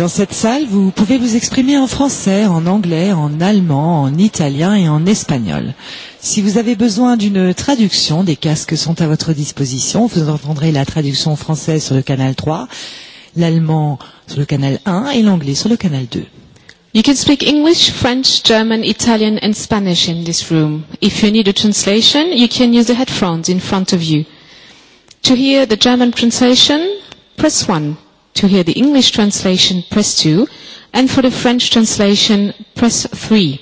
Dans cette salle, vous pouvez vous exprimer en français, en anglais, en allemand, en italien et en espagnol. Si vous avez besoin d'une traduction, des casques sont à votre disposition. Vous entendrez la traduction française sur le canal 3, l'allemand sur le canal 1 et l'anglais sur le canal 2. You can speak English, French, German, Italian and Spanish in this room. If you need a translation, you can use the headphones in front of you. To hear the German translation, press 1. To hear the English translation, press 2, and for the French translation, press 3.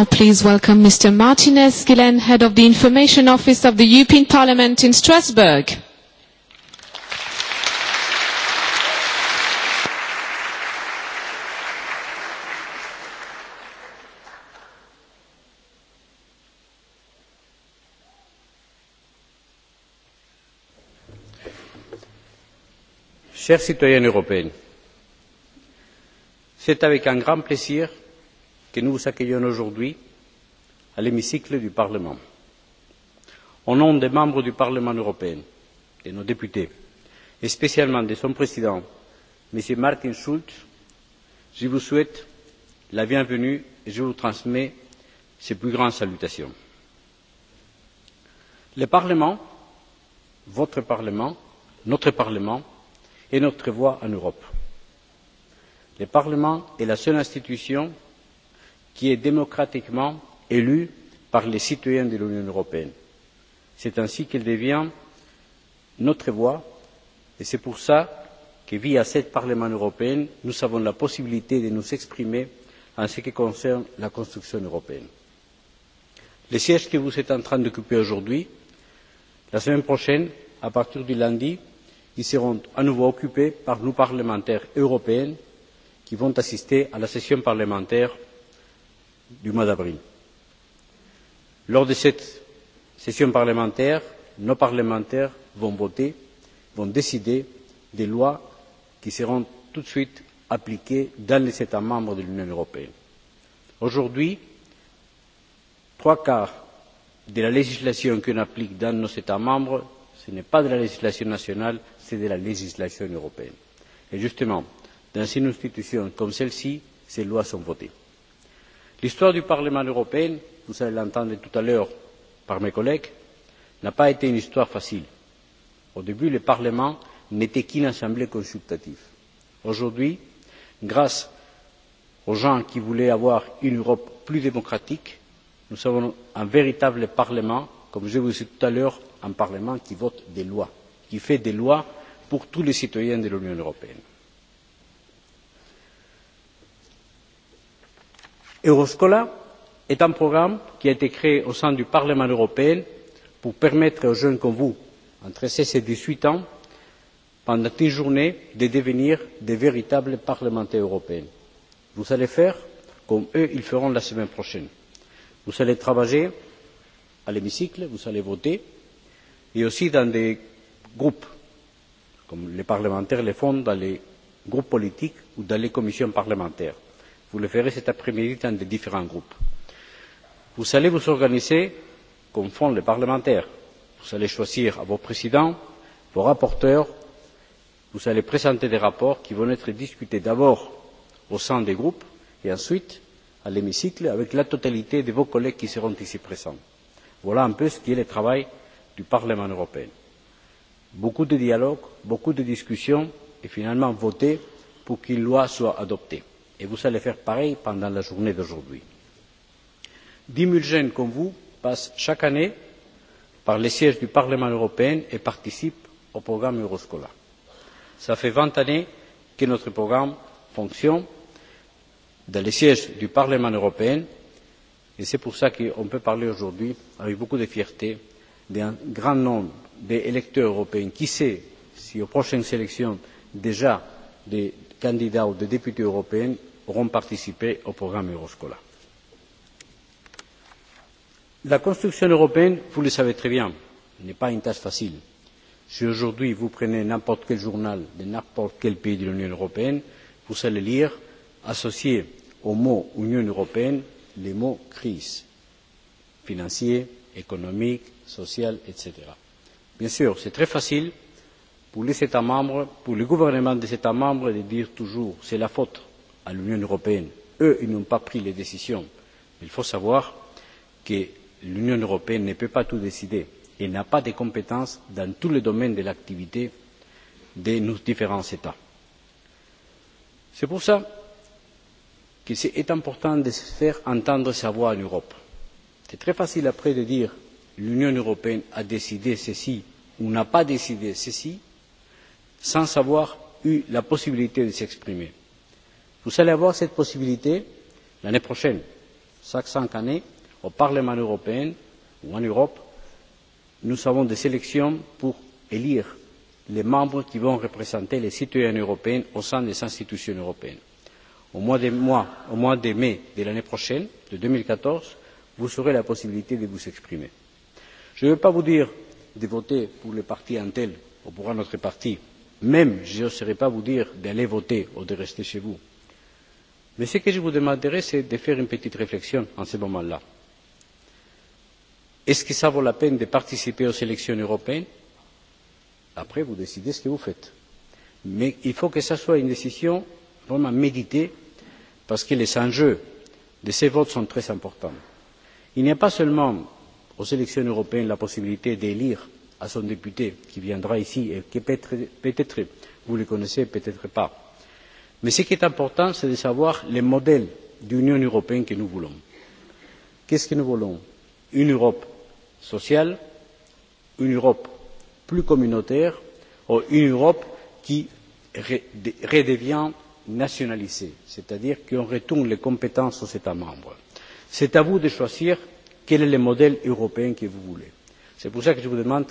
now please welcome Mr. Martinez Gillen, Head of the Information Office of the European Parliament in Strasbourg. Chers citoyens européens, c'est avec un grand plaisir que nous vous accueillons aujourd'hui à l'hémicycle du Parlement. Au nom des membres du Parlement européen, de nos députés, et spécialement de son président, M. Martin Schulz, je vous souhaite la bienvenue et je vous transmets ses plus grandes salutations. Le Parlement, votre Parlement, notre Parlement, est notre voix en Europe. Le Parlement est la seule institution qui est démocratiquement élue par les citoyens de l'Union européenne. C'est ainsi qu'elle devient notre voix et c'est pour cela que, via ce Parlement européen, nous avons la possibilité de nous exprimer en ce qui concerne la construction européenne. Le siège que vous êtes en train d'occuper aujourd'hui, la semaine prochaine, à partir du lundi, ils seront à nouveau occupés par nos parlementaires européens qui vont assister à la session parlementaire du mois d'avril. lors de cette session parlementaire nos parlementaires vont voter vont décider des lois qui seront tout de suite appliquées dans les états membres de l'union européenne. aujourd'hui trois quarts de la législation qu'on applique dans nos états membres ce n'est pas de la législation nationale c'est de la législation européenne. et justement dans une institution comme celle ci ces lois sont votées l'histoire du parlement européen vous allez l'entendre tout à l'heure par mes collègues n'a pas été une histoire facile. au début le parlement n'était qu'une assemblée consultative. aujourd'hui grâce aux gens qui voulaient avoir une europe plus démocratique nous avons un véritable parlement comme je vous ai dit tout à l'heure un parlement qui vote des lois qui fait des lois pour tous les citoyens de l'union européenne. euroscola est un programme qui a été créé au sein du parlement européen pour permettre aux jeunes comme vous entre seize et dix huit ans pendant une journée de devenir de véritables parlementaires européens. vous allez faire comme eux ils feront la semaine prochaine vous allez travailler à l'hémicycle vous allez voter et aussi dans des groupes comme les parlementaires le font dans les groupes politiques ou dans les commissions parlementaires. Vous le verrez cet après-midi dans les différents groupes. Vous allez vous organiser comme font les parlementaires. Vous allez choisir vos présidents, vos rapporteurs. Vous allez présenter des rapports qui vont être discutés d'abord au sein des groupes et ensuite à l'hémicycle avec la totalité de vos collègues qui seront ici présents. Voilà un peu ce qui est le travail du Parlement européen. Beaucoup de dialogues, beaucoup de discussions et finalement voter pour qu'une loi soit adoptée. Et vous allez faire pareil pendant la journée d'aujourd'hui. Dix 000 jeunes comme vous passent chaque année par les sièges du Parlement européen et participent au programme Euroscola. Cela fait vingt années que notre programme fonctionne dans les sièges du Parlement européen et c'est pour cela qu'on peut parler aujourd'hui avec beaucoup de fierté d'un grand nombre d'électeurs européens. Qui sait si aux prochaines élections, déjà des candidats ou des députés européens auront participé au programme Euroscola. La construction européenne, vous le savez très bien, n'est pas une tâche facile. Si aujourd'hui vous prenez n'importe quel journal de n'importe quel pays de l'Union européenne, vous allez lire associé au mot Union européenne les mots crise financier, économique, social, etc. Bien sûr, c'est très facile pour les États membres, pour les gouvernements des États membres de dire toujours c'est la faute à l'Union européenne. Eux, ils n'ont pas pris les décisions. Il faut savoir que l'Union européenne ne peut pas tout décider et n'a pas de compétences dans tous les domaines de l'activité de nos différents États. C'est pour cela qu'il est important de faire entendre sa voix en Europe. C'est très facile après de dire l'Union européenne a décidé ceci ou n'a pas décidé ceci sans avoir eu la possibilité de s'exprimer vous allez avoir cette possibilité l'année prochaine chaque cinq années au parlement européen ou en europe nous avons des élections pour élire les membres qui vont représenter les citoyens européens au sein des institutions européennes. au mois de mai de l'année prochaine de deux mille quatorze vous aurez la possibilité de vous exprimer. je ne vais pas vous dire de voter pour le parti tel ou pour un autre parti même je n'oserais pas vous dire d'aller voter ou de rester chez vous. Mais ce que je vous demanderai, c'est de faire une petite réflexion en ce moment-là. Est-ce que ça vaut la peine de participer aux élections européennes Après, vous décidez ce que vous faites. Mais il faut que ce soit une décision vraiment méditée, parce que les enjeux de ces votes sont très importants. Il n'y a pas seulement aux élections européennes la possibilité d'élire à son député qui viendra ici et qui peut-être vous le connaissez, peut-être pas Mais ce qui est important, c'est de savoir le modèle d'union européenne que nous voulons. Qu'est-ce que nous voulons Une Europe sociale, une Europe plus communautaire ou une Europe qui redevient nationalisée, c'est-à-dire qu'on retourne les compétences aux États membres. C'est à vous de choisir quel est le modèle européen que vous voulez. C'est pour cela que je vous demande,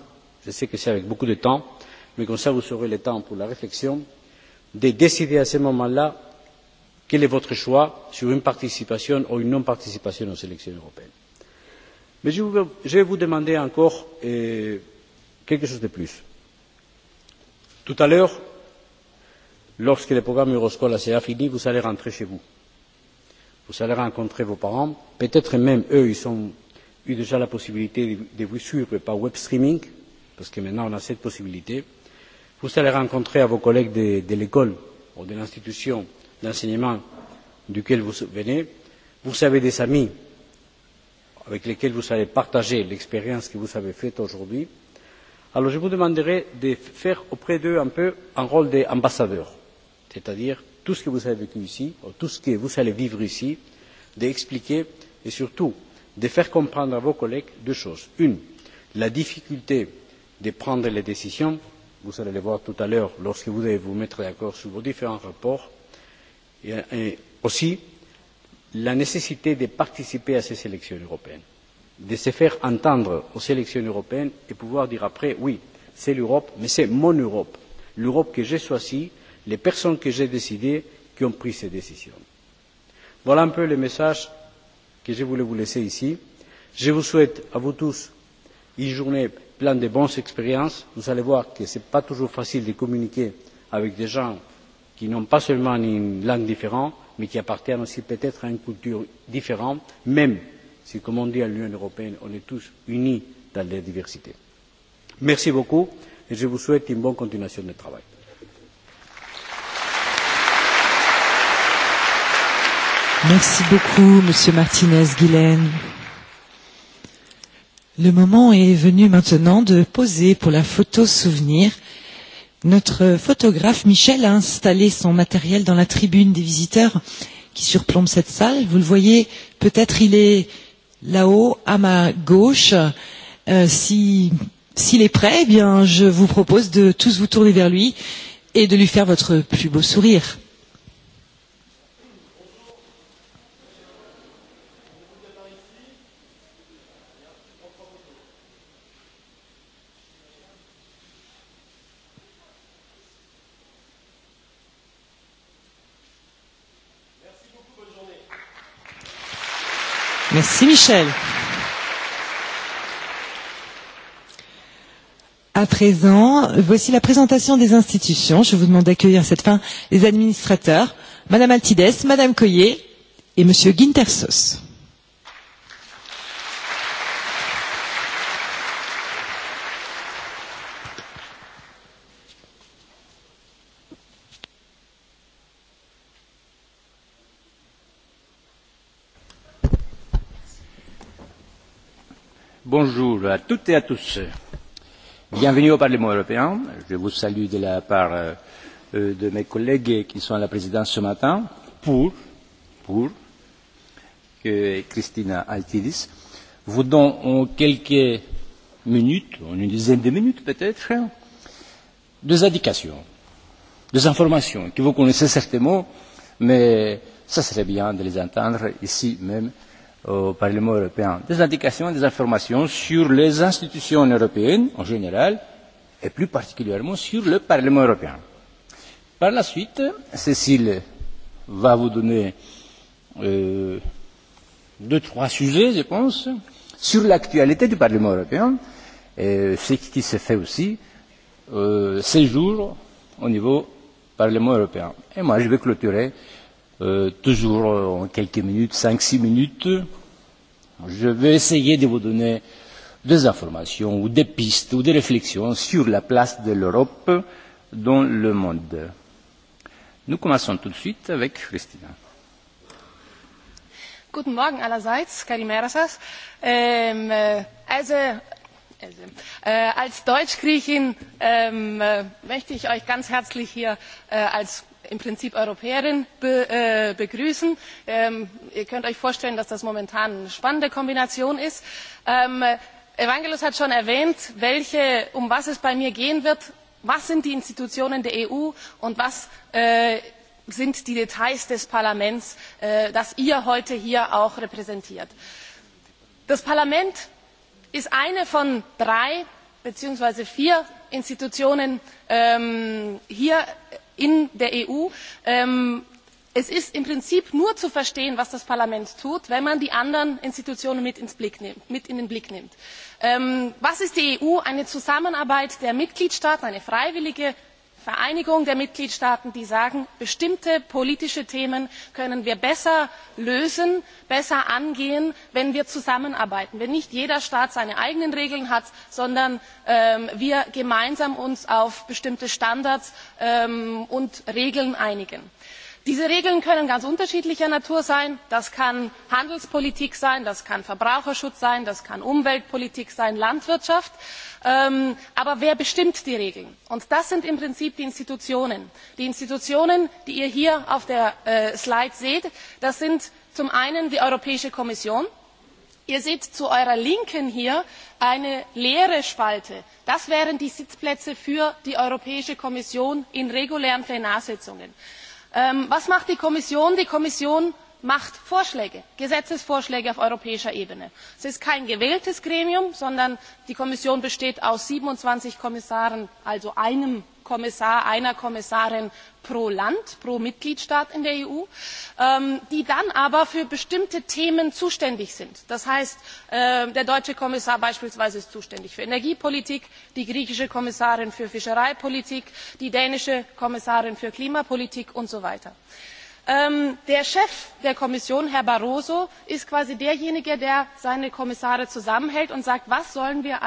je sais que c'est avec beaucoup de temps, mais comme ça vous aurez le temps pour la réflexion, de décider à ce moment là quel est votre choix sur une participation ou une non participation aux élections européennes. mais je vais vous demander encore quelque chose de plus. tout à l'heure lorsque le programme euroscola sera fini vous allez rentrer chez vous. vous allez rencontrer vos parents peut être même eux ils ont eu déjà la possibilité de vous suivre par web streaming parce que maintenant on a cette possibilité vous allez rencontrer vos collègues de, l'école ou de l'institution d'enseignement duquel vous venez. Vous avez des amis avec lesquels vous allez partager l'expérience que vous avez faite aujourd'hui. Alors je vous demanderai de faire auprès d'eux un peu un rôle d'ambassadeur, c'est-à-dire tout ce que vous avez vécu ici, tout ce que vous allez vivre ici, d'expliquer et surtout de faire comprendre à vos collègues deux choses. Une, la difficulté de prendre les décisions vous allez le voir tout à l'heure lorsque vous allez vous mettre d'accord sur vos différents rapports, et aussi la nécessité de participer à ces élections européennes, de se faire entendre aux élections européennes et pouvoir dire après oui, c'est l'Europe, mais c'est mon Europe, l'Europe que j'ai choisie, les personnes que j'ai décidées qui ont pris ces décisions. Voilà un peu le message que je voulais vous laisser ici. Je vous souhaite à vous tous une journée plein de bonnes expériences. Vous allez voir que ce n'est pas toujours facile de communiquer avec des gens qui n'ont pas seulement une langue différente, mais qui appartiennent aussi peut-être à une culture différente, même si, comme on dit à l'Union européenne, on est tous unis dans la diversité. Merci beaucoup et je vous souhaite une bonne continuation de travail. Merci beaucoup, Monsieur Martinez-Guilaine. Le moment est venu maintenant de poser pour la photo souvenir. Notre photographe Michel a installé son matériel dans la tribune des visiteurs qui surplombe cette salle. Vous le voyez, peut-être il est là-haut à ma gauche. Euh, si, s'il est prêt, eh bien, je vous propose de tous vous tourner vers lui et de lui faire votre plus beau sourire. Merci Michel. À présent, voici la présentation des institutions. Je vous demande d'accueillir à cette fin les administrateurs, Madame Altides, Madame Coyer et Monsieur Guintersos. Bonjour à toutes et à tous. Bienvenue au Parlement européen. Je vous salue de la part de mes collègues qui sont à la présidence ce matin pour, pour que Christina Altidis vous donne en quelques minutes, en une dizaine de minutes peut-être, des indications, des informations que vous connaissez certainement, mais ce serait bien de les entendre ici même au Parlement européen des indications, et des informations sur les institutions européennes en général et plus particulièrement sur le Parlement européen. Par la suite, Cécile va vous donner euh, deux, trois sujets, je pense, sur l'actualité du Parlement européen et ce qui se fait aussi euh, ces jours au niveau Parlement européen. Et moi, je vais clôturer euh, toujours en quelques minutes, cinq, six minutes, je vais essayer de vous donner des informations ou des pistes ou des réflexions sur la place de l'Europe dans le monde. Nous commençons tout de suite avec Christina. Guten Morgen allerseits, Kalimeras. Ähm, also als Deutschgriechin möchte ich euch ganz herzlich hier als im Prinzip Europäerin begrüßen. ihr könnt euch vorstellen, dass das momentan eine spannende Kombination ist. Evangelos hat schon erwähnt, um was es bei mir gehen wird. Was sind die Institutionen der EU und was sind die Details des Parlaments, das ihr heute hier auch repräsentiert? Das Parlament ist eine von drei beziehungsweise vier Institutionen hier in der eu es ist im prinzip nur zu verstehen was das parlament tut wenn man die anderen institutionen mit in den blick nimmt. was ist die eu? eine zusammenarbeit der mitgliedstaaten eine freiwillige vereinigung der mitgliedstaaten die sagen bestimmte politische themen können wir besser lösen besser angehen wenn wir zusammenarbeiten wenn nicht jeder staat seine eigenen regeln hat sondern wir uns gemeinsam auf bestimmte standards und regeln einigen diese regeln können ganz unterschiedlicher natur sein das kann handelspolitik sein das kann verbraucherschutz sein das kann umweltpolitik sein landwirtschaft aber wer bestimmt die regeln? Und das sind im prinzip die institutionen. die institutionen die ihr hier auf der slide seht das sind zum einen die europäische kommission ihr seht zu eurer linken hier eine leere spalte das wären die sitzplätze für die europäische kommission in regulären plenarsitzungen was macht die kommission? die kommission macht vorschläge gesetzesvorschläge auf europäischer ebene. es ist kein gewähltes gremium sondern die kommission besteht aus siebenundzwanzig kommissaren also einem kommissar einer kommissarin pro land pro mitgliedstaat in der eu die dann aber für bestimmte themen zuständig sind. das heißt der deutsche kommissar beispielsweise ist zuständig für energiepolitik die griechische kommissarin für fischereipolitik die dänische kommissarin für klimapolitik und so weiter der chef der kommission herr barroso ist quasi derjenige der seine kommissare zusammenhält und sagt was sollen wir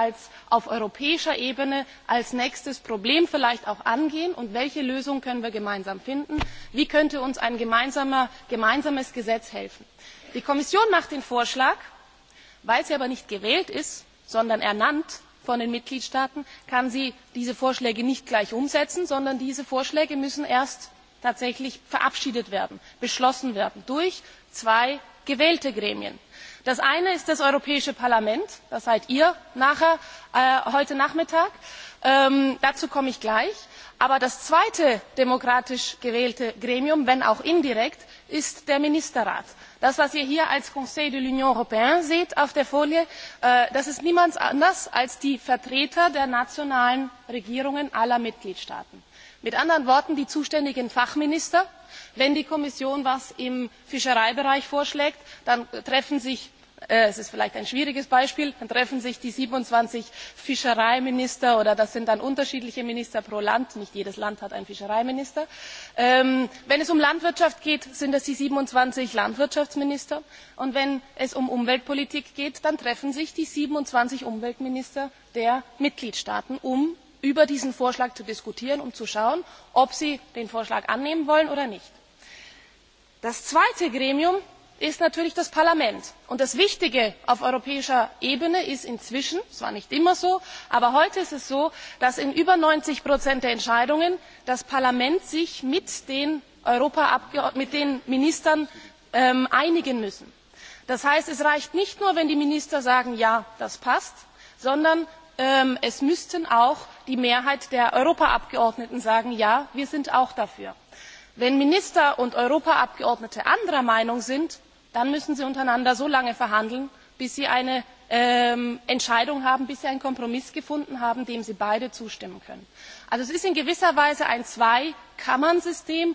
auf europäischer ebene als nächstes problem vielleicht auch angehen und welche lösung können wir gemeinsam finden wie könnte uns ein gemeinsames gesetz helfen? die kommission macht den vorschlag weil sie aber nicht gewählt ist sondern ernannt von den mitgliedstaaten kann sie diese vorschläge nicht gleich umsetzen sondern diese vorschläge müssen erst tatsächlich verabschiedet werden beschlossen werden durch zwei gewählte gremien. das eine ist das europäische parlament das seid ihr heute nachmittag dazu komme ich gleich aber das zweite demokratisch gewählte gremium wenn auch indirekt ist der ministerrat. das was ihr hier als conseil de l'union europenne seht auf der folie das ist niemand anders als die vertreter der nationalen regierungen aller mitgliedstaaten mit anderen worten die zuständigen fachminister wenn die kommission etwas im fischereibereich vorschlägt dann treffen sich es ist vielleicht ein schwieriges beispiel die siebenundzwanzig fischereiminister oder das sind dann unterschiedliche minister pro land nicht jedes land hat einen fischereiminister wenn es um landwirtschaft geht sind es die siebenundzwanzig landwirtschaftsminister und wenn es um umweltpolitik geht dann treffen sich die siebenundzwanzig umweltminister der mitgliedstaaten über diesen vorschlag zu diskutieren um zu schauen ob sie den vorschlag annehmen wollen oder nicht. das zweite gremium ist natürlich das parlament. das wichtige auf europäischer ebene ist inzwischen zwar war nicht immer so aber heute ist es so dass in über neunzig der entscheidungen das parlament sich mit den ministern einigen muss. das heißt es reicht nicht nur wenn die minister sagen ja das passt sondern es müsste auch die mehrheit der europaabgeordneten sagen ja wir sind auch dafür. wenn minister und europaabgeordnete anderer meinung sind dann müssen sie untereinander so lange verhandeln bis sie eine entscheidung haben bis sie einen kompromiss gefunden haben dem sie beide zustimmen können. also es ist in gewisser weise ein zwei kammern system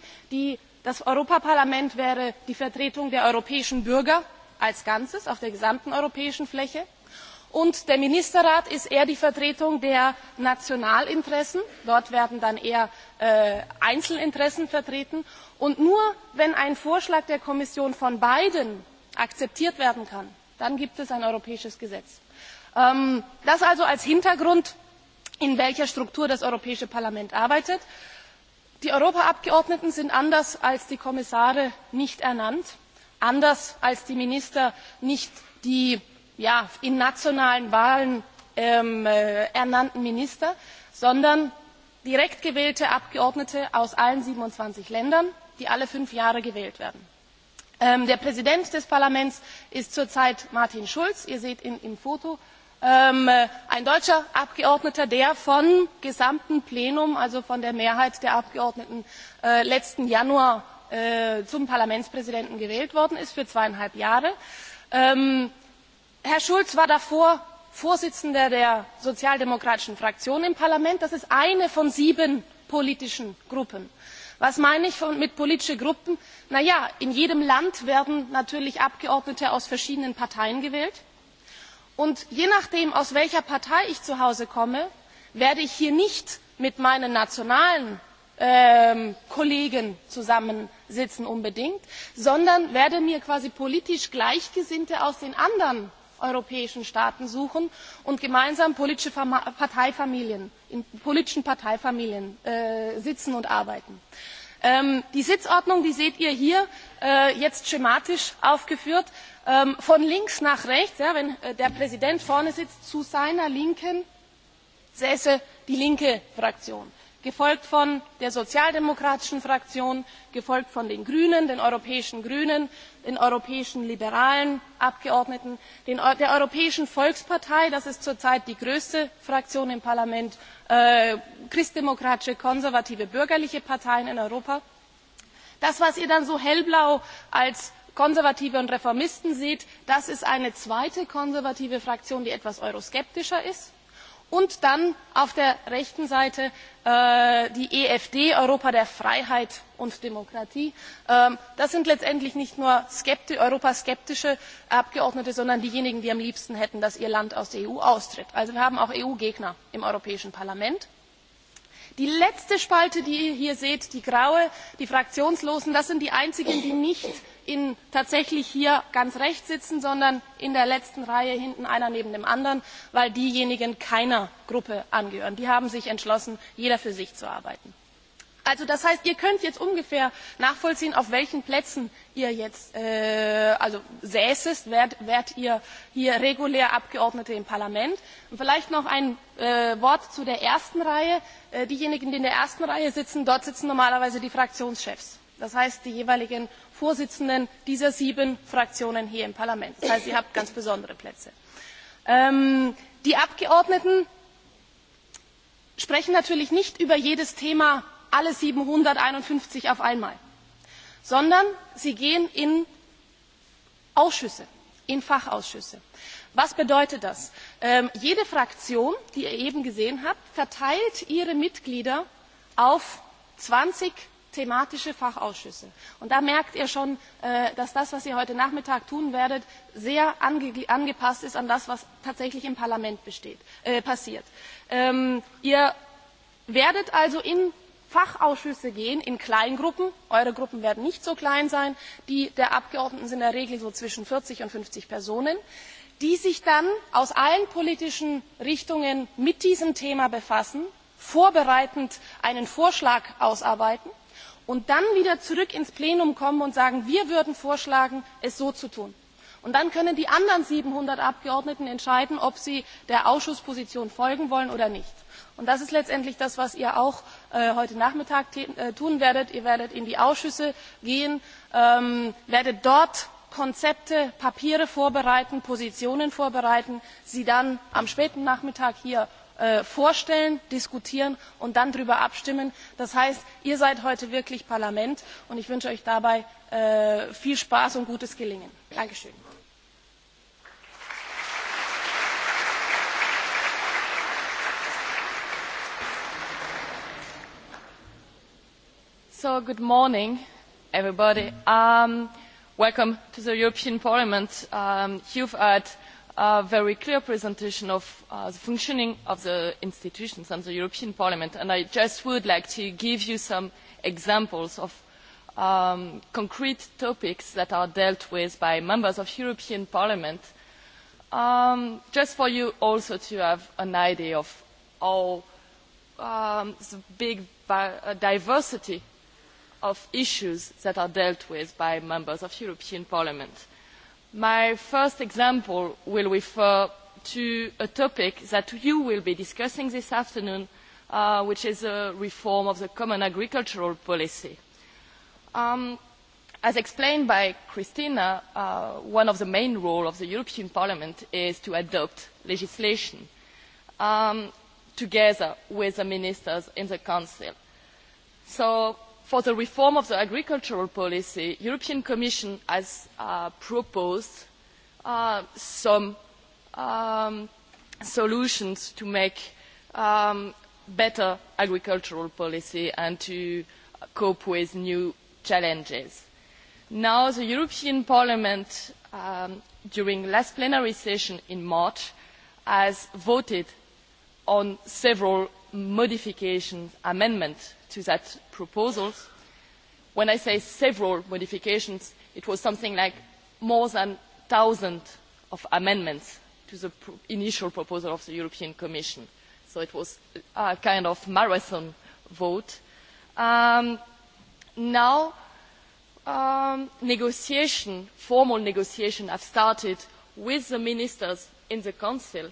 das europäische parlament wäre die vertretung der europäischen bürger als ganzes auf der gesamten europäischen fläche und der ministerrat ist eher die vertretung der nationalinteressen dort werden dann eher einzelinteressen vertreten und nur wenn ein vorschlag der kommission von beiden akzeptiert werden kann dann gibt es ein europäisches gesetz. das also als hintergrund in welcher struktur das europäische parlament arbeitet. die europaabgeordneten sind anders als die kommissare nicht ernannt anders als die minister nicht in nationalen Wahlen ernannten Minister, sondern direkt gewählte Abgeordnete aus allen 27 Ländern, die alle fünf Jahre gewählt werden. der Präsident des Parlaments ist zurzeit Martin Schulz. Ihr seht ihn im Foto. ein deutscher Abgeordneter, der vom gesamten Plenum, also von der Mehrheit der Abgeordneten, letzten Januar zum Parlamentspräsidenten gewählt worden ist für zweieinhalb Jahre herr schulz war davor vorsitzender der sozialdemokratischen fraktion im parlament das ist eine von sieben politischen gruppen. was meine ich mit politischen gruppen? na ja in jedem land werden natürlich abgeordnete aus verschiedenen parteien gewählt und je nachdem aus welcher partei ich zu hause komme werde ich hier nicht mit meinen nationalen kollegen zusammensitzen unbedingt sondern werde mir quasi politisch gleichgesinnte aus den anderen europäischen Staaten suchen und gemeinsam politische Parteifamilien, in politischen Parteifamilien sitzen und arbeiten. die Sitzordnung, die seht ihr hier jetzt schematisch aufgeführt, von links nach rechts, wenn der Präsident vorne sitzt, zu seiner Linken säße die linke Fraktion gefolgt von der sozialdemokratischen Fraktion, gefolgt von den Grünen, den europäischen Grünen, den europäischen liberalen abgeordneten der europäischen volkspartei das ist zurzeit die größte fraktion im parlament christdemokratische konservative bürgerliche parteien in europa. das was ihr dann so hellblau als konservative und reformisten seht das ist eine zweite konservative fraktion die etwas euroskeptischer und dann auf der rechten seite die efd europa der freiheit und demokratie. das sind letztendlich nicht nur europaskeptische abgeordnete sondern diejenigen die am liebsten hätten dass ihr land aus der eu austritt. also wir haben auch eu gegner im europäischen parlament. die letzte spalte die ihr hier seht die graue die fraktionslosen das sind die einzigen die nicht ihnen tatsächlich hier ganz rechts sitzen, sondern in der letzten Reihe hinten einer neben dem anderen, weil diejenigen keiner Gruppe angehören. Die haben sich entschlossen, jeder für sich zu arbeiten. Also das heißt, ihr könnt jetzt ungefähr nachvollziehen, auf welchen Plätzen ihr jetzt also säßest, wärt, ihr hier regulär Abgeordnete im Parlament. vielleicht noch ein Wort zu der ersten Reihe. diejenigen, die in der ersten Reihe sitzen, dort sitzen normalerweise die Fraktionschefs. Das heißt, die jeweiligen vorsitzenden dieser sieben fraktionen hier im parlament. das heißt sie haben ganz besondere plätze. die abgeordneten sprechen natürlich nicht über jedes thema alle siebenhunderteinundfünfzig auf einmal sondern sie gehen in ausschüsse in fachausschüsse. was bedeutet das? jede fraktion die ihr eben gesehen habt verteilt ihre mitglieder auf zwanzig thematische Fachausschüsse. Und da merkt ihr schon, dass das, was ihr heute Nachmittag tun werdet, sehr angepasst ist an das, was tatsächlich im Parlament passiert. ihr werdet also in Fachausschüsse gehen, in Kleingruppen. Eure Gruppen werden nicht so klein sein. Die der Abgeordneten sind in der Regel so zwischen vierzig und fünfzig Personen die sich dann aus allen politischen Richtungen mit diesem Thema befassen, vorbereitend einen Vorschlag ausarbeiten und dann wieder zurück ins plenum kommen und sagen wir würden vorschlagen es so zu tun. und dann können die anderen siebenhundert abgeordneten entscheiden ob sie der ausschussposition folgen wollen oder nicht. das ist letztendlich das was ihr auch heute nachmittag tun werdet ihr werdet in die ausschüsse gehen werdet dort konzepte papiere vorbereiten positionen vorbereiten sie dann am späten nachmittag vorstellen diskutieren und dann darüber abstimmen. das heißt ihr seid heute wirklich parlament und ich wünsche euch dabei viel spaß und gutes gelingen! dankeschön! So, welcome to the European Parliament a very clear presentation of the functioning of the institutions and the European Parliament. And I just would like to give you some examples of concrete topics that are dealt with by members of European Parliament, just for you also to have an idea of how the big diversity of issues that are dealt with by members of European Parliament My first example will refer to a topic that you will be discussing this afternoon, which is a reform of the common agricultural policy. as explained by Christina, one of the main roles of the European Parliament is to adopt legislation together with the ministers in the Council. So for the reform of the agricultural policy, the European Commission has proposed some solutions to make better agricultural policy and to cope with new challenges. Now, the European Parliament, during the last plenary session in March, has voted on several modifications, amendments to that proposal. When I say several modifications, it was something like more than 1,000 of amendments to the initial proposal of the European Commission. So it was a kind of marathon vote. now, negotiation, formal negotiation, have started with the ministers in the Council.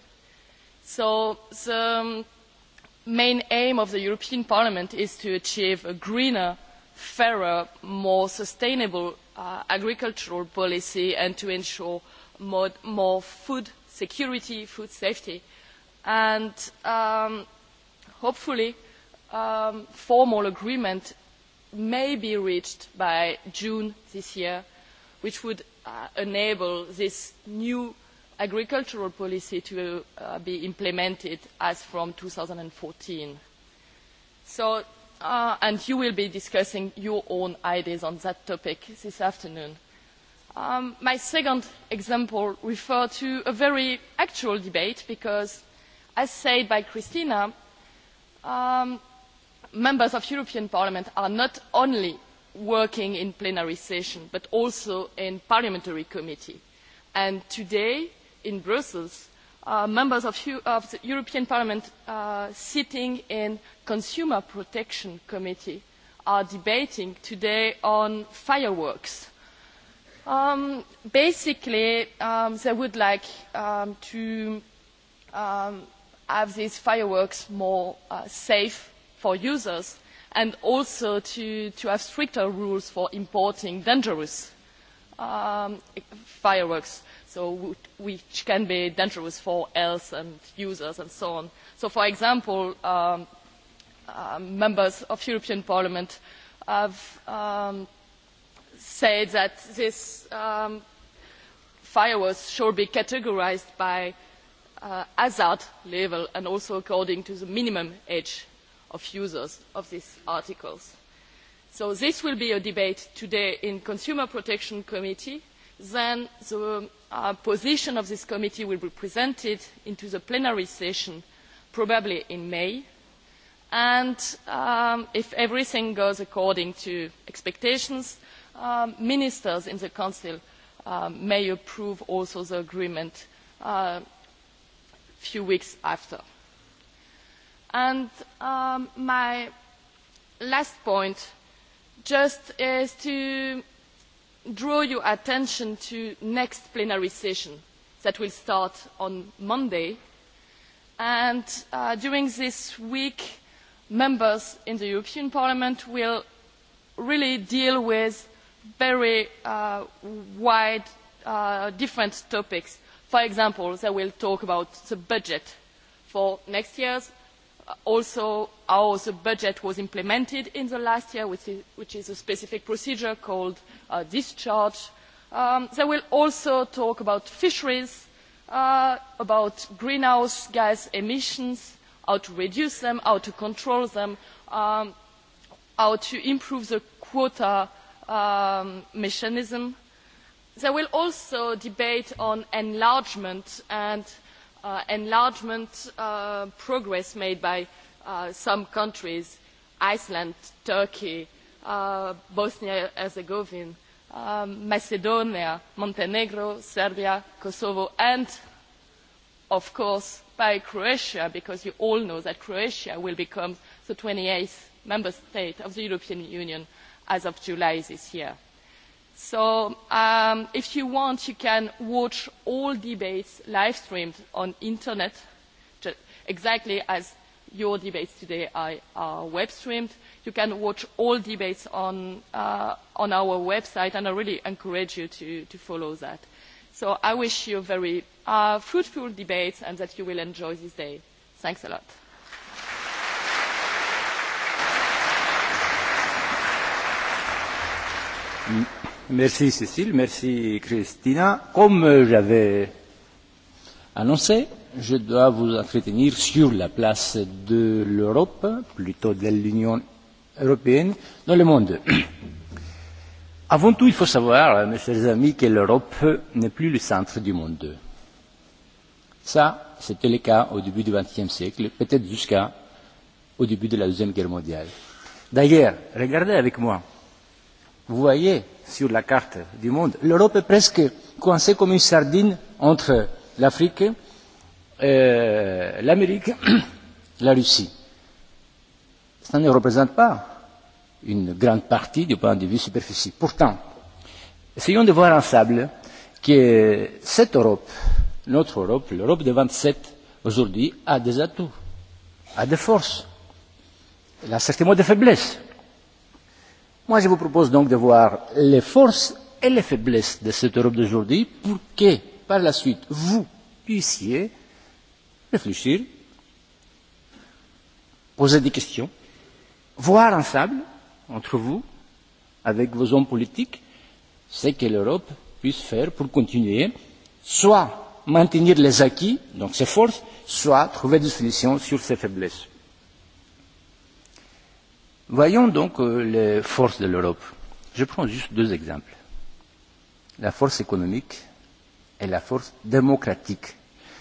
So the main aim of the European Parliament is to achieve a greener, fairer, more sustainable agricultural policy and to ensure more, food security, food safety. And hopefully, formal agreement may be reached by June this year, which would enable this new agricultural policy to be implemented as from 2014. So, uh, and you will be discussing your own ideas on that topic this afternoon. Um, my second example refers to a very actual debate because, as said by Christina, um, members of European Parliament are not only working in plenary session but also in parliamentary committee. And today in Brussels, members of, the European Parliament sitting in Consumer Protection Committee are debating today on fireworks. basically, they would like to have these fireworks more safe for users and also to, have stricter rules for importing dangerous fireworks so which can be dangerous for health and users and so on. So, for example, um, uh, members of European Parliament have um, said that these um, fireworks should be categorized by uh, hazard level and also according to the minimum age of users of these articles. So this will be a debate today in Consumer Protection Committee then the position of this committee will be presented in the plenary session probably in may and if everything goes according to expectations ministers in the council may approve also the agreement a few weeks after. my last point just is to draw your attention to the next plenary session that will start on Monday. And during this week, members in the European Parliament will really deal with very wide different topics. For example, they will talk about the budget for next year's also how the budget was implemented in the last year, which is, a specific procedure called uh, discharge. Um, they will also talk about fisheries, uh, about greenhouse gas emissions, how to reduce them, how to control them, um, how to improve the quota um, mechanism. They will also debate on enlargement and enlargement progress made by some countries, Iceland, Turkey, Bosnia and Herzegovina, Macedonia, Montenegro, Serbia, Kosovo, and of course by Croatia, because you all know that Croatia will become the twenty eighth member state of the European Union as of July this year So um, if you want, you can watch all debates live streamed on internet, exactly as your debates today are, are web streamed. You can watch all debates on, uh, on our website, and I really encourage you to, to follow that. So I wish you a very uh, fruitful debates and that you will enjoy this day. Thanks a lot. Merci Cécile, merci Christina. Comme j'avais annoncé, je dois vous entretenir sur la place de l'Europe, plutôt de l'Union européenne, dans le monde. Avant tout, il faut savoir, mes chers amis, que l'Europe n'est plus le centre du monde. Ça, c'était le cas au début du XXe siècle, peut-être jusqu'au début de la Deuxième Guerre mondiale. D'ailleurs, regardez avec moi, Vous voyez sur la carte du monde, l'Europe est presque coincée comme une sardine entre l'Afrique, l'Amérique, la Russie. Cela ne représente pas une grande partie du point de vue superficie. Pourtant, essayons de voir ensemble que cette Europe, notre Europe, l'Europe des 27 aujourd'hui, a des atouts, a des forces. Elle a certainement des faiblesses Moi, je vous propose donc de voir les forces et les faiblesses de cette Europe d'aujourd'hui pour que, par la suite, vous puissiez réfléchir, poser des questions, voir ensemble, entre vous, avec vos hommes politiques, ce que l'Europe puisse faire pour continuer, soit maintenir les acquis, donc ses forces, soit trouver des solutions sur ses faiblesses Voyons donc les forces de l'Europe. Je prends juste deux exemples. La force économique et la force démocratique.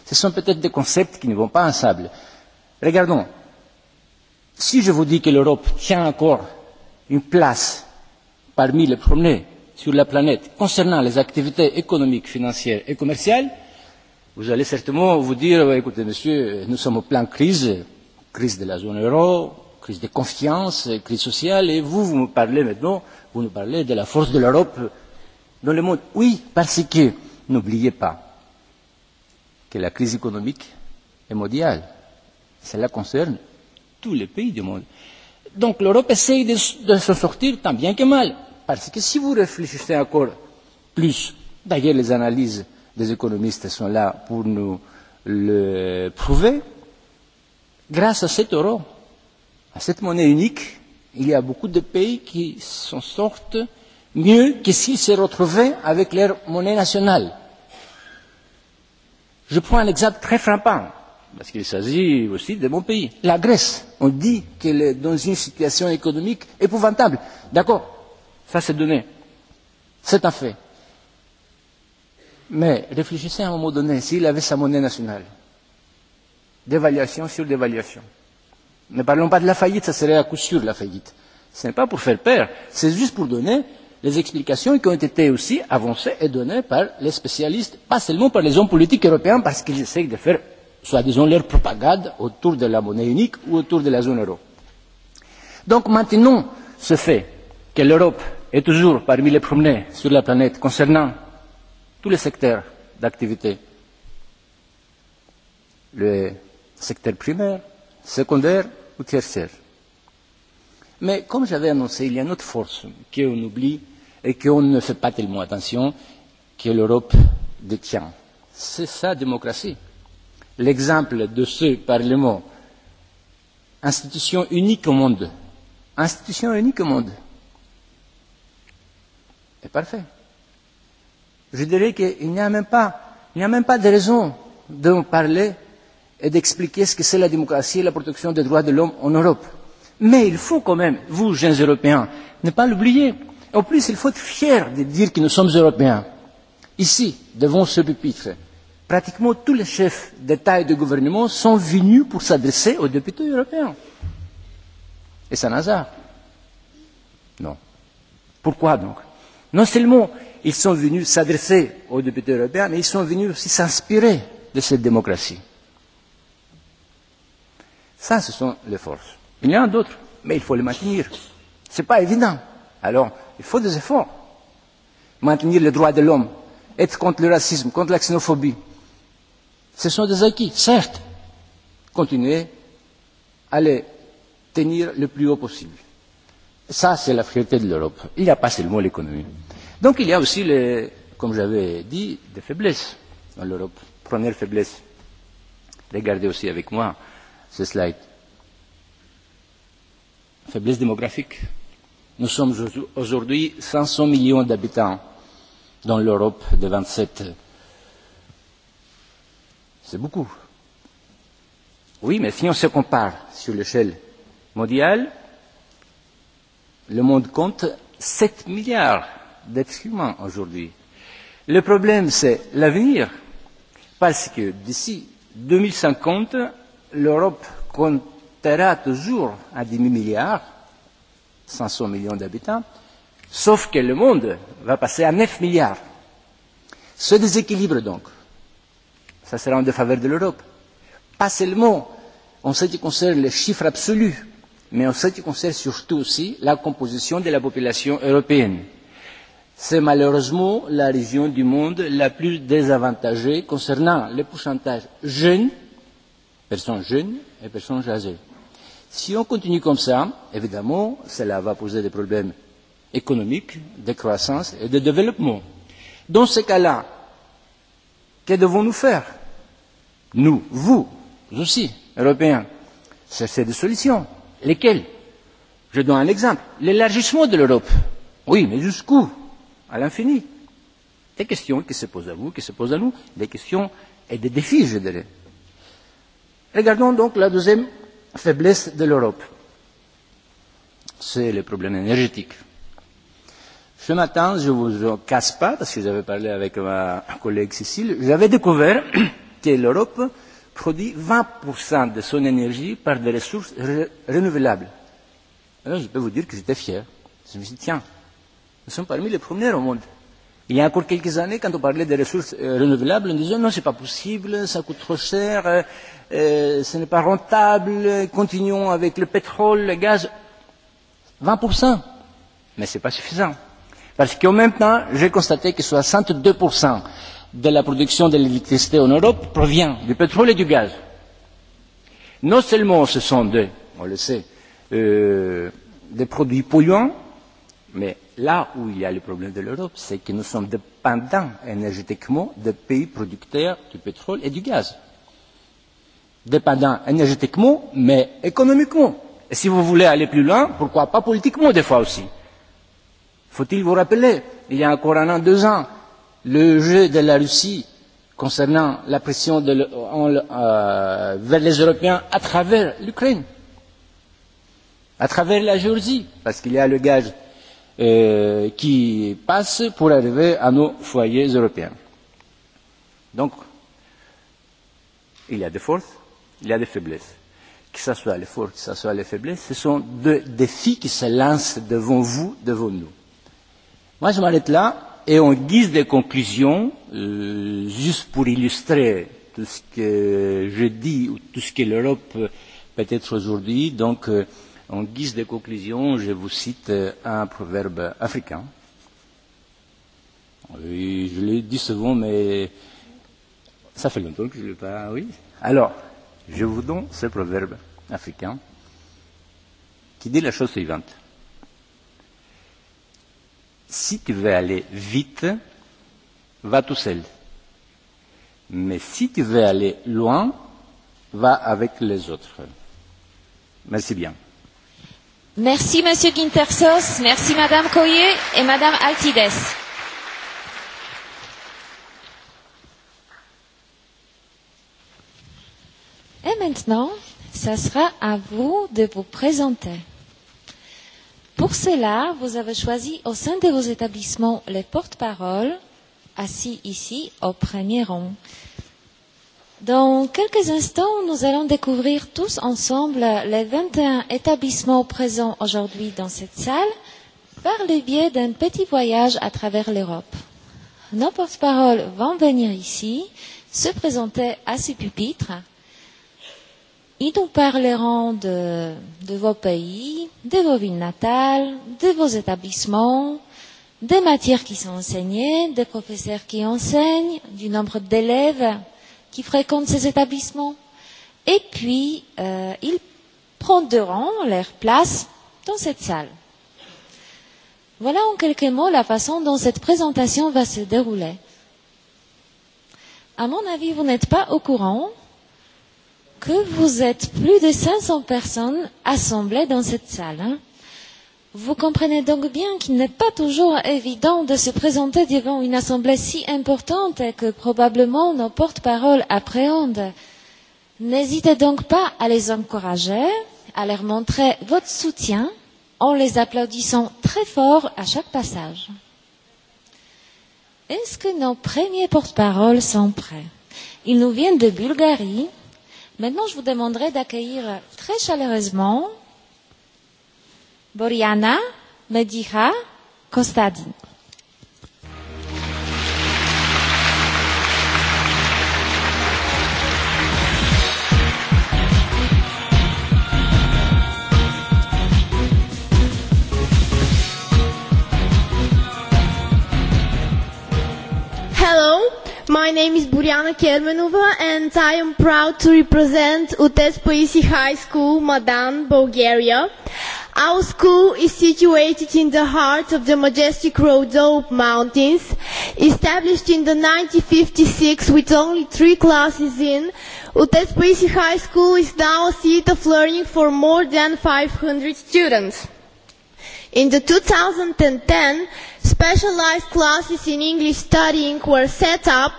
Ce sont peut-être des concepts qui ne vont pas ensemble. Regardons. Si je vous dis que l'Europe tient encore une place parmi les premiers sur la planète concernant les activités économiques, financières et commerciales, vous allez certainement vous dire, écoutez monsieur, nous sommes en plein crise, crise de la zone euro, crise de confiance, crise sociale, et vous, vous me parlez maintenant, vous nous parlez de la force de l'Europe dans le monde. Oui, parce que, n'oubliez pas, que la crise économique est mondiale. Cela concerne tous les pays du monde. Donc l'Europe essaye de, de s'en sortir tant bien que mal. Parce que si vous réfléchissez encore plus, d'ailleurs les analyses des économistes sont là pour nous le prouver, grâce à cet euro, à cette monnaie unique, il y a beaucoup de pays qui s'en sortent mieux que s'ils se retrouvaient avec leur monnaie nationale. Je prends un exemple très frappant, parce qu'il s'agit aussi de mon pays, la Grèce. On dit qu'elle est dans une situation économique épouvantable. D'accord, ça c'est donné, c'est un fait. Mais réfléchissez à un moment donné, s'il avait sa monnaie nationale, dévaluation sur dévaluation. Ne parlons pas de la faillite, ça serait à coup sûr la faillite. Ce n'est pas pour faire peur, c'est juste pour donner les explications qui ont été aussi avancées et données par les spécialistes, pas seulement par les hommes politiques européens, parce qu'ils essayent de faire, soi-disant, leur propagande autour de la monnaie unique ou autour de la zone euro. Donc maintenant, ce fait que l'Europe est toujours parmi les premiers sur la planète concernant tous les secteurs d'activité, le secteur primaire, secondaire ou tertiaire. Mais comme j'avais annoncé, il y a une autre force qu'on oublie et qu'on ne fait pas tellement attention, que l'Europe détient. C'est sa démocratie. L'exemple de ce Parlement, institution unique au monde, institution unique au monde, est parfait. Je dirais qu'il n'y a n'y a même pas de raison de parler et d'expliquer ce que c'est la démocratie et la protection des droits de l'homme en Europe. Mais il faut quand même, vous, jeunes Européens, ne pas l'oublier. En plus, il faut être fier de dire que nous sommes Européens. Ici, devant ce pupitre, pratiquement tous les chefs d'État et de gouvernement sont venus pour s'adresser aux députés européens. Et c'est un hasard Non. Pourquoi donc Non seulement ils sont venus s'adresser aux députés européens, mais ils sont venus aussi s'inspirer de cette démocratie. Ça, ce sont les forces. Il y en a d'autres, mais il faut les maintenir. Ce n'est pas évident. Alors, il faut des efforts. Maintenir les droits de l'homme, être contre le racisme, contre la xénophobie, ce sont des acquis, certes. Continuer à les tenir le plus haut possible. Ça, c'est la fierté de l'Europe. Il n'y a pas seulement l'économie. Donc, il y a aussi, les, comme j'avais dit, des faiblesses dans l'Europe. Première faiblesse, regardez aussi avec moi Faiblesse démographique. Nous sommes aujourd'hui 500 millions d'habitants dans l'Europe de 27. C'est beaucoup. Oui, mais si on se compare sur l'échelle mondiale, le monde compte 7 milliards d'êtres humains aujourd'hui. Le problème, c'est l'avenir, parce que d'ici 2050, l'Europe comptera toujours un demi-milliard, 500 millions d'habitants, sauf que le monde va passer à 9 milliards. Ce déséquilibre, donc, ça sera en défaveur de l'Europe. Pas seulement en ce qui concerne les chiffres absolus, mais en ce qui concerne surtout aussi la composition de la population européenne. C'est malheureusement la région du monde la plus désavantagée concernant le pourcentage jeune personnes jeunes et personnes âgées. Si on continue comme ça, évidemment, cela va poser des problèmes économiques, de croissance et de développement. Dans ce cas-là, que devons-nous faire Nous, vous, vous aussi, Européens, chercher des solutions. Lesquelles Je donne un exemple. L'élargissement de l'Europe. Oui, mais jusqu'où À l'infini. Des questions qui se posent à vous, qui se posent à nous, des questions et des défis, je dirais. Regardons donc la deuxième faiblesse de l'Europe. C'est le problème énergétique. Ce matin, je ne vous casse pas, parce que j'avais parlé avec ma collègue Cécile, j'avais découvert que l'Europe produit 20% de son énergie par des ressources renouvelables. Alors, je peux vous dire que j'étais fier. Je me suis dit, tiens, nous sommes parmi les premiers au monde. Il y a encore quelques années, quand on parlait des ressources renouvelables, on disait non, ce n'est pas possible, ça coûte trop cher, ce n'est pas rentable, continuons avec le pétrole, le gaz. 20%. Mais ce n'est pas suffisant. Parce qu'en même temps, j'ai constaté que 62% de la production de l'électricité en Europe provient du pétrole et du gaz. Non seulement ce sont deux, on le sait, euh, des produits polluants, mais là où il y a le problème de l'Europe, c'est que nous sommes dépendants énergétiquement des pays producteurs du pétrole et du gaz dépendant énergétiquement, mais économiquement. Et si vous voulez aller plus loin, pourquoi pas politiquement des fois aussi. Faut-il vous rappeler, il y a encore un an, deux ans, le jeu de la Russie concernant la pression de, en, euh, vers les Européens à travers l'Ukraine, à travers la Géorgie, parce qu'il y a le gaz euh, qui passe pour arriver à nos foyers européens. Donc, il y a des forces, il y a des faiblesses. Que ce soit les forces, que ce soit les faiblesses, ce sont deux défis qui se lancent devant vous, devant nous. Moi, je m'arrête là, et en guise de conclusion, euh, juste pour illustrer tout ce que je dis, ou tout ce que l'Europe peut être aujourd'hui, donc euh, en guise de conclusion, je vous cite un proverbe africain. Oui, je l'ai dit souvent, mais ça fait longtemps que je ne l'ai pas. Oui. Alors, Je vous donne ce proverbe africain qui dit la chose suivante. Si tu veux aller vite, va tout seul. Mais si tu veux aller loin, va avec les autres. Merci bien. Merci Monsieur Guintersos, merci Madame Coyer et Madame Altides. Et maintenant, ce sera à vous de vous présenter. Pour cela, vous avez choisi au sein de vos établissements les porte-paroles assis ici au premier rang. Dans quelques instants, nous allons découvrir tous ensemble les 21 établissements présents aujourd'hui dans cette salle par le biais d'un petit voyage à travers l'Europe. Nos porte-paroles vont venir ici, se présenter à ce pupitre Ils nous parleront de, de vos pays, de vos villes natales, de vos établissements, des matières qui sont enseignées, des professeurs qui enseignent, du nombre d'élèves qui fréquentent ces établissements. Et puis, euh, ils prendront leur place dans cette salle. Voilà en quelques mots la façon dont cette présentation va se dérouler. À mon avis, vous n'êtes pas au courant, que vous êtes plus de 500 personnes assemblées dans cette salle. Vous comprenez donc bien qu'il n'est pas toujours évident de se présenter devant une assemblée si importante que probablement nos porte-paroles appréhendent. N'hésitez donc pas à les encourager, à leur montrer votre soutien en les applaudissant très fort à chaque passage. Est-ce que nos premiers porte-paroles sont prêts Ils nous viennent de Bulgarie, Maintenant, je vous demanderai d'accueillir très chaleureusement Boriana Medija Kostadin. Hello, My name is Boriana Kermenova and I am proud to represent Utes Paisi High School, Madan, Bulgaria. Our school is situated in the heart of the majestic Rhodope Mountains. Established in the 1956 with only three classes in, Utes Paisi High School is now a seat of learning for more than 500 students. In the 2010, Specialized classes in English studying were set up,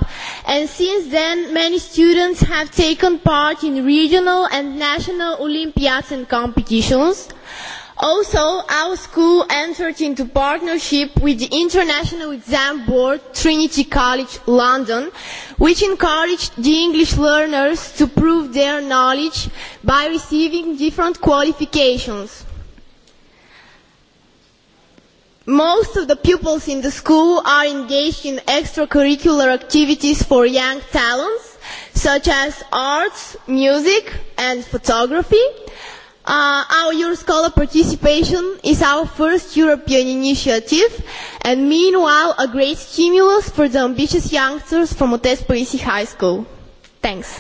and since then, many students have taken part in regional and national Olympiads and competitions. Also, our school entered into partnership with the International Exam Board, Trinity College London, which encouraged the English learners to prove their knowledge by receiving different qualifications. Most of the pupils in the school are engaged in extracurricular activities for young talents, such as arts, music, and photography. Uh, our Euroscholar participation is our first European initiative, and meanwhile, a great stimulus for the ambitious youngsters from Otes High School. Thanks.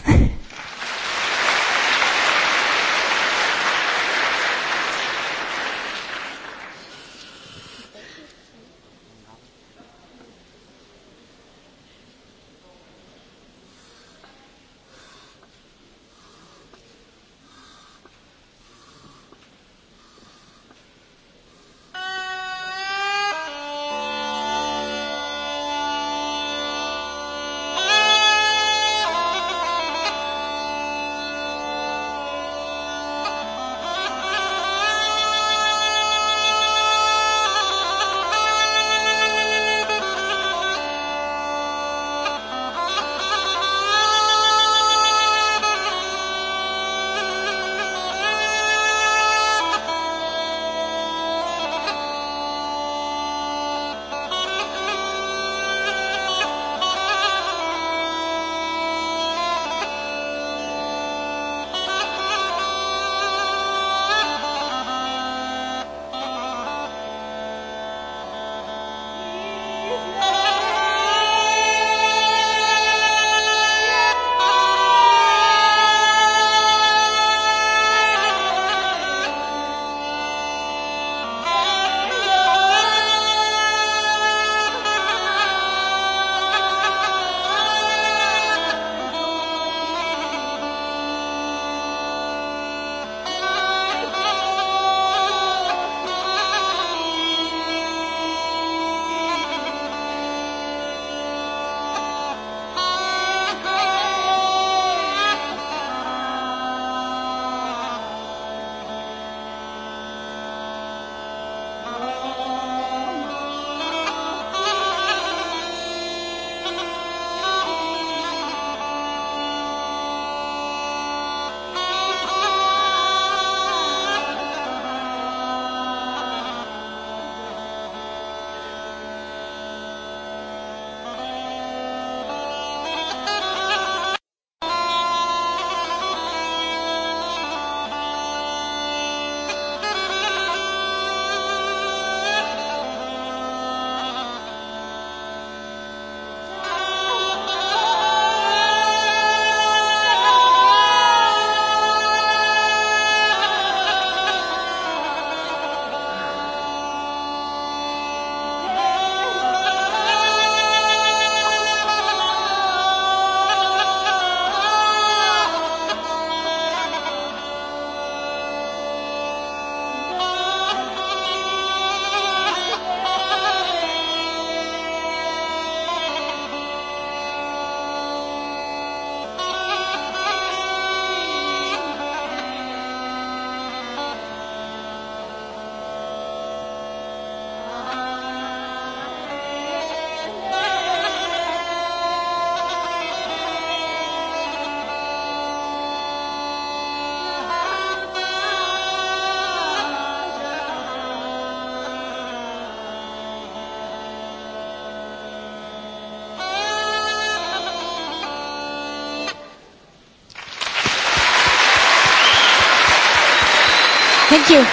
Thank you.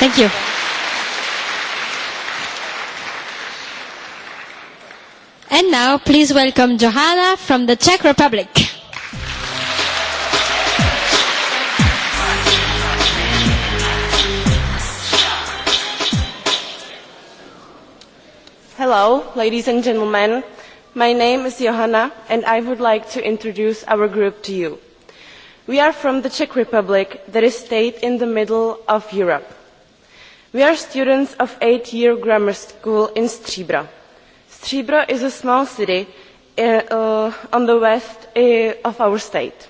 Thank you. And now, please welcome Johanna from the Czech Republic. Hello, ladies and gentlemen. My name is Johanna, and I would like to introduce our group to you we are from the czech republic that is a state in the middle of europe. we are students of eight year grammar school in strbra. strbra is a small city on the west of our state.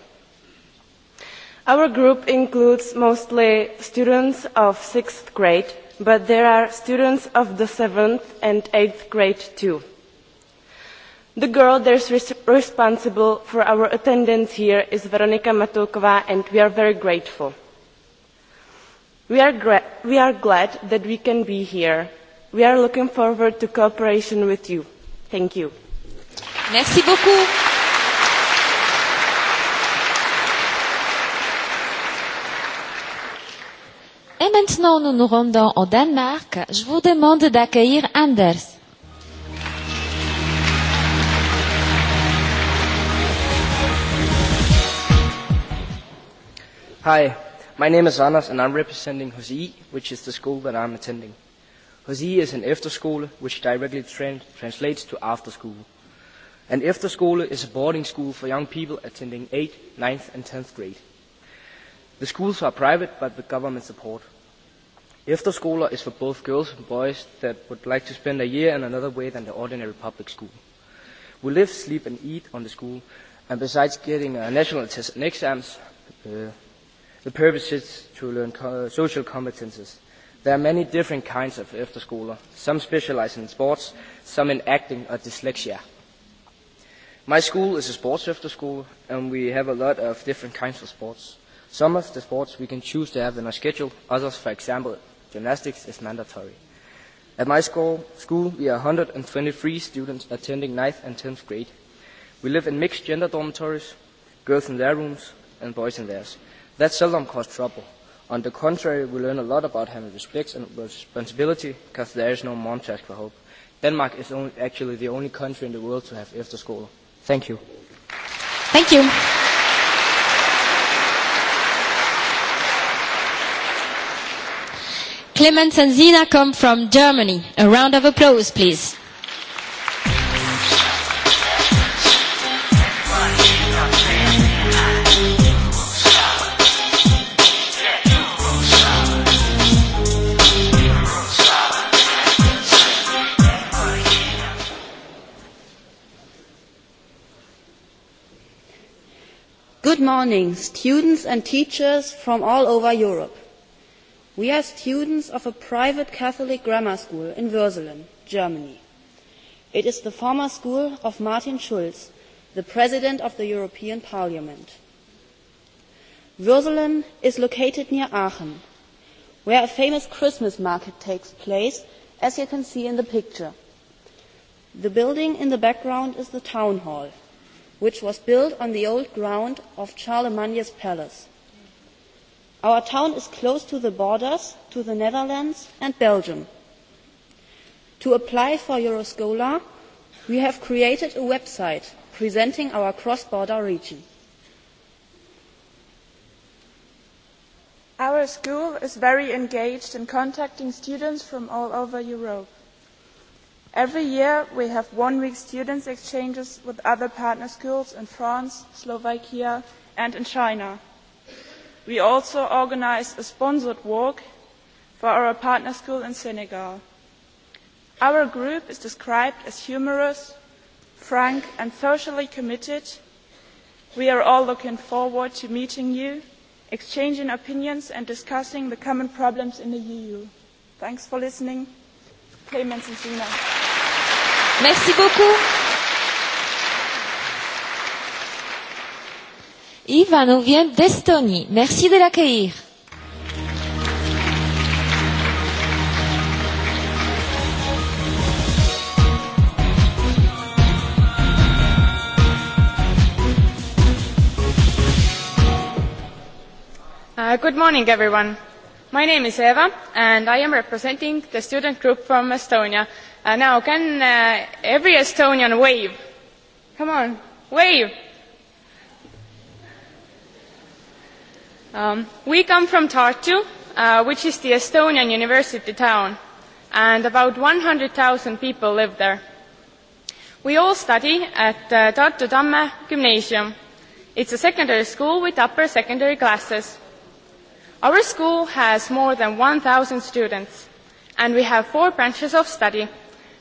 our group includes mostly students of sixth grade but there are students of the seventh and eighth grade too The girl that is res responsible for our attendance here is Veronika Matulkova, and we are very grateful. We are, gra we are glad that we can be here. We are looking forward to cooperation with you. Thank you. Merci beaucoup. Et maintenant, nous nous rendons au Danemark. Je vous demande d'accueillir Anders. Hi, my name is Anders and I'm representing HOSI, which is the school that I'm attending. HOSI is an after school which directly tra- translates to after school. An school is a boarding school for young people attending 8th, 9th and 10th grade. The schools are private, but with government support. After school is for both girls and boys that would like to spend a year in another way than the ordinary public school. We live, sleep and eat on the school, and besides getting uh, national tests and exams, uh, The purpose is to learn co- social competences. There are many different kinds of afterschooler. Some specialize in sports, some in acting or dyslexia. My school is a sports after school, and we have a lot of different kinds of sports. Some of the sports we can choose to have in our schedule, others, for example, gymnastics is mandatory. At my school, school we are 123 students attending 9th and 10th grade. We live in mixed gender dormitories, girls in their rooms and boys in theirs. That seldom caused trouble. On the contrary, we learn a lot about having respect and responsibility because there is no Montage for hope. Denmark is only, actually the only country in the world to have after school. Thank you. Thank you. Clemens and Zina come from Germany. A round of applause, please. Good morning, students and teachers from all over Europe. We are students of a private Catholic grammar school in Würselen, Germany. It is the former school of Martin Schulz, the President of the European Parliament. Würselen is located near Aachen, where a famous Christmas market takes place, as you can see in the picture. The building in the background is the town hall which was built on the old ground of Charlemagne's palace. Our town is close to the borders to the Netherlands and Belgium. To apply for Euroscola, we have created a website presenting our cross-border region. Our school is very engaged in contacting students from all over Europe every year we have one week student exchanges with other partner schools in france slovakia and in china. we also organise a sponsored walk for our partner school in senegal. our group is described as humorous frank and socially committed. we are all looking forward to meeting you exchanging opinions and discussing the common problems in the eu. thanks for listening. clemens and Merci beaucoup. Iva nous vient d'Estonie. Merci de l'accueillir. Uh, good morning, everyone My name is Eva, and I am representing the student group from Estonia. Uh, now, can uh, every Estonian wave? Come on, wave! Um, we come from Tartu, uh, which is the Estonian university town, and about 100,000 people live there. We all study at uh, Tartu Tamme Gymnasium. It's a secondary school with upper secondary classes Our school has more than 1,000 students, and we have four branches of study,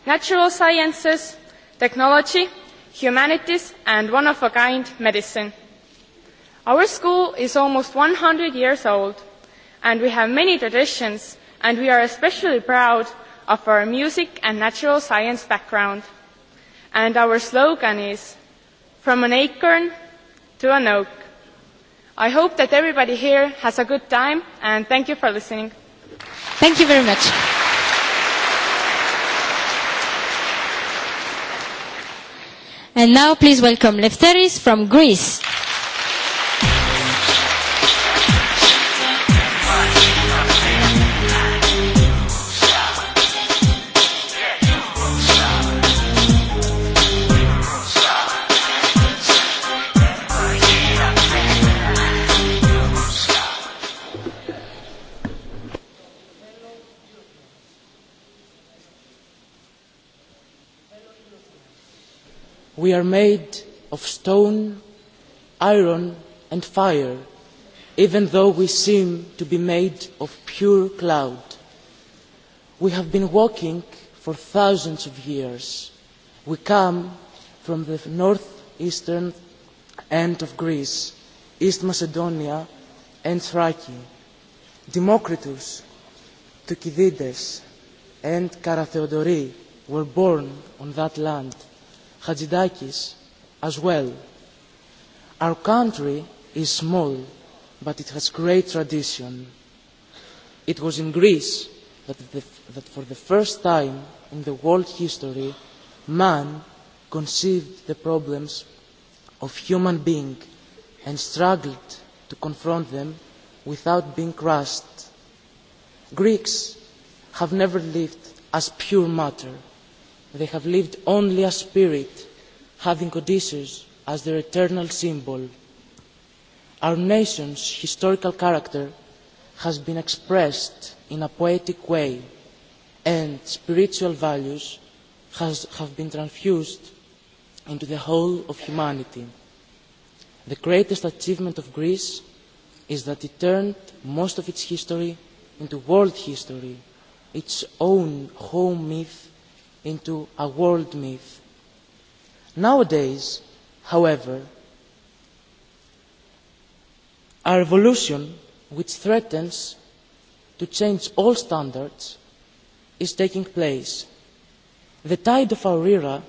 natural sciences, technology, humanities, and one-of-a-kind medicine. Our school is almost 100 years old, and we have many traditions, and we are especially proud of our music and natural science background. And our slogan is, from an acorn to an oak. I hope that everybody here has a good time and thank you for listening. Thank you very much. And now please welcome Lefteris from Greece. We are made of stone, iron and fire, even though we seem to be made of pure cloud. We have been walking for thousands of years. We come from the northeastern end of Greece, East Macedonia and Thrace. Democritus, Thucydides and Kara were born on that land Hadzidakis as well. Our country is small, but it has great tradition. It was in Greece that, the, that for the first time in the world history, man conceived the problems of human being and struggled to confront them without being crushed. Greeks have never lived as pure matter they have lived only as spirit, having Odysseus as their eternal symbol. Our nation's historical character has been expressed in a poetic way, and spiritual values have been transfused into the whole of humanity. The greatest achievement of Greece is that it turned most of its history into world history, its own home myth into a world myth. Nowadays, however, a revolution which threatens to change all standards is taking place. The tide of our era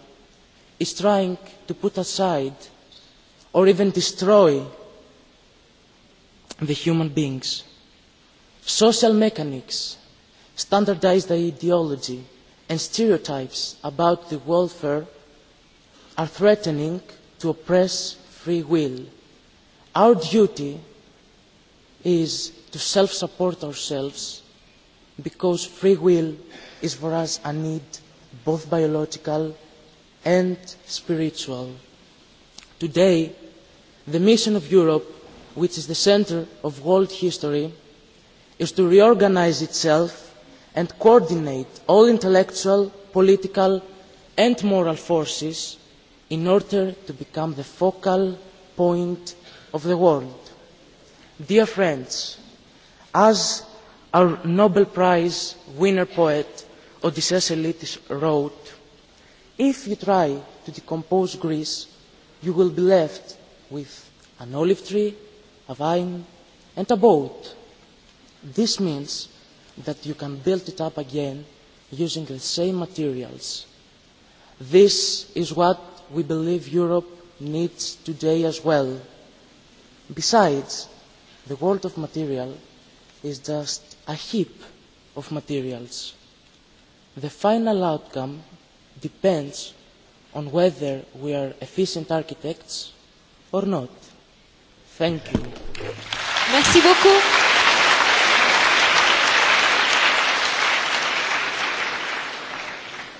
is trying to put aside or even destroy the human beings. Social mechanics, standardized ideology, and stereotypes about the welfare are threatening to oppress free will. Our duty is to self-support ourselves because free will is for us a need both biological and spiritual. Today, the mission of Europe, which is the centre of world history, is to reorganise itself and coordinate all intellectual political and moral forces in order to become the focal point of the world. dear friends as our nobel prize winner poet odysseus elitis wrote if you try to decompose greece you will be left with an olive tree a vine and a boat. this means that you can build it up again using the same materials. This is what we believe Europe needs today as well. Besides, the world of material is just a heap of materials. The final outcome depends on whether we are efficient architects or not. Thank you. Merci beaucoup.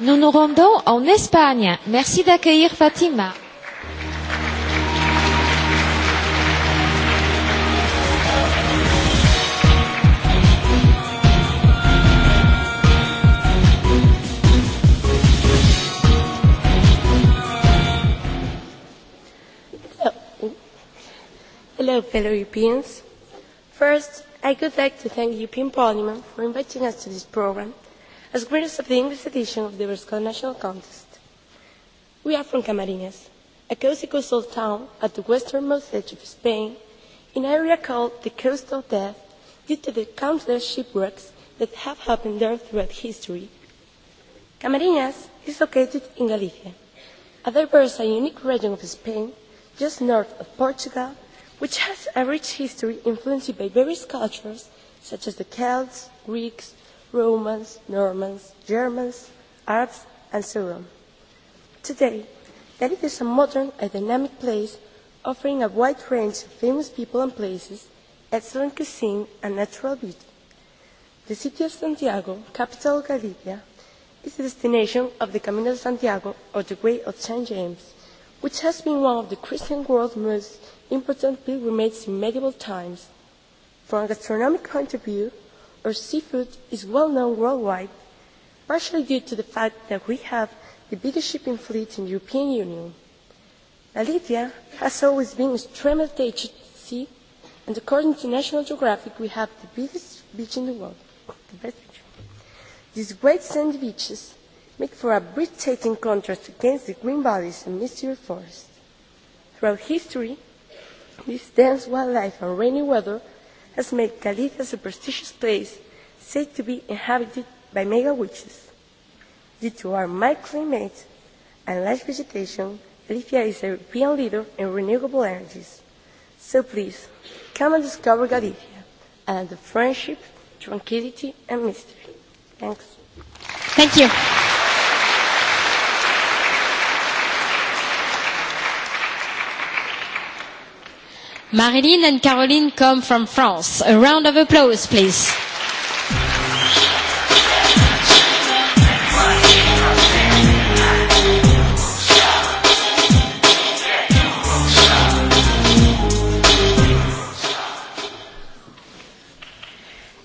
Nous nous rendons en Espagne. Merci d'accueillir Fatima. Hello, fellow Europeans. First, I would like to thank the European Parliament for inviting us to this programme as winners of the English edition of the Euroscola National Contest. We are from Camarines, a cozy coastal town at the westernmost edge of Spain, in an area called the Coast of Death due to the countless shipwrecks that have happened there throughout history. Camarines is located in Galicia, a diverse and unique region of Spain, just north of Portugal, which has a rich history influenced by various cultures such as the Celts, Greeks, Romans, Normans, Germans, Arabs, and so on. Today, Tenerife is a modern and dynamic place offering a wide range of famous people and places, excellent cuisine, and natural beauty. The city of Santiago, capital of Galicia, is the destination of the Camino de Santiago, or the Way of St. James, which has been one of the Christian world's most important pilgrimages in medieval times. From a gastronomic point of view, or seafood is well known worldwide, partially due to the fact that we have the biggest shipping fleet in the European Union. Latvia has always been extremely attached to sea, and according to National Geographic, we have the biggest beach in the world, the best beach. These great sandy beaches make for a breathtaking contrast against the green valleys and mysterious forests. Throughout history, this dense wildlife and rainy weather has made Calif a superstitious place said to be inhabited by mega witches. Due to our mild climate and large vegetation, Galicia is a European leader in renewable energies. So please, come and discover Galicia and the friendship, tranquility, and mystery. Thanks. Thank you. Marilyn and Caroline come from France. A round of applause, please.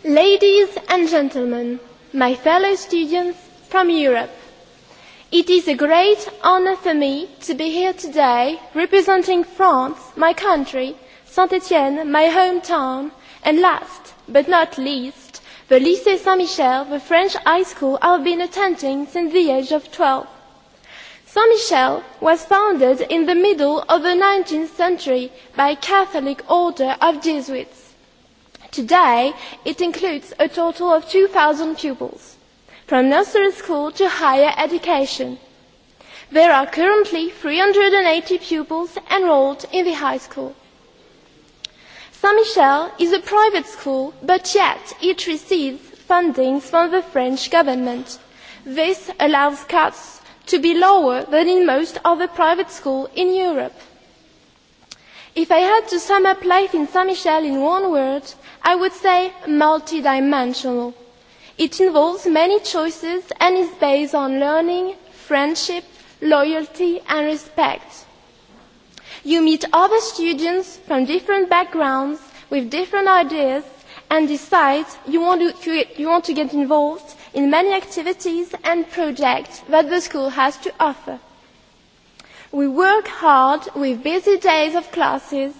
Ladies and gentlemen, my fellow students from Europe, It is a great honour for me to be here today representing France, my country, saint Etienne, my hometown, and last but not least, the Lycée Saint-Michel, the French high school I've been attending since the age of 12. Saint-Michel was founded in the middle of the 19th century by a Catholic order of Jesuits. Today, it includes a total of 2,000 pupils, from nursery school to higher education. There are currently 380 pupils enrolled in the high school. Saint Michel is a private school, but yet it receives funding from the French government. This allows cuts to be lower than in most other private schools in Europe. If I had to sum up life in Saint Michel in one word, I would say multidimensional. It involves many choices and is based on learning, friendship, loyalty and respect You meet other students from different backgrounds with different ideas and decide you want to, create, you want to get involved in many activities and projects that the school has to offer. We work hard with busy days of classes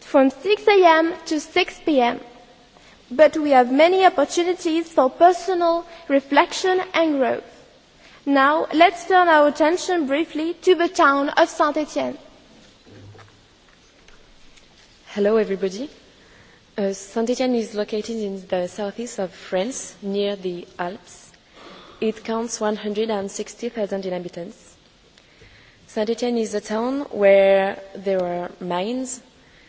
from 6 a.m. to 6 p.m. But we have many opportunities for personal reflection and growth. Now, let's turn our attention briefly to the town of Saint-Étienne. Hello, everybody. Uh, Saint-Étienne is located in the southeast of France, near the Alps. It counts 160,000 inhabitants. Saint-Étienne is a town where there are mines,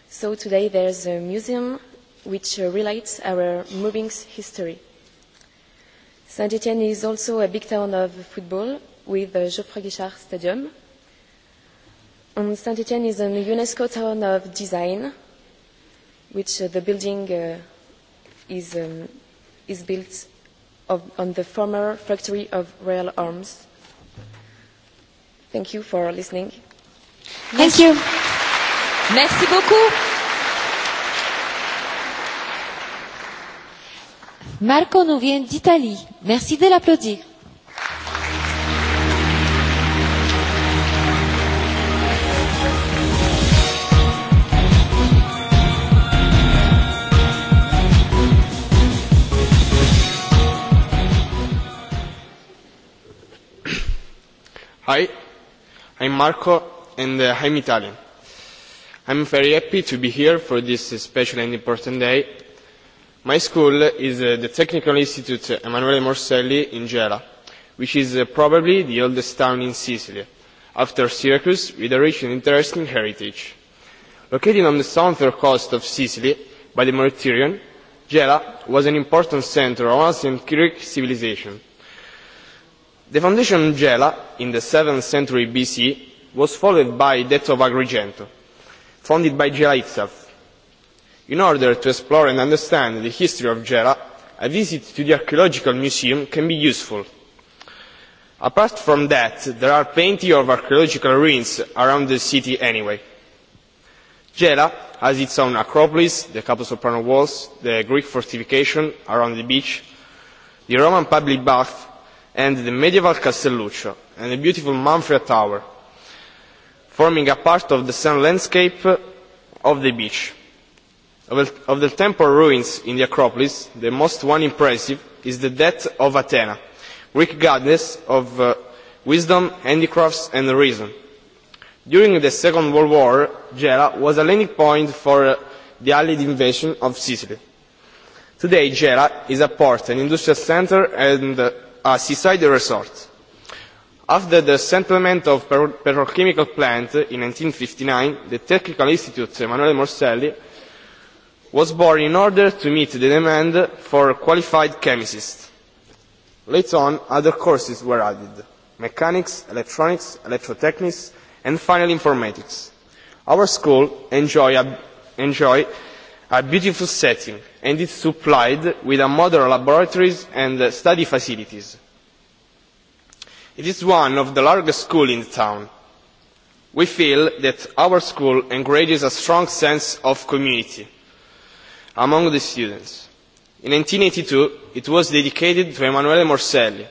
so today there's a museum which uh, relates our moving history. Saint-Étienne is also a big town of football with the Geoffroy Guichard Stadium. And Saint-Étienne is a UNESCO town of design which the building is, is built on the former factory of Royal Arms. Thank you for listening. Thank you. Merci beaucoup. Marco nous vient d'Italie. Merci de l'applaudir. Hi, I'm Marco and uh, I'm Italian. I'm very happy to be here for this special and important day. My school is uh, the Technical Institute Emanuele Morselli in Gela, which is uh, probably the oldest town in Sicily, after Syracuse with a rich and interesting heritage. Located on the southern coast of Sicily by the Mediterranean, Gela was an important center of ancient Greek civilization – the foundation of gela in the seventh century bc was followed by that of agrigento founded by gela itself. in order to explore and understand the history of gela a visit to the archaeological museum can be useful. apart from that there are plenty of archaeological ruins around the city anyway. gela has its own acropolis the Capo soprano walls the greek fortification around the beach the roman public bath and the medieval Castelluccio and the beautiful Manfred Tower, forming a part of the same landscape of the beach. Of the temple ruins in the Acropolis, the most one impressive is the death of Athena, Greek goddess of uh, wisdom, handicrafts and reason. During the Second World War, Gela was a landing point for uh, the Allied invasion of Sicily. Today, Gela is a port, an industrial centre and uh, a seaside resort. After the settlement of the petrochemical plant in fifty nine, the Technical Institute Emanuele Morselli was born in order to meet the demand for qualified chemists. Later on, other courses were added. Mechanics, electronics, electrotechnics, and finally informatics. Our school enjoy a, enjoy a beautiful setting and is supplied with modern laboratories and study facilities. It is one of the largest schools in the town. We feel that our school encourages a strong sense of community among the students. In eighty two it was dedicated to Emanuele Morselli,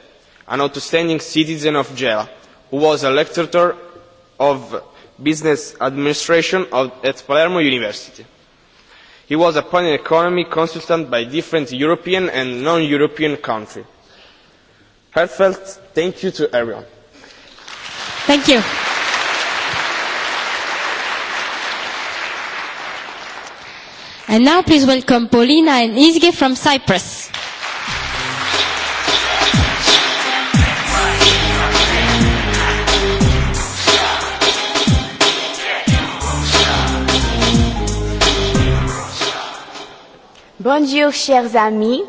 an outstanding citizen of Gela, who was a lecturer of business administration at Palermo University he was appointed economy consultant by different european and non european countries. heartfelt thank you to everyone. thank you. and now please welcome paulina and Izge from cyprus. Bonjour, chers amis.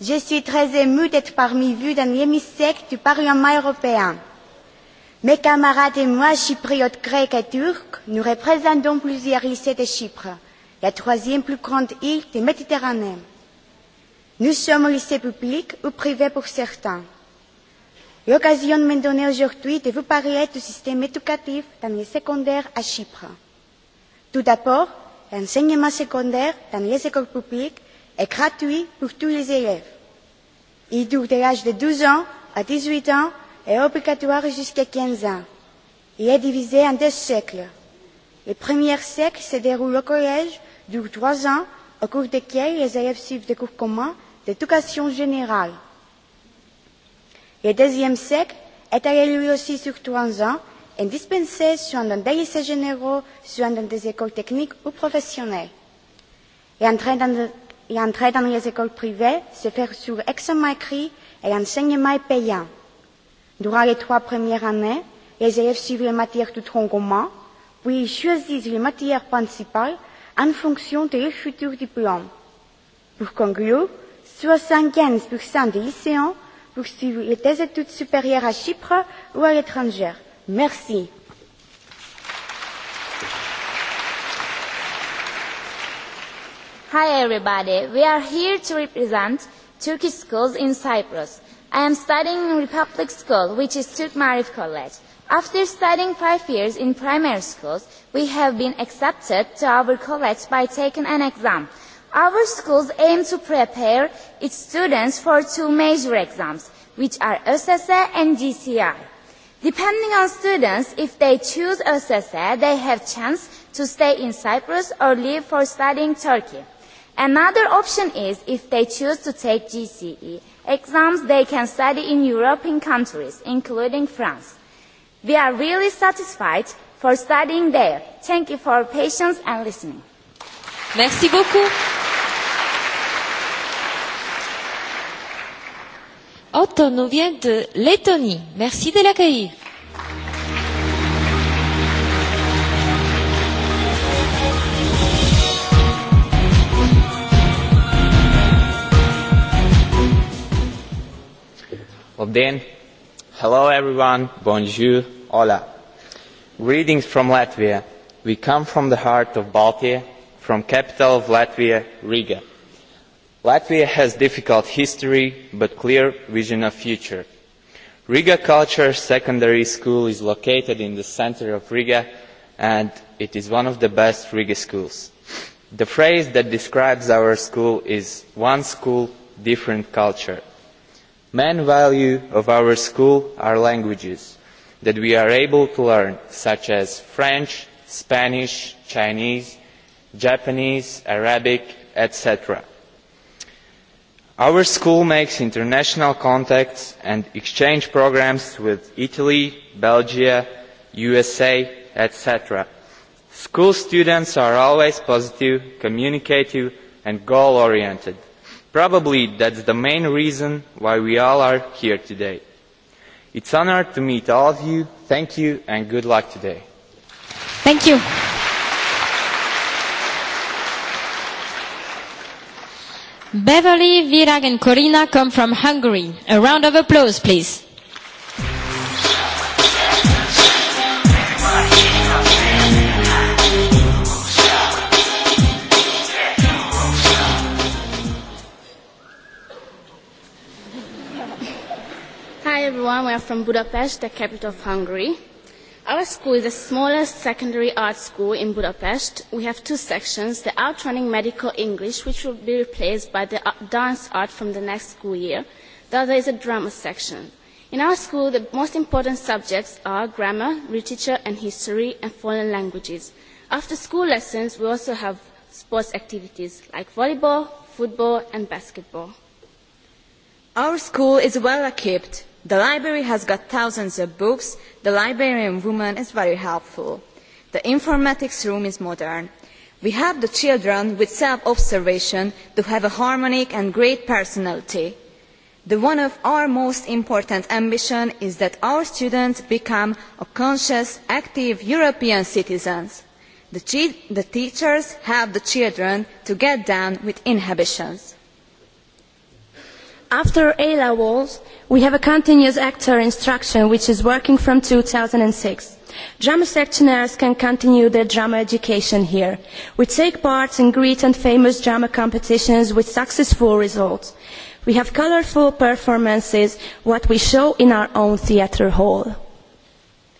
Je suis très émue d'être parmi vous dans l'hémicycle du Parlement européen. Mes camarades et moi, chypriotes grecs et turcs, nous représentons plusieurs lycées de Chypre, la troisième plus grande île de Méditerranée. Nous sommes au lycée public ou privé pour certains. L'occasion m'est donnée aujourd'hui de vous parler du système éducatif dans les secondaires à Chypre. Tout d'abord, l'enseignement secondaire dans les écoles publiques est gratuit pour tous les élèves. Il dure de l'âge de douze ans à dix huit ans et est obligatoire jusqu'à quinze ans. Il est divisé en deux siècles. Le premier siècle se déroule au collège, dure trois ans, au cours desquels les élèves suivent des cours communs d'éducation générale. Le deuxième siècle est allé lui aussi sur trois ans est dispensés soit dans des lycées généraux, soit dans des écoles techniques ou professionnelles. Et entrer dans, et entrer dans les écoles privées se faire sur examen écrit et enseignement payant. Durant les trois premières années, les élèves suivent les matières du tronc commun, puis ils choisissent les matières principales en fonction de leur futur diplôme. Pour conclure, 75% des lycéens poursuivent des études supérieures à Chypre ou à l'étranger. Merci. Hi everybody, we are here to represent Turkish schools in Cyprus. I am studying in Republic School, which is Turk Marif College. After studying five years in primary schools, we have been accepted to our college by taking an exam. Our schools aim to prepare its students for two major exams, which are SSA and GCI Depending on students, if they choose OSSE, they have chance to stay in Cyprus or leave for studying Turkey. Another option is if they choose to take GCE exams, they can study in European countries, including France. We are really satisfied for studying there. Thank you for your patience and listening. Merci beaucoup. Otto nous vient de Lettonie. Merci de l'accueillir. Labdien! Hello everyone, bonjour, hola. Greetings from Latvia. We come from the heart of Baltia, from capital of Latvia, Riga latvia has a difficult history but a clear vision of the future. riga culture secondary school is located in the centre of riga and it is one of the best riga schools. the phrase that describes our school is one school different culture'. the main value of our school are languages that we are able to learn such as french spanish chinese japanese arabic etc our school makes international contacts and exchange programmes with italy belgium the usa etc. school students are always positive communicative and goal oriented. probably that is the main reason why we all are here today. it is an honour to meet all of you. thank you and good luck today. Beverly, Virag, and Corina come from Hungary. A round of applause, please. Hi, everyone. We are from Budapest, the capital of Hungary. Our school is the smallest secondary art school in Budapest. We have two sections, the outrunning medical English, which will be replaced by the dance art from the next school year. The other is a drama section. In our school, the most important subjects are grammar, literature and history, and foreign languages. After school lessons, we also have sports activities like volleyball, football and basketball. Our school is well equipped The library has got thousands of books. The librarian woman is very helpful. The informatics room is modern. We have the children with self-observation to have a harmonic and great personality. The one of our most important ambitions is that our students become a conscious, active European citizens. The, teachers help the children to get down with inhibitions After A levels, we have a continuous actor instruction which is working from 2006. Drama sectionaires can continue their drama education here. We take part in great and famous drama competitions with successful results. We have colorful performances, what we show in our own theatre hall.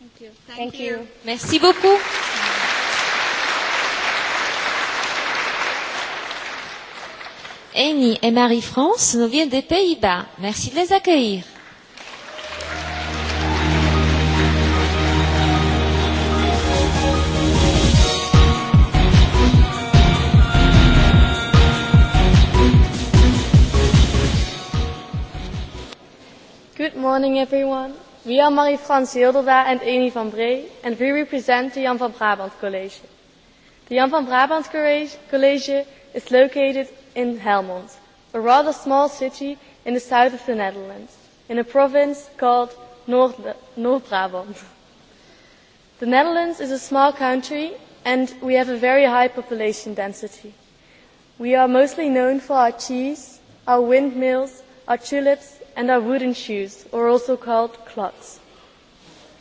Thank you. Thank you. Merci beaucoup. Amy et Marie-France nous viennent des Pays-Bas. Merci de les accueillir. Good morning everyone. We are Marie-France Hilderda and Amy van Bree and we represent the Jan van Brabant College. The Jan van Brabant College is located in Helmond, a rather small city in the south of the Netherlands, in a province called Noord-Brabant. The Netherlands is a small country and we have a very high population density. We are mostly known for our cheese, our windmills, our tulips and our wooden shoes, or also called clocks.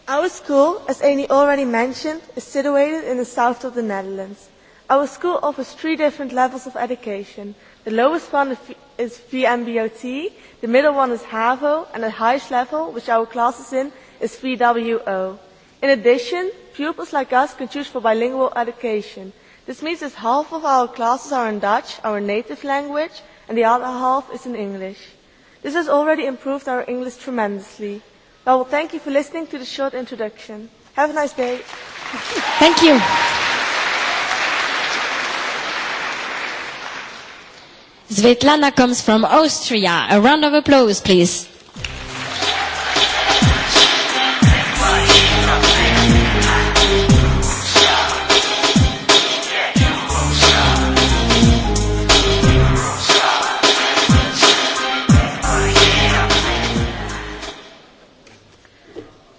Our school, as Amy already mentioned, is situated in the south of the Netherlands Our school offers three different levels of education. The lowest one is VMBOT, the middle one is HAVO, and the highest level, which our class is in, is VWO. In addition, pupils like us can choose for bilingual education. This means that half of our classes are in Dutch, our native language, and the other half is in English. This has already improved our English tremendously. Well thank you for listening to the short introduction. Have a nice day. Thank you. Svetlana comes from Austria. A round of applause, please.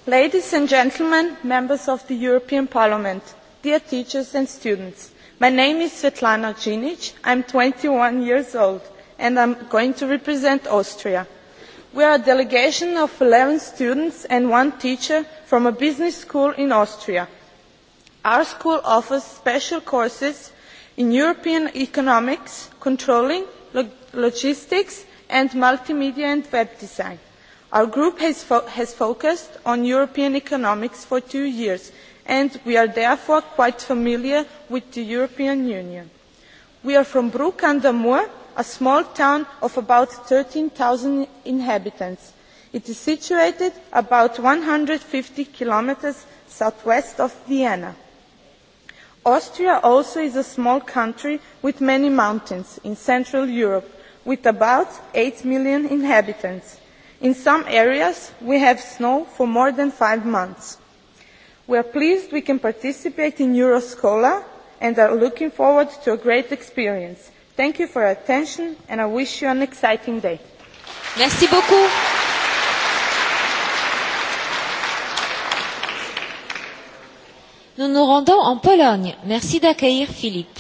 Ladies and gentlemen, members of the European Parliament, dear teachers and students, my name is Svetlana Cinic. I'm 21 years old and I'm going to represent Austria. We are a delegation of 11 students and one teacher from a business school in Austria. Our school offers special courses in European economics, controlling, logistics and multimedia and web design. Our group has, focused on European economics for two years and we are therefore quite familiar with the european union. we are from brook under moor a small town of about thirteen zero inhabitants. it is situated about one hundred and fifty kilometres south west of vienna. austria also is a small country with many mountains in central europe with about eight million inhabitants. in some areas we have snow for more than five months we are pleased we can participate in Euroscola and are looking forward to a great experience. thank you for your attention and i wish you an exciting day. Merci beaucoup. Nous nous rendons en Pologne. Merci d'accueillir Philippe.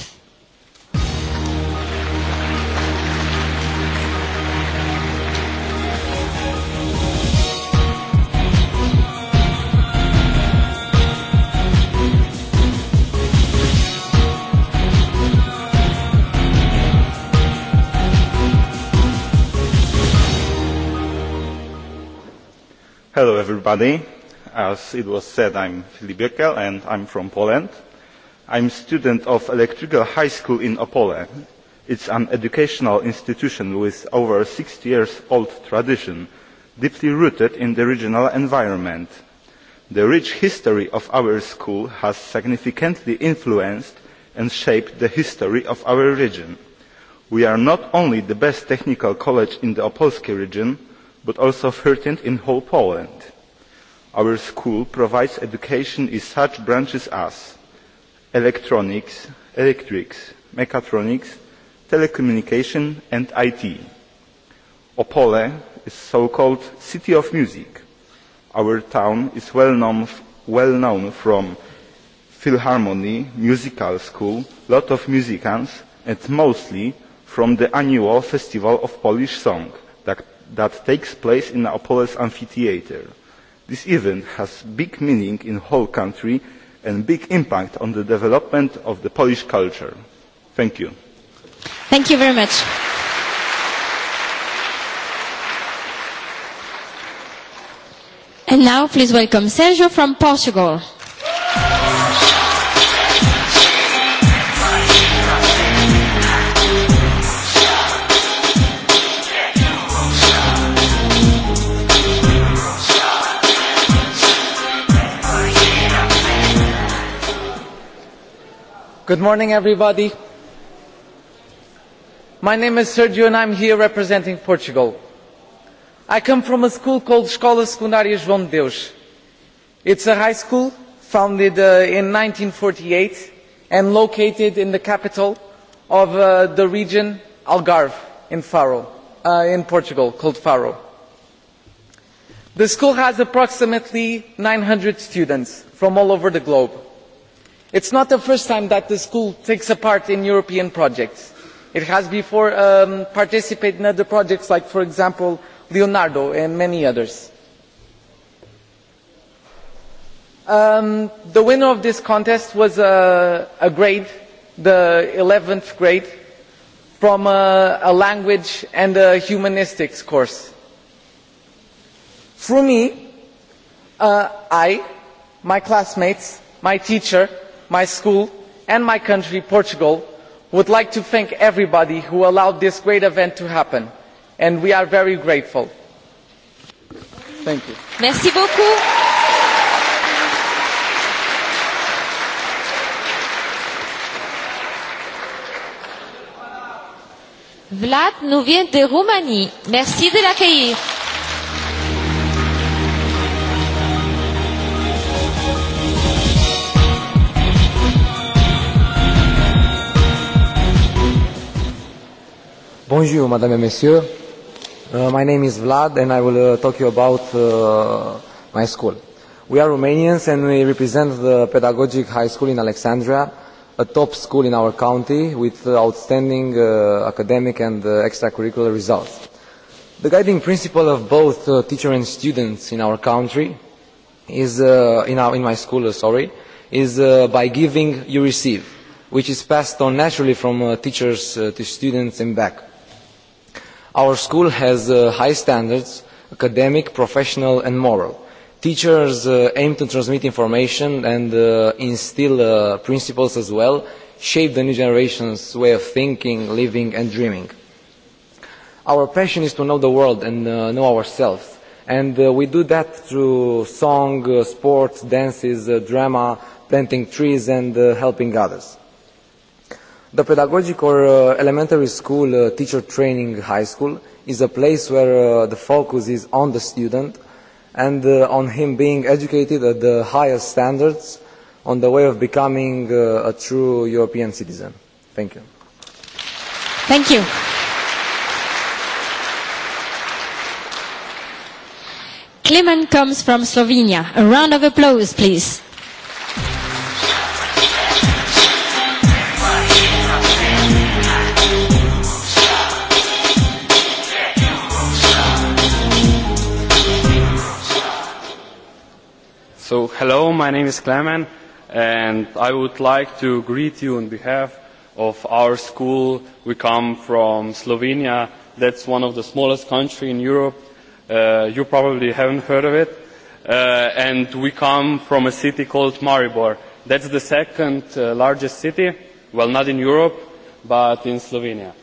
Hello, everybody. As it was said, I'm Filip Biekel and I'm from Poland. I'm a student of Electrical High School in Opole. It's an educational institution with over 60 years old tradition, deeply rooted in the regional environment. The rich history of our school has significantly influenced and shaped the history of our region. We are not only the best technical college in the Opolsky region, but also threatened in whole Poland. Our school provides education in such branches as electronics, electrics, mechatronics, telecommunication and IT. Opole is so-called City of Music. Our town is well known, well known from Philharmony, musical school, lot of musicians, and mostly from the annual Festival of Polish Song – that takes place in Apollo's amphitheatre. This event has big meaning in the whole country and big impact on the development of the Polish culture. Thank you. Thank you very much. And now please welcome Sergio from Portugal. Good morning, everybody. My name is Sergio and I'm here representing Portugal. I come from a school called Escola Secundaria João de Deus. It's a high school founded uh, in 1948 and located in the capital of uh, the region Algarve in Faro, uh, in Portugal, called Faro. The school has approximately 900 students from all over the globe it is not the first time that the school takes part in european projects. it has before participated in other projects like for example leonardo and many others. the winner of this contest was a grade the eleventh grade from a language and a humanistics course. for me i my classmates my teacher my school and my country portugal would like to thank everybody who allowed this great event to happen and we are very grateful. Vlad nous vient de Roumanie. Merci de l'accueillir. Bonjour, madame et messieurs. Uh, my name is Vlad, and I will uh, talk to you about uh, my school. We are Romanians, and we represent the Pedagogic High School in Alexandria, a top school in our county with outstanding uh, academic and uh, extracurricular results. The guiding principle of both uh, teacher and students in our country is, uh, in, our, in my school, uh, sorry, is uh, by giving you receive, which is passed on naturally from uh, teachers uh, to students and back Our school has uh, high standards, academic, professional and moral. Teachers uh, aim to transmit information and uh, instill uh, principles as well, shape the new generation's way of thinking, living and dreaming. Our passion is to know the world and uh, know ourselves. And uh, we do that through song, uh, sports, dances, uh, drama, planting trees and uh, helping others the pedagogic or uh, elementary school uh, teacher training high school is a place where uh, the focus is on the student and uh, on him being educated at the highest standards on the way of becoming uh, a true European citizen. Thank you. Thank you. Kliman comes from Slovenia. A round of applause, please. So, hello, my name is Clement, and I would like to greet you on behalf of our school. We come from Slovenia. That's one of the smallest countries in Europe. Uh, you probably haven't heard of it. Uh, and we come from a city called Maribor. That's the second uh, largest city, well, not in Europe, but in Slovenia.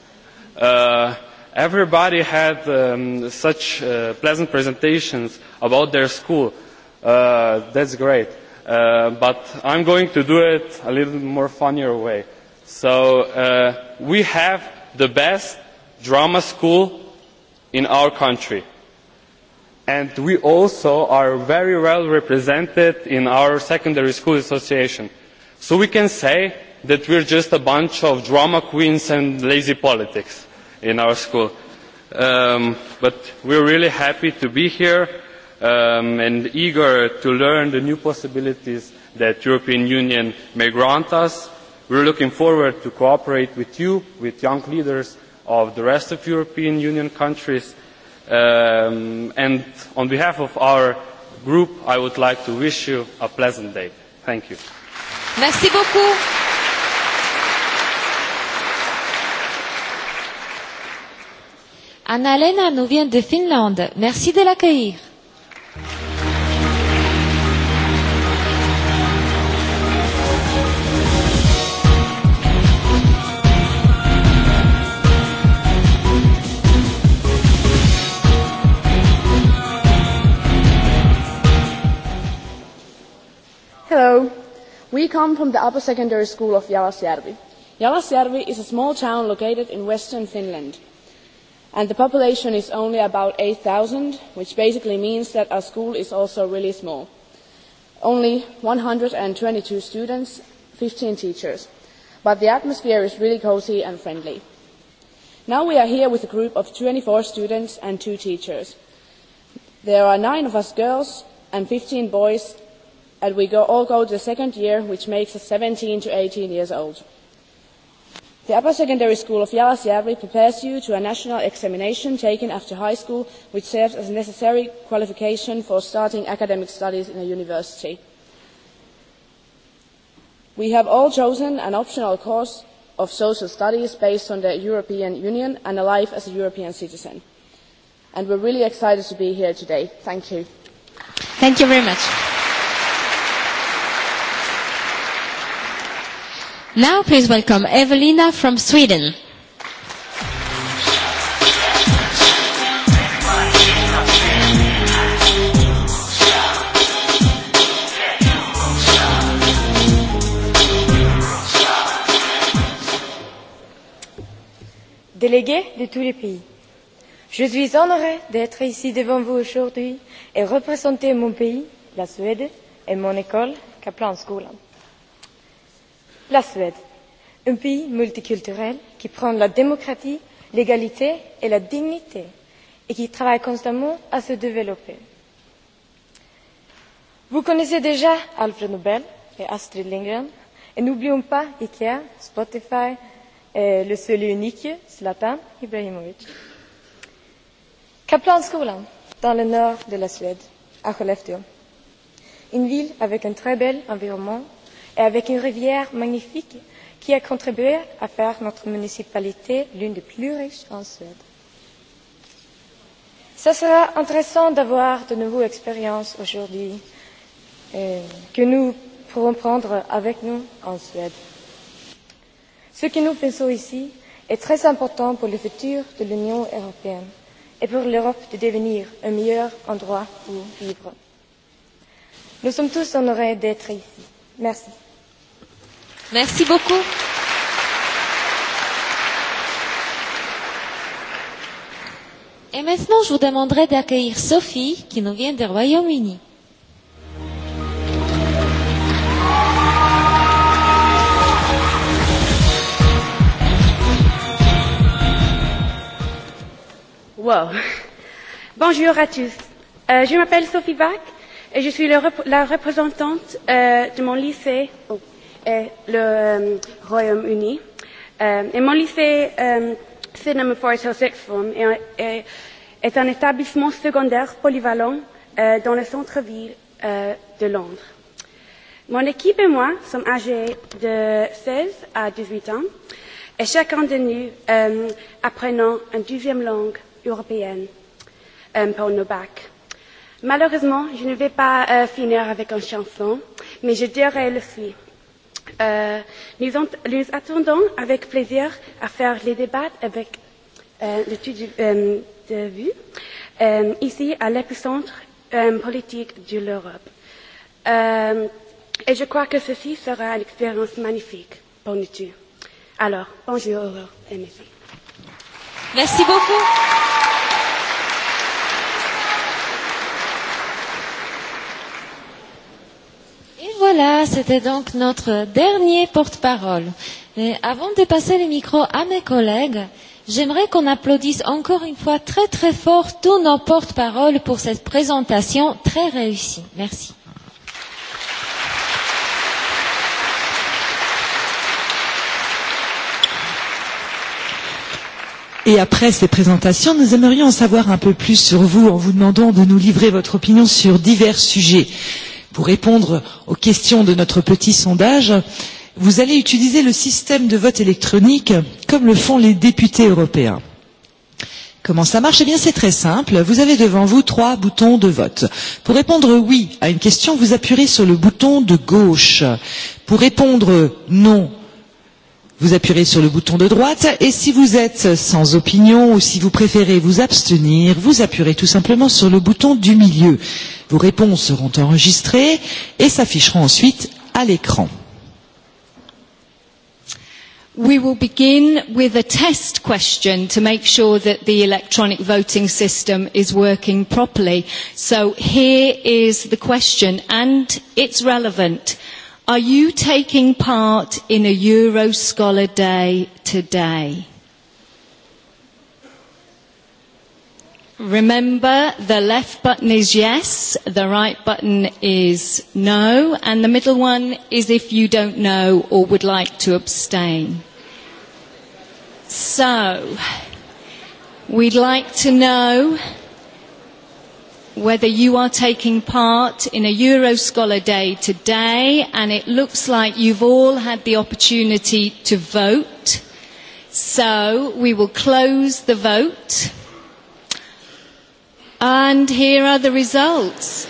Uh, everybody had um, such uh, pleasant presentations about their school that's great. Uh, but I'm going to do it a little more funnier way. So uh, we have the best drama school in our country. And we also are very well represented in our secondary school association. So we can say that we're just a bunch of drama queens and lazy politics in our school. Um, but we're really happy to be here and eager to learn the new possibilities that the European Union may grant us. We are looking forward to cooperate with you, with young leaders of the rest of European Union countries. and on behalf of our group, I would like to wish you a pleasant day. Thank you. Merci beaucoup. Anna-Lena nous vient de Finlande. Merci de l'accueillir. Hello. We come from the upper secondary school of Jalasjärvi. Jalasjärvi is a small town located in western Finland and the population is only about 8,000, which basically means that our school is also really small. Only 122 students, 15 teachers, but the atmosphere is really cozy and friendly. Now we are here with a group of 24 students and two teachers. There are nine of us girls and 15 boys, and we go, all go to the second year, which makes us 17 to 18 years old. The upper secondary school of Yalasjärvi prepares you to a national examination taken after high school which serves as a necessary qualification for starting academic studies in a university. We have all chosen an optional course of social studies based on the European Union and a life as a European citizen. And we're really excited to be here today. Thank you. Thank you very much. Now please welcome Evelina from Sweden. Délégués de tous les pays, je suis honorée d'être ici devant vous aujourd'hui et représenter mon pays, la Suède, et mon école, Skolan la Suède, un pays multiculturel qui prône la démocratie, l'égalité et la dignité et qui travaille constamment à se développer. Vous connaissez déjà Alfred Nobel et Astrid Lindgren et n'oublions pas Ikea, Spotify et le seul et unique Zlatan Ibrahimovic. Kaplanskolan dans le nord de la Suède, à Skellefteå. Une ville avec un très bel environnement et avec une rivière magnifique qui a contribué à faire notre municipalité l'une des plus riches en Suède. Ce sera intéressant d'avoir de nouvelles expériences aujourd'hui que nous pourrons prendre avec nous en Suède. Ce que nous faisons ici est très important pour le futur de l'Union européenne et pour l'Europe de devenir un meilleur endroit où vivre. Nous sommes tous honorés d'être ici. Merci. Merci beaucoup. Et maintenant, je vous demanderai d'accueillir Sophie, qui nous vient du Royaume-Uni. Wow. Bonjour à tous. Euh, je m'appelle Sophie Bach et je suis le, rep la représentante euh, de mon lycée. Oh et le Royaume-Uni. et mon lycée Cinema Forest Hill Sixth Form est, est un établissement secondaire polyvalent dans le centre-ville de Londres. Mon équipe et moi sommes âgés de 16 à 18 ans et chacun de nous euh, apprenant une deuxième langue européenne euh, pour nos bacs. Malheureusement, je ne vais pas euh, finir avec une chanson, mais je dirai le suivant nous attendons avec plaisir à faire les débats avec l'étude de vue ici à l'épicentre politique de l'Europe. et je crois que ceci sera une expérience magnifique pour nous tous. Alors, bonjour et merci. Merci beaucoup. Et voilà, c'était donc notre dernier porte-parole. Mais avant de passer les micros à mes collègues, j'aimerais qu'on applaudisse encore une fois très très fort tous nos porte-paroles pour cette présentation très réussie. Merci. Et après ces présentations, nous aimerions en savoir un peu plus sur vous en vous demandant de nous livrer votre opinion sur divers sujets pour répondre aux questions de notre petit sondage, vous allez utiliser le système de vote électronique comme le font les députés européens. Comment ça marche Eh bien, c'est très simple. Vous avez devant vous trois boutons de vote. Pour répondre oui à une question, vous appuyez sur le bouton de gauche. Pour répondre non vous appuierez sur le bouton de droite et si vous êtes sans opinion ou si vous préférez vous abstenir, vous appuierez tout simplement sur le bouton du milieu. Vos réponses seront enregistrées et s'afficheront ensuite à l'écran. We will begin with a test question to make sure that the electronic voting system is working properly. So here is the question and it's relevant. Are you taking part in a Euro Scholar Day today? Remember, the left button is yes, the right button is no, and the middle one is if you don't know or would like to abstain. So, we'd like to know whether you are taking part in a Euro Scholar Day today, and it looks like you've all had the opportunity to vote. So we will close the vote. And here are the results.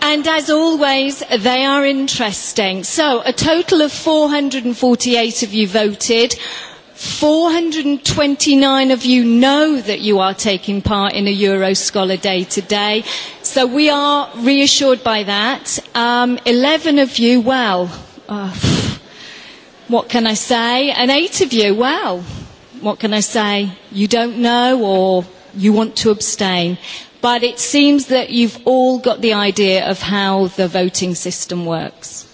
And as always, they are interesting. So a total of 448 of you voted. 429 of you know that you are taking part in a Euro Scholar Day today. So we are reassured by that. Um, 11 of you, well, uh, what can I say? And eight of you, well, what can I say? You don't know or you want to abstain. But it seems that you've all got the idea of how the voting system works.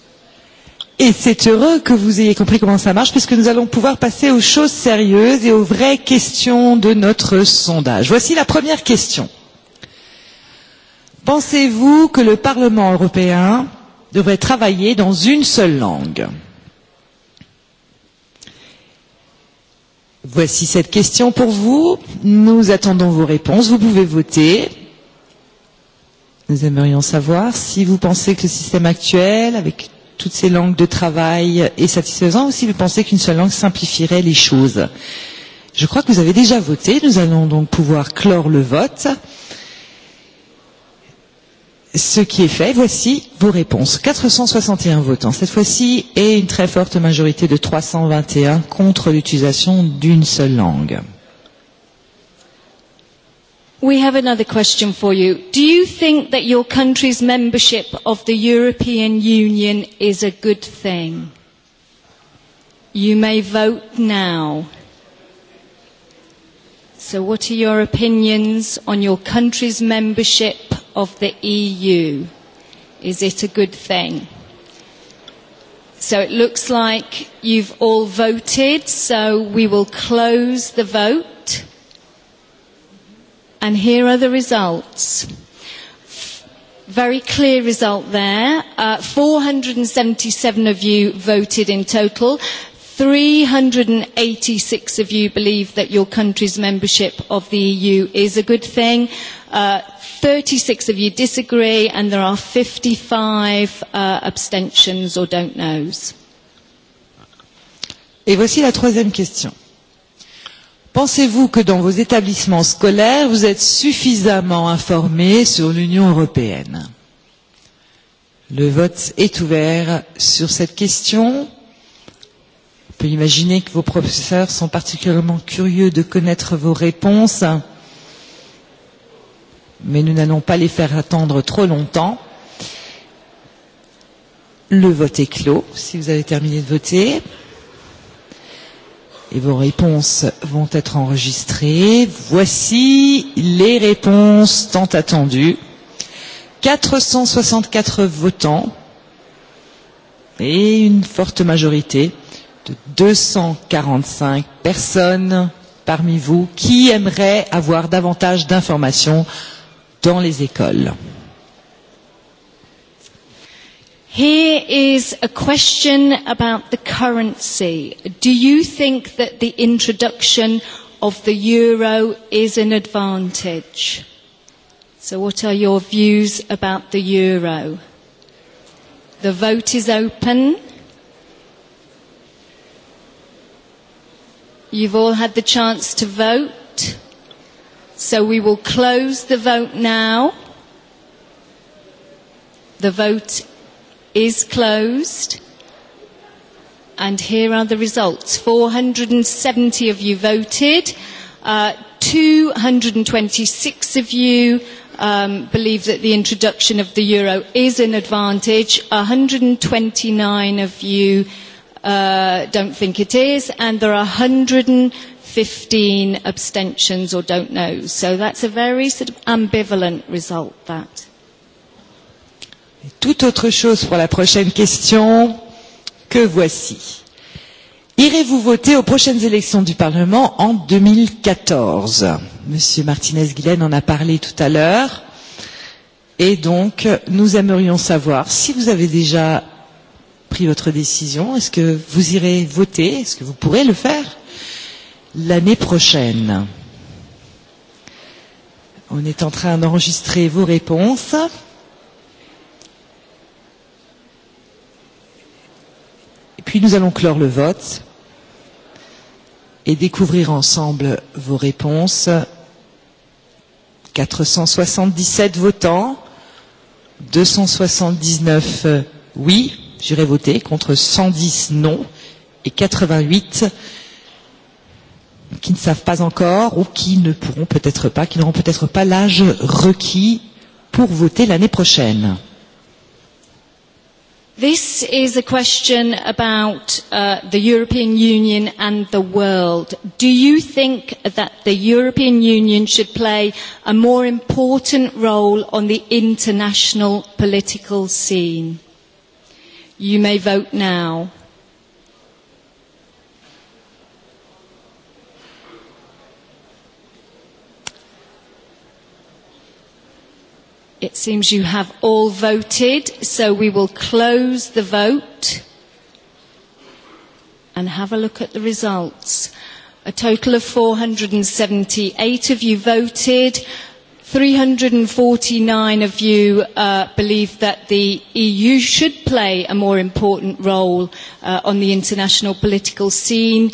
Et c'est heureux que vous ayez compris comment ça marche, puisque nous allons pouvoir passer aux choses sérieuses et aux vraies questions de notre sondage. Voici la première question. Pensez-vous que le Parlement européen devrait travailler dans une seule langue Voici cette question pour vous. Nous attendons vos réponses. Vous pouvez voter. Nous aimerions savoir si vous pensez que le système actuel, avec toutes ces langues de travail est satisfaisant ou si vous pensez qu'une seule langue simplifierait les choses. Je crois que vous avez déjà voté. Nous allons donc pouvoir clore le vote. Ce qui est fait, voici vos réponses. 461 votants cette fois-ci et une très forte majorité de 321 contre l'utilisation d'une seule langue. We have another question for you. Do you think that your country's membership of the European Union is a good thing? You may vote now. So what are your opinions on your country's membership of the EU? Is it a good thing? So it looks like you've all voted, so we will close the vote. And here are the results. Very clear result there. Uh, 477 of you voted in total. 386 of you believe that your country's membership of the EU is a good thing. Uh, 36 of you disagree, and there are 55 uh, abstentions or don't knows. Et voici la troisième question. Pensez-vous que dans vos établissements scolaires, vous êtes suffisamment informés sur l'Union européenne Le vote est ouvert sur cette question. On peut imaginer que vos professeurs sont particulièrement curieux de connaître vos réponses, mais nous n'allons pas les faire attendre trop longtemps. Le vote est clos, si vous avez terminé de voter et vos réponses vont être enregistrées. Voici les réponses tant attendues. 464 votants et une forte majorité de 245 personnes parmi vous qui aimeraient avoir davantage d'informations dans les écoles. Here is a question about the currency. Do you think that the introduction of the euro is an advantage? So what are your views about the euro? The vote is open. You've all had the chance to vote. So we will close the vote now. The vote is closed. And here are the results. 470 of you voted. Uh, 226 of you um, believe that the introduction of the euro is an advantage. 129 of you uh, don't think it is. And there are 115 abstentions or don't know. So that's a very sort of ambivalent result, that toute autre chose pour la prochaine question que voici. Irez-vous voter aux prochaines élections du Parlement en 2014 Monsieur Martinez-Guilaine en a parlé tout à l'heure. Et donc, nous aimerions savoir si vous avez déjà pris votre décision. Est-ce que vous irez voter Est-ce que vous pourrez le faire l'année prochaine On est en train d'enregistrer vos réponses. Puis nous allons clore le vote et découvrir ensemble vos réponses. 477 votants, 279 oui, j'irai voter, contre 110 non et 88 qui ne savent pas encore ou qui ne pourront peut-être pas, qui n'auront peut-être pas l'âge requis pour voter l'année prochaine. This is a question about uh, the European Union and the world. Do you think that the European Union should play a more important role on the international political scene? You may vote now. It seems you have all voted, so we will close the vote and have a look at the results. A total of 478 of you voted. 349 of you uh, believe that the EU should play a more important role uh, on the international political scene.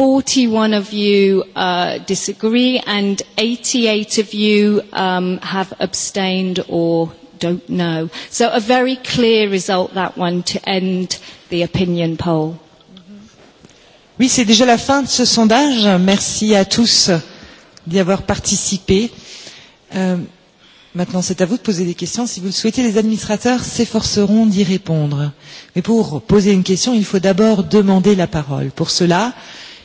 41 of you uh, disagree, and 88 of you um, have abstained or don't know. So a very clear result, that one, to end the opinion poll. Oui, c'est déjà la fin de ce sondage. Merci à tous d'y avoir participé. Euh, maintenant, c'est à vous de poser des questions. Si vous le souhaitez, les administrateurs s'efforceront d'y répondre. Mais pour poser une question, il faut d'abord demander la parole. Pour cela,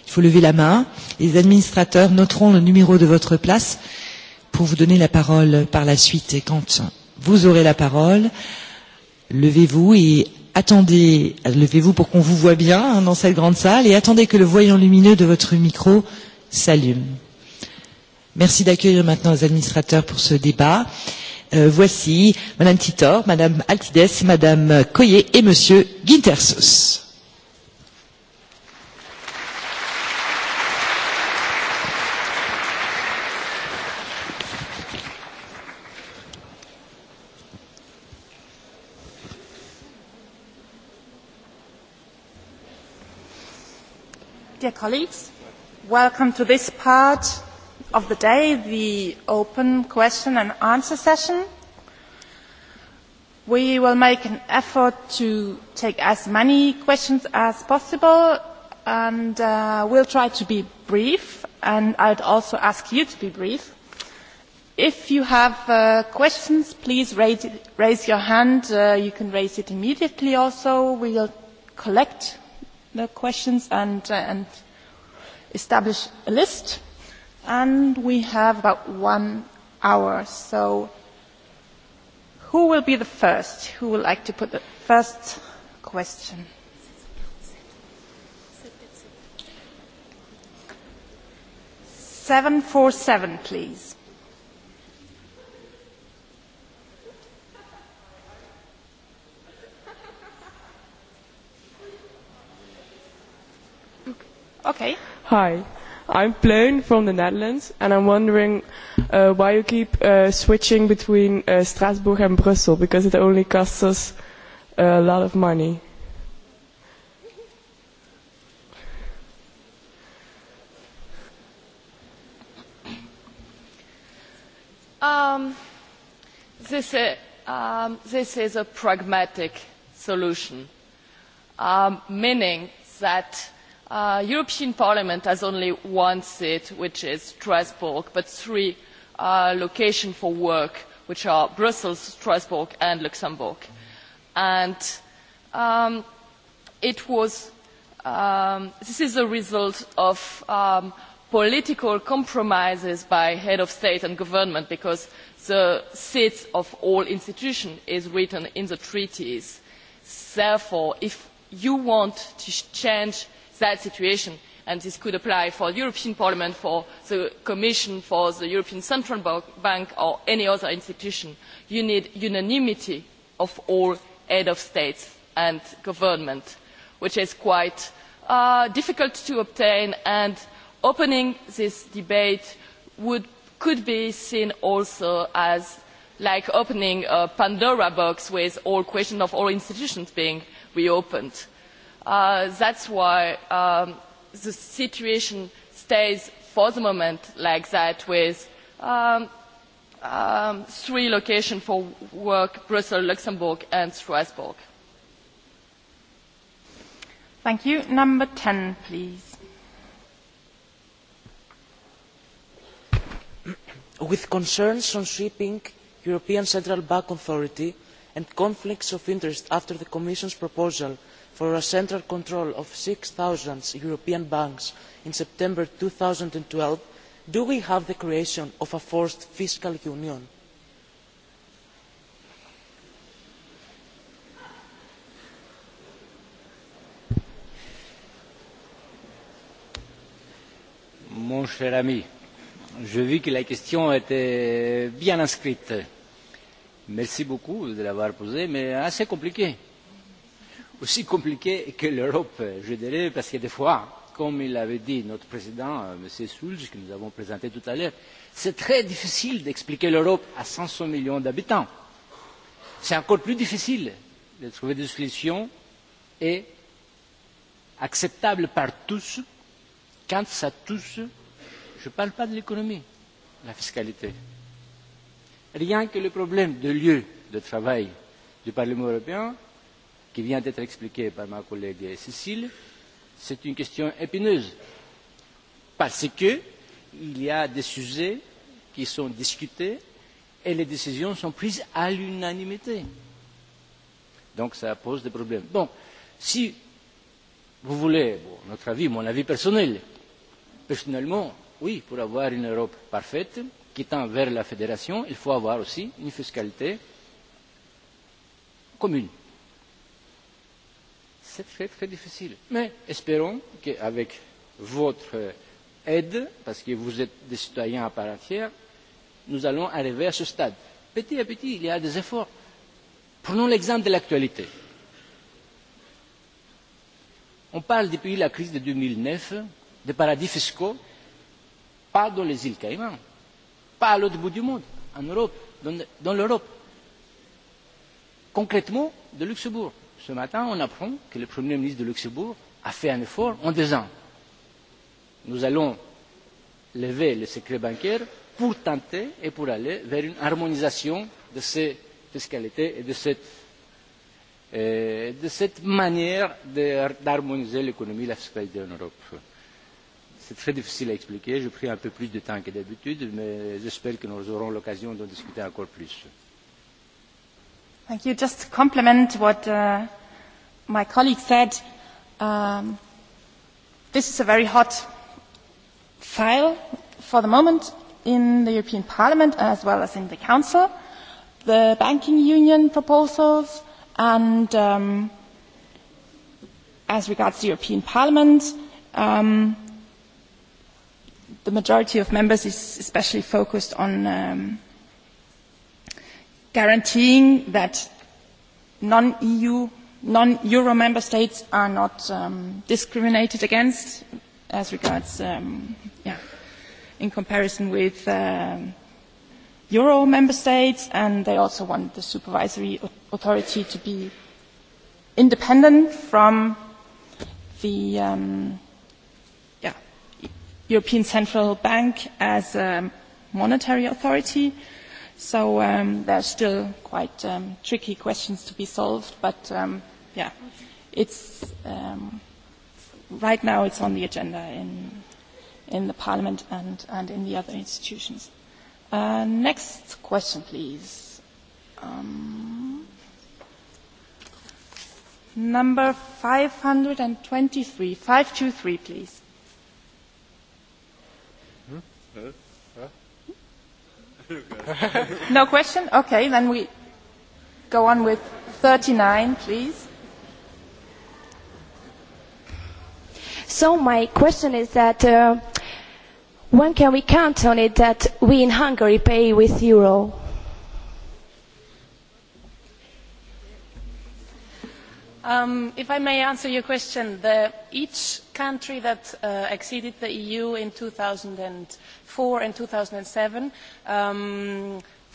Il faut lever la main. Les administrateurs noteront le numéro de votre place pour vous donner la parole par la suite. Et quand vous aurez la parole, levez-vous et attendez, levez-vous pour qu'on vous voit bien hein, dans cette grande salle et attendez que le voyant lumineux de votre micro s'allume. Merci d'accueillir maintenant les administrateurs pour ce débat. Euh, voici Madame Titor, Madame Altides, Madame Coyer et Monsieur Guintersos. Dear colleagues, welcome to this part of the day, the open question and answer session. We will make an effort to take as many questions as possible and uh, we'll try to be brief and I'd also ask you to be brief. If you have uh, questions, please raise, raise your hand. Uh, you can raise it immediately also. We'll collect the questions and, uh, and establish a list. And we have about one hour. So who will be the first? Who would like to put the first question? Seven four seven, please. Okay. Hi, I'm Pleun from the Netherlands, and I'm wondering uh, why you keep uh, switching between uh, Strasbourg and Brussels because it only costs us a lot of money. Um, this, uh, um, this is a pragmatic solution, um, meaning that The European Parliament has only one seat, which is Strasbourg, but three locations for work, which are Brussels, Strasbourg and Luxembourg. this is a result of political compromises by Heads of state and government because the seats of all institutions is written in the treaties. Therefore, if you want to change that situation and this could apply for the European Parliament, for the Commission, for the European Central Bank or any other institution. You need unanimity of all heads of state and government, which is quite difficult to obtain and opening this debate would, could be seen also as like opening a Pandora box with all questions of all institutions being reopened that's why um, the situation stays for the moment like that with um, um, three locations for work, Brussels, Luxembourg and Strasbourg. Thank you. Number 10, please. With concerns on shipping, European Central Bank Authority and conflicts of interest after the Commission's proposal for a central control of six zero european banks in september two thousand and twelve do we have the creation of a forced fiscal union? mon cher ami je vis que la question était bien inscrite. merci beaucoup de l'avoir posée mais assez compliquée aussi compliqué que l'Europe, je dirais, parce que des fois, comme il l'avait dit notre président, M. Schulz, que nous avons présenté tout à l'heure, c'est très difficile d'expliquer l'Europe à 500 millions d'habitants. C'est encore plus difficile de trouver des solutions et acceptables par tous quand ça touche, je ne parle pas de l'économie, la fiscalité. Rien que le problème de lieu de travail du Parlement européen qui vient d'être expliquée par ma collègue Cécile, c'est une question épineuse. Parce qu'il y a des sujets qui sont discutés et les décisions sont prises à l'unanimité. Donc ça pose des problèmes. Bon, si vous voulez bon, notre avis, mon avis personnel, personnellement, oui, pour avoir une Europe parfaite qui tend vers la fédération, il faut avoir aussi une fiscalité commune c'est très très difficile. Mais espérons qu'avec votre aide, parce que vous êtes des citoyens à part entière, nous allons arriver à ce stade. Petit à petit, il y a des efforts. Prenons l'exemple de l'actualité. On parle depuis la crise de deux mille neuf paradis fiscaux, pas dans les îles Caïmans, pas à l'autre bout du monde, en Europe, dans l'Europe. Concrètement, de Luxembourg ce matin, on apprend que le Premier ministre de Luxembourg a fait un effort en disant nous allons lever le secret bancaire pour tenter et pour aller vers une harmonisation de ces fiscalités et de cette, de cette manière d'harmoniser l'économie et la fiscalité en Europe. C'est très difficile à expliquer, j'ai pris un peu plus de temps que d'habitude, mais j'espère que nous aurons l'occasion d'en discuter encore plus. Thank you. Just to complement what uh, my colleague said, um, this is a very hot file for the moment in the European Parliament as well as in the Council. The banking union proposals and um, as regards the European Parliament, um, the majority of members is especially focused on um, guaranteeing that non-EU, non-Euro member states are not um, discriminated against as regards, um, yeah, in comparison with Euro member states, and they also want the supervisory authority to be independent from the um, yeah, European Central Bank as a monetary authority. So um, there are still quite um, tricky questions to be solved, but um, yeah, it's um, right now it's on the agenda in in the Parliament and, and in the other institutions. Uh, next question, please. Um, number 523, 523, please. Hmm? no question? Okay, then we go on with 39, please. So my question is that uh, when can we count on it that we in Hungary pay with euro? Um, if I may answer your question, the, each country that uh, exceeded the EU in 2000 and four and two thousand and seven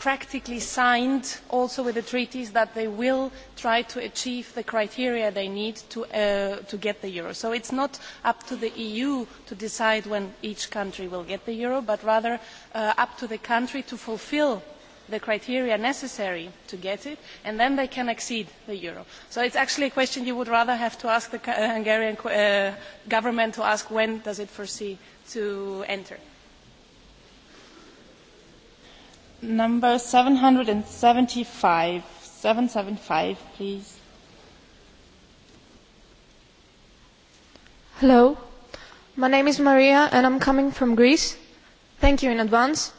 practically signed also with the treaties that they will try to achieve the criteria they need to, get the euro. So it is not up to the EU to decide when each country will get the euro, but rather up to the country to fulfil the criteria necessary to get it, and then they can exceed the euro. So it's actually a question you would rather have to ask the Hungarian government to ask when does it foresee to enter. number 775. 775, please. Hello. My name is Maria and I'm coming from Greece. Thank you in advance.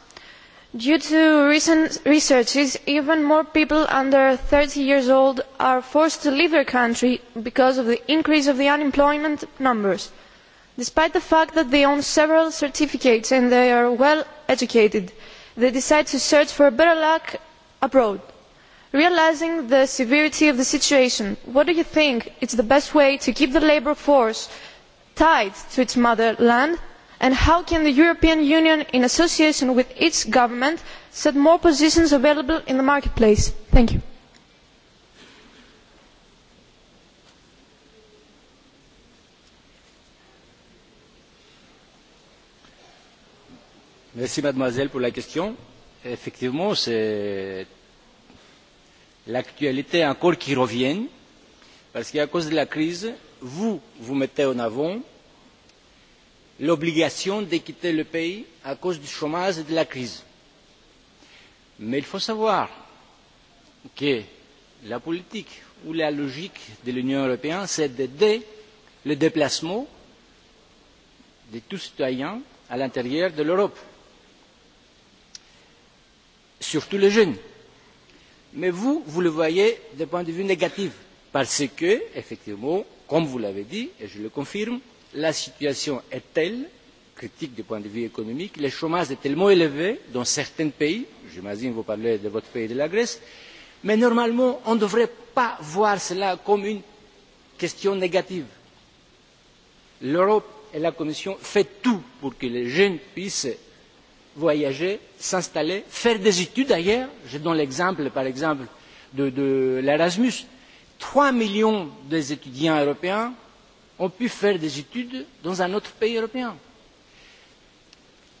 Due to recent researches, even more people under 30 years old are forced to leave their country because of the increase of the unemployment numbers. Despite the fact that they own several certificates and they are well educated, they decide to search for better luck abroad. realising the severity of the situation what do you think is the best way to keep the labour force tied to its motherland and how can the european union in association with its government set more positions available in the marketplace? thank you. Merci mademoiselle pour la question. Effectivement, c'est l'actualité encore qui revient, parce qu'à cause de la crise, vous, vous mettez en avant l'obligation de quitter le pays à cause du chômage et de la crise. Mais il faut savoir que la politique ou la logique de l'Union européenne, c'est d'aider le déplacement de tout citoyen à l'intérieur de l'Europe surtout les jeunes. Mais vous, vous le voyez d'un point de vue négatif, parce que, effectivement, comme vous l'avez dit, et je le confirme, la situation est telle, critique du point de vue économique, le chômage est tellement élevé dans certains pays, j'imagine que vous parlez de votre pays, de la Grèce, mais normalement, on ne devrait pas voir cela comme une question négative. L'Europe et la Commission font tout pour que les jeunes puissent voyager, s'installer, faire des études ailleurs. Je donne l'exemple, par exemple, de, de l'Erasmus. trois millions d'étudiants européens ont pu faire des études dans un autre pays européen.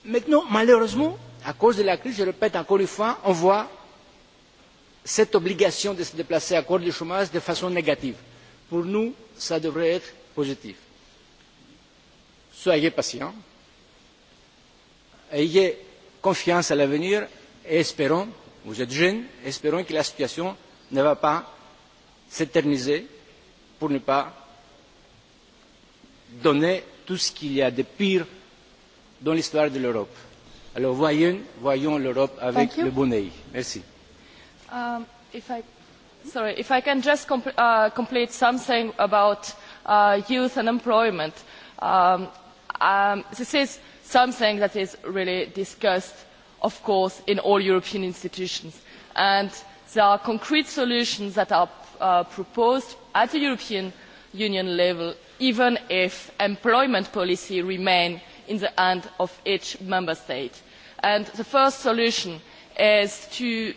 Maintenant, malheureusement, à cause de la crise, je répète encore une fois, on voit cette obligation de se déplacer à cause du chômage de façon négative. Pour nous, ça devrait être positif. Soyez patients Ayez confiance à l'avenir et espérons, vous êtes jeunes, espérons que la situation ne va pas s'éterniser pour ne pas donner tout ce qu'il y a de pire dans l'histoire de l'Europe. Alors voyons, voyons l'Europe avec le bon œil. Merci. Um, if I, sorry, if I can just com uh, complete something about uh, youth and employment. Um, um, this is something that is really discussed of course in all european institutions and there are concrete solutions that are proposed at the european union level even if employment policy remains in the hands of each member state. the first solution is to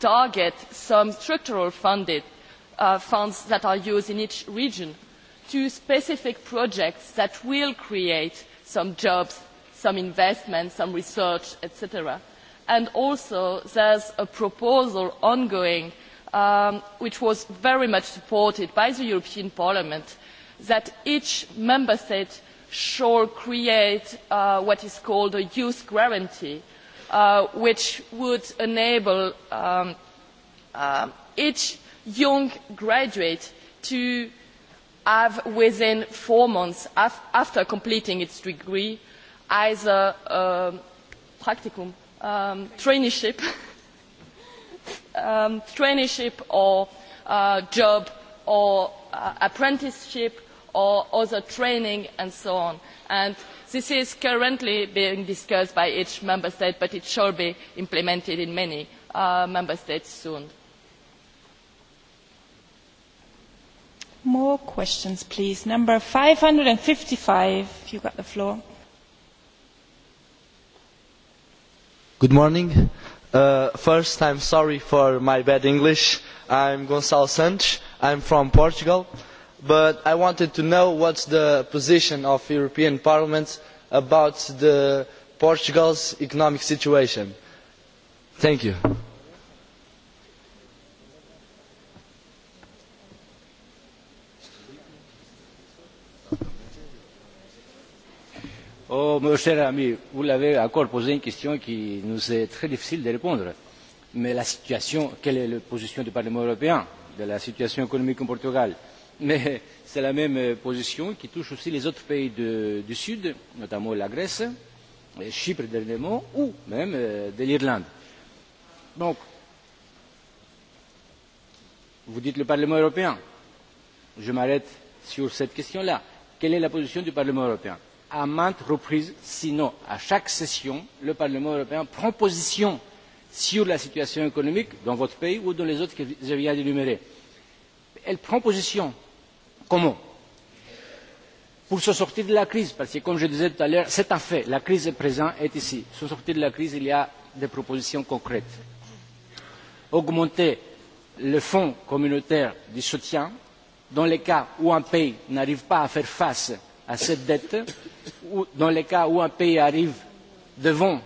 target some structural funds that are used in each region to specific projects that will create some jobs some investment, some research, etc. And also there is a proposal ongoing which was very much supported by the European Parliament that each member state should create what is called a youth guarantee which would enable each young graduate to have within four months after completing its degree as a practicum, um, traineeship, traineeship or uh, job or apprenticeship or other training and so on. And this is currently being discussed by each member state, but it shall be implemented in many uh, member states soon. More questions, please. Number 555, you got the floor. Good morning. Uh, first, I'm sorry for my bad English. I'm Gonçalo Santos. I'm from Portugal. But I wanted to know what's the position of European Parliament about the Portugal's economic situation. Thank you. Oh, mon cher ami, vous l'avez encore posé une question qui nous est très difficile de répondre. Mais la situation, quelle est la position du Parlement européen de la situation économique au Portugal Mais c'est la même position qui touche aussi les autres pays du Sud, notamment la Grèce, Chypre dernièrement, ou même de l'Irlande. Donc, vous dites le Parlement européen. Je m'arrête sur cette question-là. Quelle est la position du Parlement européen à maintes reprises, sinon à chaque session, le Parlement européen prend position sur la situation économique dans votre pays ou dans les autres que je viens d'énumérer. Elle prend position. Comment Pour se sortir de la crise, parce que comme je disais tout à l'heure, c'est un fait, la crise est présente, est ici. Pour sortir de la crise, il y a des propositions concrètes. Augmenter le fonds communautaire de soutien dans les cas où un pays n'arrive pas à faire face à cette dette dans les cas où un pays arrive devant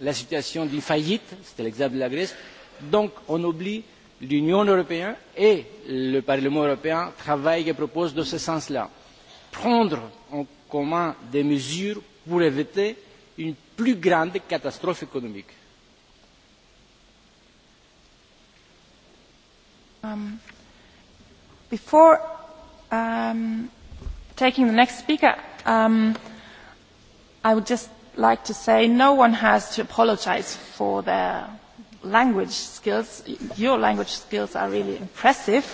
la situation d'une faillite, c'était l'exemple de la Grèce, donc on oublie l'Union européenne et le Parlement européen travaillent et proposent dans ce sens-là. Prendre en commun des mesures pour éviter une plus grande catastrophe économique. before taking the next speaker, um, I would just like to say no one has to apologise for their language skills. Your language skills are really impressive.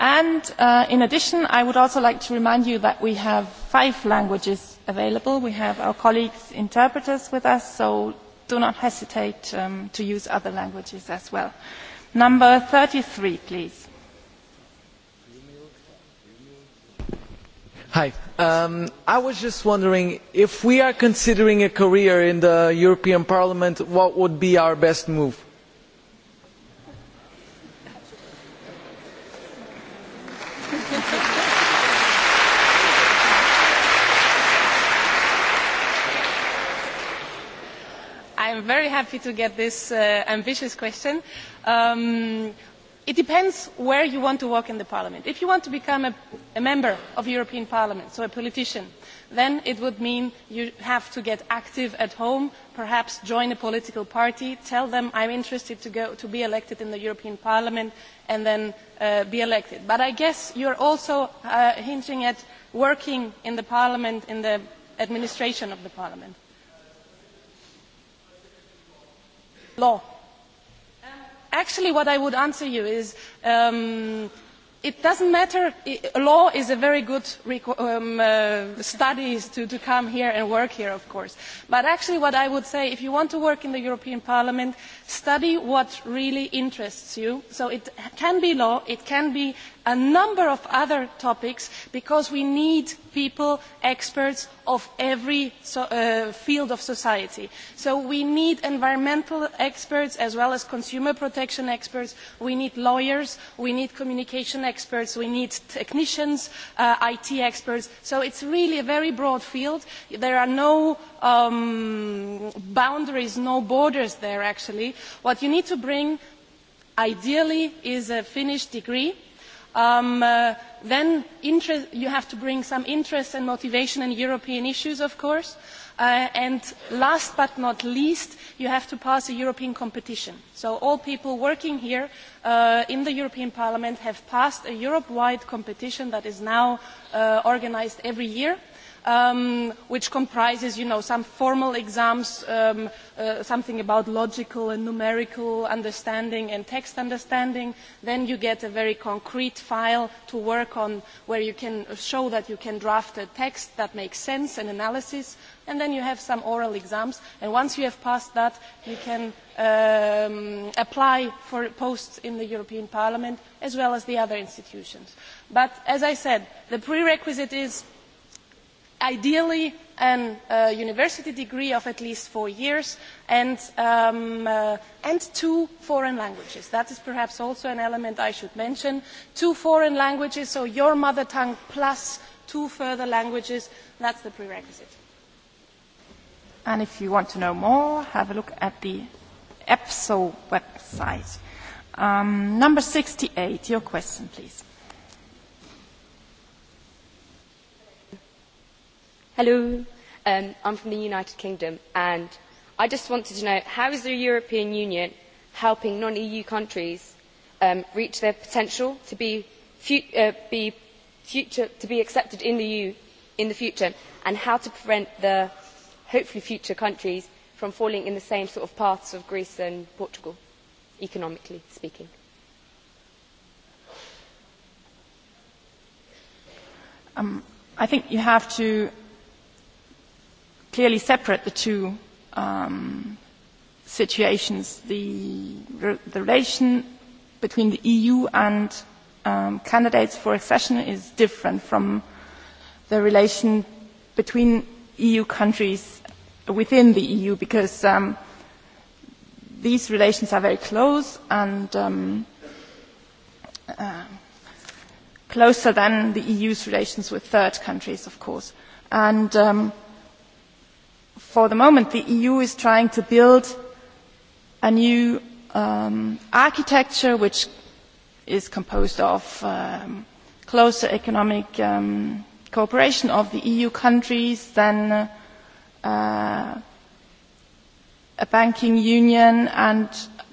And in addition, I would also like to remind you that we have five languages available. We have our colleagues interpreters with us, so do not hesitate to use other languages as well. Number thirty three, please i was just wondering if we are considering a career in the european parliament what would be our best move? i am very happy to get this ambitious question it depends where you want to work in parliament. if you want to become a member of the european parliament so a politician then it would mean you have to get active at home perhaps join a political party tell them i am interested to be elected to the european parliament and then be elected. but i guess you are also hinting at working in parliament in the administration of parliament. law actually what i would answer you is um, it doesn't matter law is a very good study to come here and work here of course but actually what i would say if you want to work in the european parliament study what really interests you so it can be law it can be a number of other topics because we need people, experts of every field of society. So we need environmental experts as well as consumer protection experts. We need lawyers. We need communication experts. We need technicians, IT experts. So it is really a very broad field. There are no boundaries, no borders there actually. What you need to bring ideally is a finished degree then you have to bring some interest and motivation in European issues, of course. and last but not least, you have to pass a European competition. So all people working here in the European Parliament have passed a Europe-wide competition that is now organised every year which comprises some formal exams, something about logical and numerical understanding and text understanding. Then you get a very concrete file to work on where you can show that you can draft a text that makes sense and analysis. And then you have some oral exams. And once you have passed that, you can apply for posts in the European Parliament as well as the other institutions. But as I said, the prerequisite is ideally a university degree of at least four years and, two foreign languages. That is perhaps also an element I should mention. Two foreign languages, so your mother tongue plus two further languages, that is the prerequisite. And if you want to know more, have a look at the EPSO website. Number sixty eight your question please Hello, um, I'm from the United Kingdom and I just wanted to know how is the European Union helping non-EU countries um, reach their potential to be, uh, be future, to be accepted in the EU in the future and how to prevent the hopefully future countries from falling in the same sort of paths of Greece and Portugal, economically speaking. I think you have to clearly separate the two um, situations, the, the relation between the EU and um, candidates for accession is different from the relation between EU countries within the EU because um, these relations are very close and um, uh, closer than the EU's relations with third countries, of course. And um, for the moment the eu is trying to build a new architecture which is composed of closer economic cooperation of the eu countries then a banking union and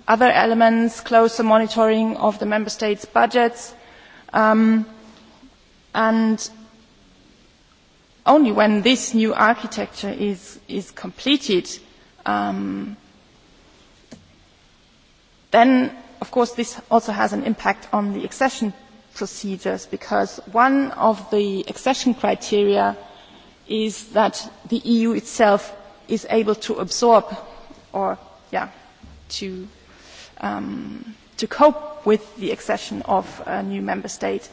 other elements closer monitoring of the member states' budgets and only when this new architecture is, is completed, um, then, of course, this also has an impact on the accession procedures because one of the accession criteria is that the EU itself is able to absorb or, yeah, to, um, to cope with the accession of a new member state.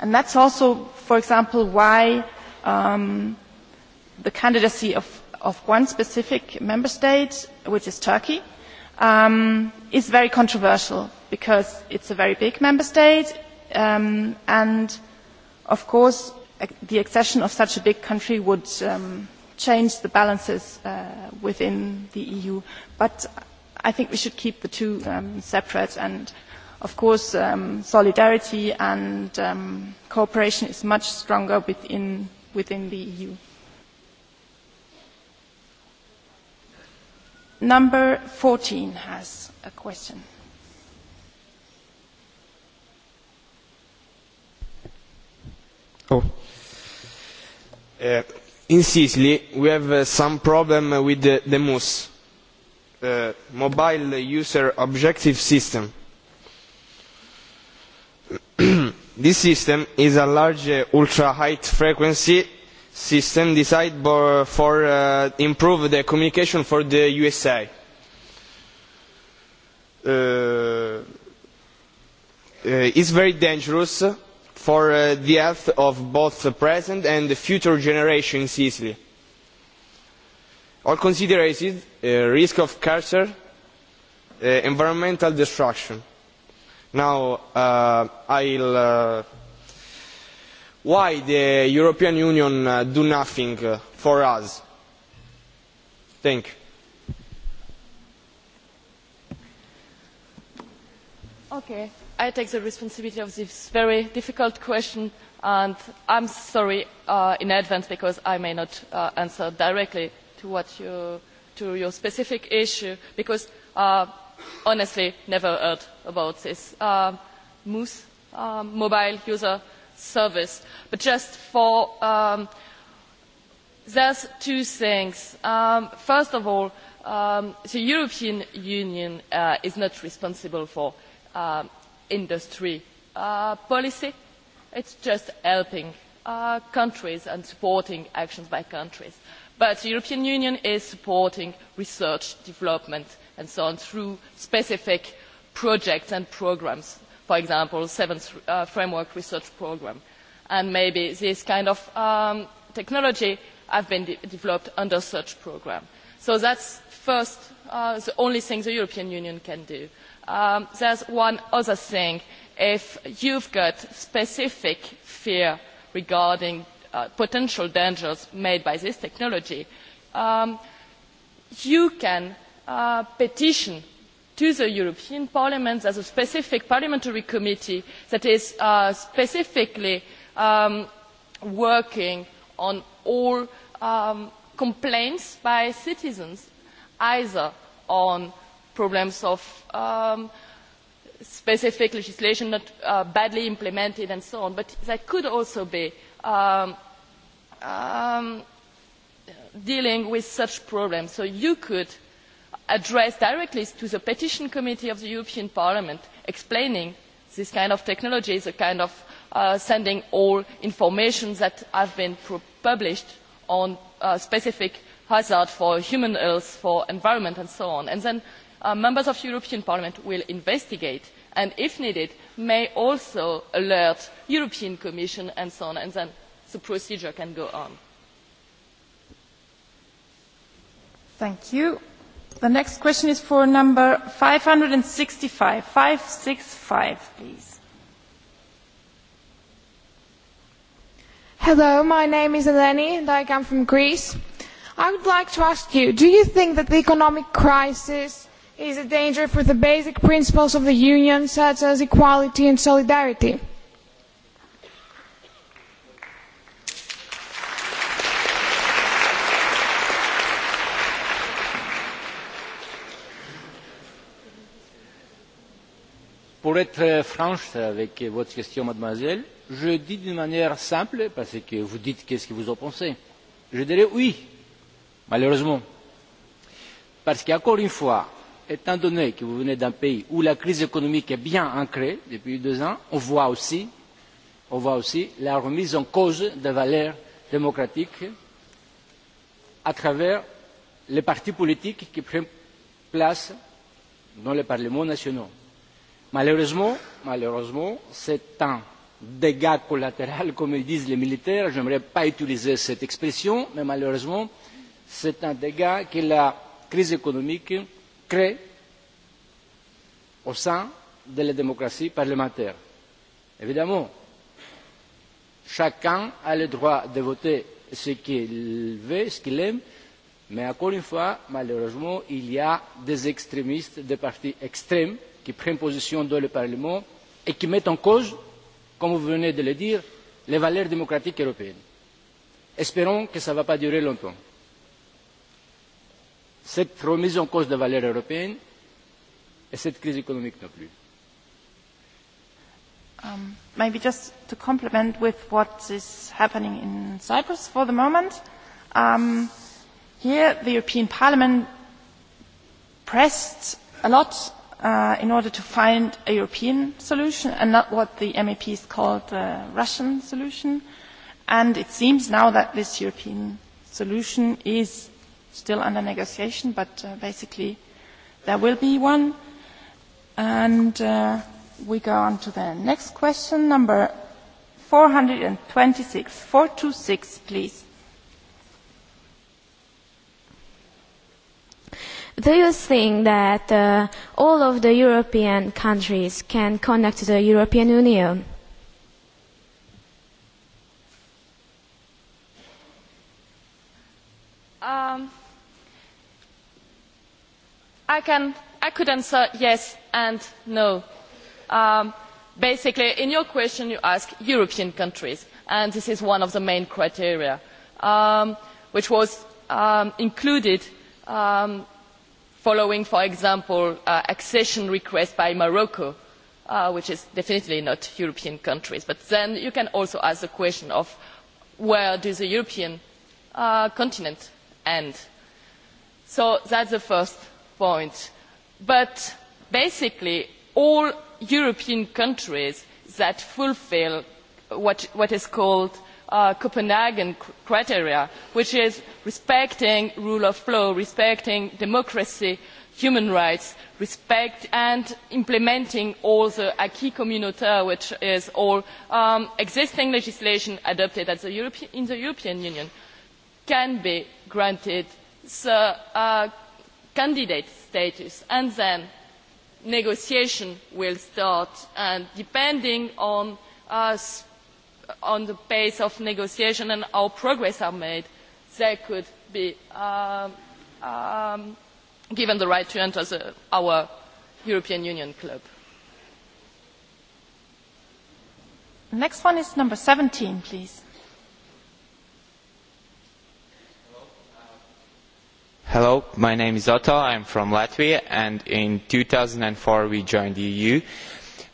And that's also, for example, why um, the candidacy of, of one specific member state, which is Turkey, um, is very controversial because it's a very big member state um, and of course the accession of such a big country would um, change the balances uh, within the EU. But I think we should keep the two um, separate and of course um, solidarity and um, cooperation is much stronger within within the EU. Number 14 has a question. Oh. Uh, in Sicily, we have uh, some problem with the, the MUS, uh, Mobile User Objective System This system is a large uh, ultra-high frequency system designed for uh, improve the communication for the USA. Uh, is very dangerous for uh, the health of both the present and the future generations in Sicily. All considered uh, risk of cancer, uh, environmental destruction now why the european union uh, do nothing uh, for us thank you okay i take the responsibility of this very difficult question and i'm sorry uh, in advance because i may not uh, answer directly to what you to your specific issue because uh, honestly never heard about this uh, Moose uh, mobile user service. But just for um, there's two things. Um, first of all, um, the European Union uh, is not responsible for um, industry uh, policy. It's just helping uh, countries and supporting actions by countries. But the European Union is supporting research, development, and so on through specific projects and programmes, for example, the seventh framework research programme. And maybe this kind of technology has been developed under such programme. So that's first, the only thing the European Union can do. There is one other thing. If you've got specific fear regarding potential dangers made by this technology, you can petition to the European Parliament as a specific parliamentary committee that is specifically working on all complaints by citizens, either on problems of specific legislation not badly implemented and so on, but that could also be dealing with such problems. So you could addressed directly to the petition committee of the European Parliament, explaining this kind of technology is a kind of sending all information that have been published on specific hazard for human health, for environment and so on. And then members of the European Parliament will investigate and if needed may also alert the European Commission and so on and then the procedure can go on. Thank you. The next question is for number 565. 565, please. Hello, my name is Eleni and I come from Greece. I would like to ask you, do you think that the economic crisis is a danger for the basic principles of the Union, such as equality and solidarity? Pour être franche avec votre question, mademoiselle, je dis d'une manière simple, parce que vous dites qu'est-ce que vous en pensez. Je dirais oui, malheureusement. Parce qu'encore une fois, étant donné que vous venez d'un pays où la crise économique est bien ancrée depuis deux ans, on voit aussi, on voit aussi la remise en cause des valeurs démocratiques à travers les partis politiques qui prennent place dans les parlements nationaux Malheureusement, malheureusement, c'est un dégât collatéral, comme disent les militaires. Je n'aimerais pas utiliser cette expression, mais malheureusement, c'est un dégât que la crise économique crée au sein de la démocratie parlementaire. Évidemment, chacun a le droit de voter ce qu'il veut, ce qu'il aime, mais encore une fois, malheureusement, il y a des extrémistes, des partis extrêmes qui prennent position dans le Parlement et qui mettent en cause, comme vous venez de le dire, les valeurs démocratiques européennes. Espérons que ça ne va pas durer longtemps. Cette remise en cause des valeurs européennes et cette crise économique non plus. Um, maybe just to complement with what is happening in Cyprus for the moment. Um, here, the European Parliament pressed a lot in order to find a European solution and not what the MEPs called the Russian solution. And it seems now that this European solution is still under negotiation, but uh, basically there will be one. And uh, we go on to the next question, number 426. 426, please. do you think that uh, all of the European countries can connect to the European Union? Um, I can. I could answer yes and no. Um, basically, in your question, you ask European countries, and this is one of the main criteria, um, which was um, included. Um, following for example accession requests by morocco which is definitely not a european country but then you can also ask the question of where does the european continent end? so that is the first point but basically all european countries that fulfil what is called copenhagen criteria which is respecting the rule of law respecting democracy human rights and implementing all the acquis communautaire which is all existing legislation adopted in the european union can be granted candidate status and then negotiations will start and depending on on the basis of negotiation and how progress are made, they could be um, um, given the right to enter the, our European Union club. Next one is number 17, please. Hello, my name is Otto. I'm from Latvia, and in 2004 we joined the EU.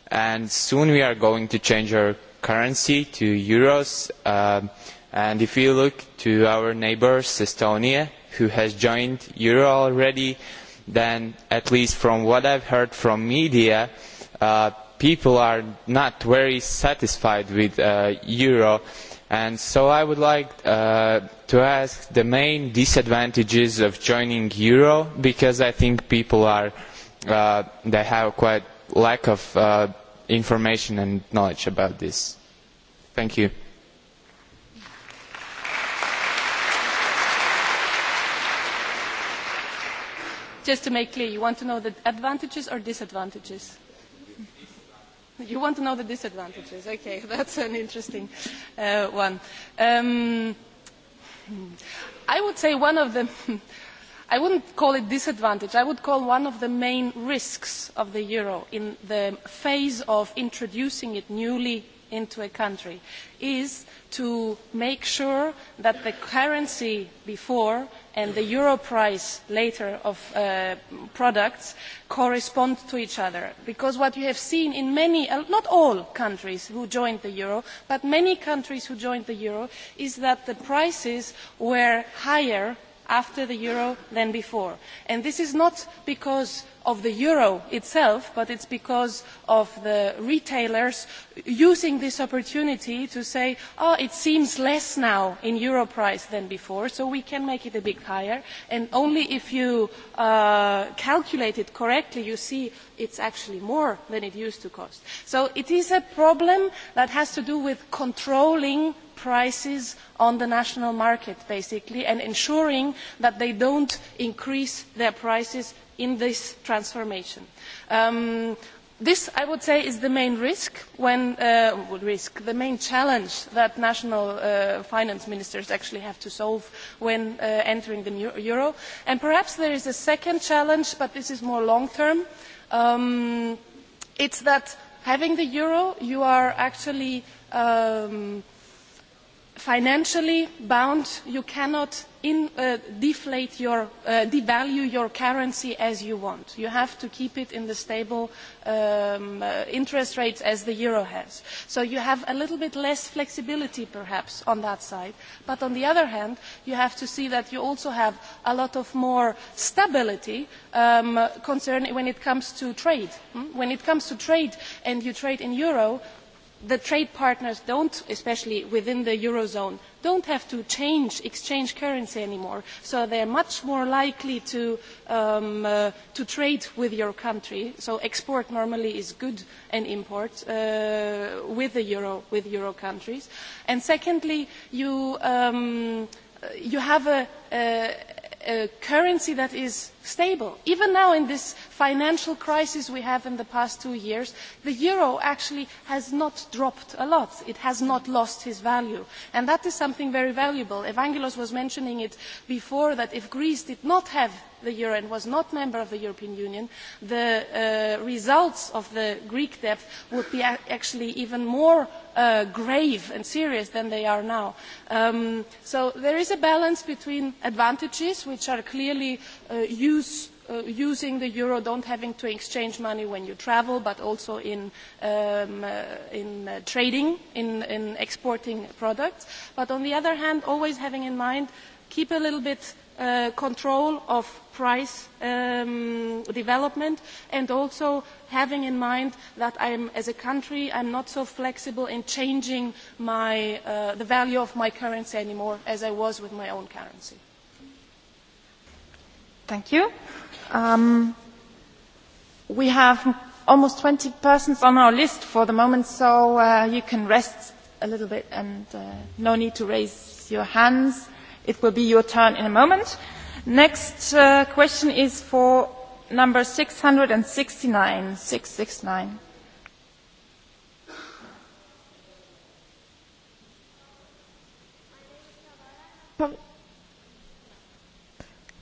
And soon we are going to change our currency to euros. and if you look to our neighbours, Estonia, who has joined euro already, then at least from what I've heard from media, people are not very satisfied with uh, euro. And so I would like to ask the main disadvantages of joining euro, because I think people are, they have quite lack of information and knowledge about this. Thank you. Just to make clear, you want to know the advantages or disadvantages? You want to know the disadvantages. Okay, that's an interesting uh, one. Um, I would say one of the, I wouldn't call it disadvantage, I would call one of the main risks of the euro in the phase of introducing it newly into a country is to make sure that the currency before and the euro price later of products correspond to each other because what you have seen in many not all countries who joined the euro but many countries who joined the euro is that the prices were higher after the euro than before. And this is not because of the euro itself, but it is because of the retailers using this opportunity to say, oh, it seems less now in euro price than before, so we can make it a bit higher. And only if you calculate it correctly, you see it is actually more than it used to cost. So it is a problem that has to do with controlling prices on the national market, basically, and ensuring that they do not increase their prices in this transformation. this, I would say, is the main risk, when, risk the main challenge that national finance ministers actually have to solve when entering the euro. And perhaps there is a second challenge, but this is more long-term. Um, it's that having the euro, you are actually um, – financially bound, you cannot deflate your, devalue your currency as you want. You have to keep it in the stable interest rates as the euro has. So you have a little bit less flexibility perhaps on that side. But on the other hand, you have to see that you also have a lot of more stability concern when it comes to trade. When it comes to trade and you trade in euro, the trade partners don't, especially within the Eurozone, don't have to change exchange currency anymore. So they are much more likely to, trade with your country. So export normally is good and import with the Euro, with Euro countries. And secondly, you, have a, currency that is stable. Even now in this financial crisis we have in the past two years, the euro actually has not dropped a lot. It has not lost its value. And that is something very valuable. Evangelos was mentioning it before that if Greece did not have the euro and was not a member of the European Union, the results of the Greek debt would be actually even more grave and serious than they are now. so there is a balance between advantages, which are clearly use using the euro, not having to exchange money when you travel, but also in, trading, in, exporting products. But on the other hand, always having in mind, keep a little bit control of price development and also having in mind that as a country I am not so flexible in changing the value of my currency anymore as I was with my own currency. Thank you. Um, we have almost 20 persons on our list for the moment, so uh, you can rest a little bit and uh, no need to raise your hands. It will be your turn in a moment. Next uh, question is for number 669. 669. Probably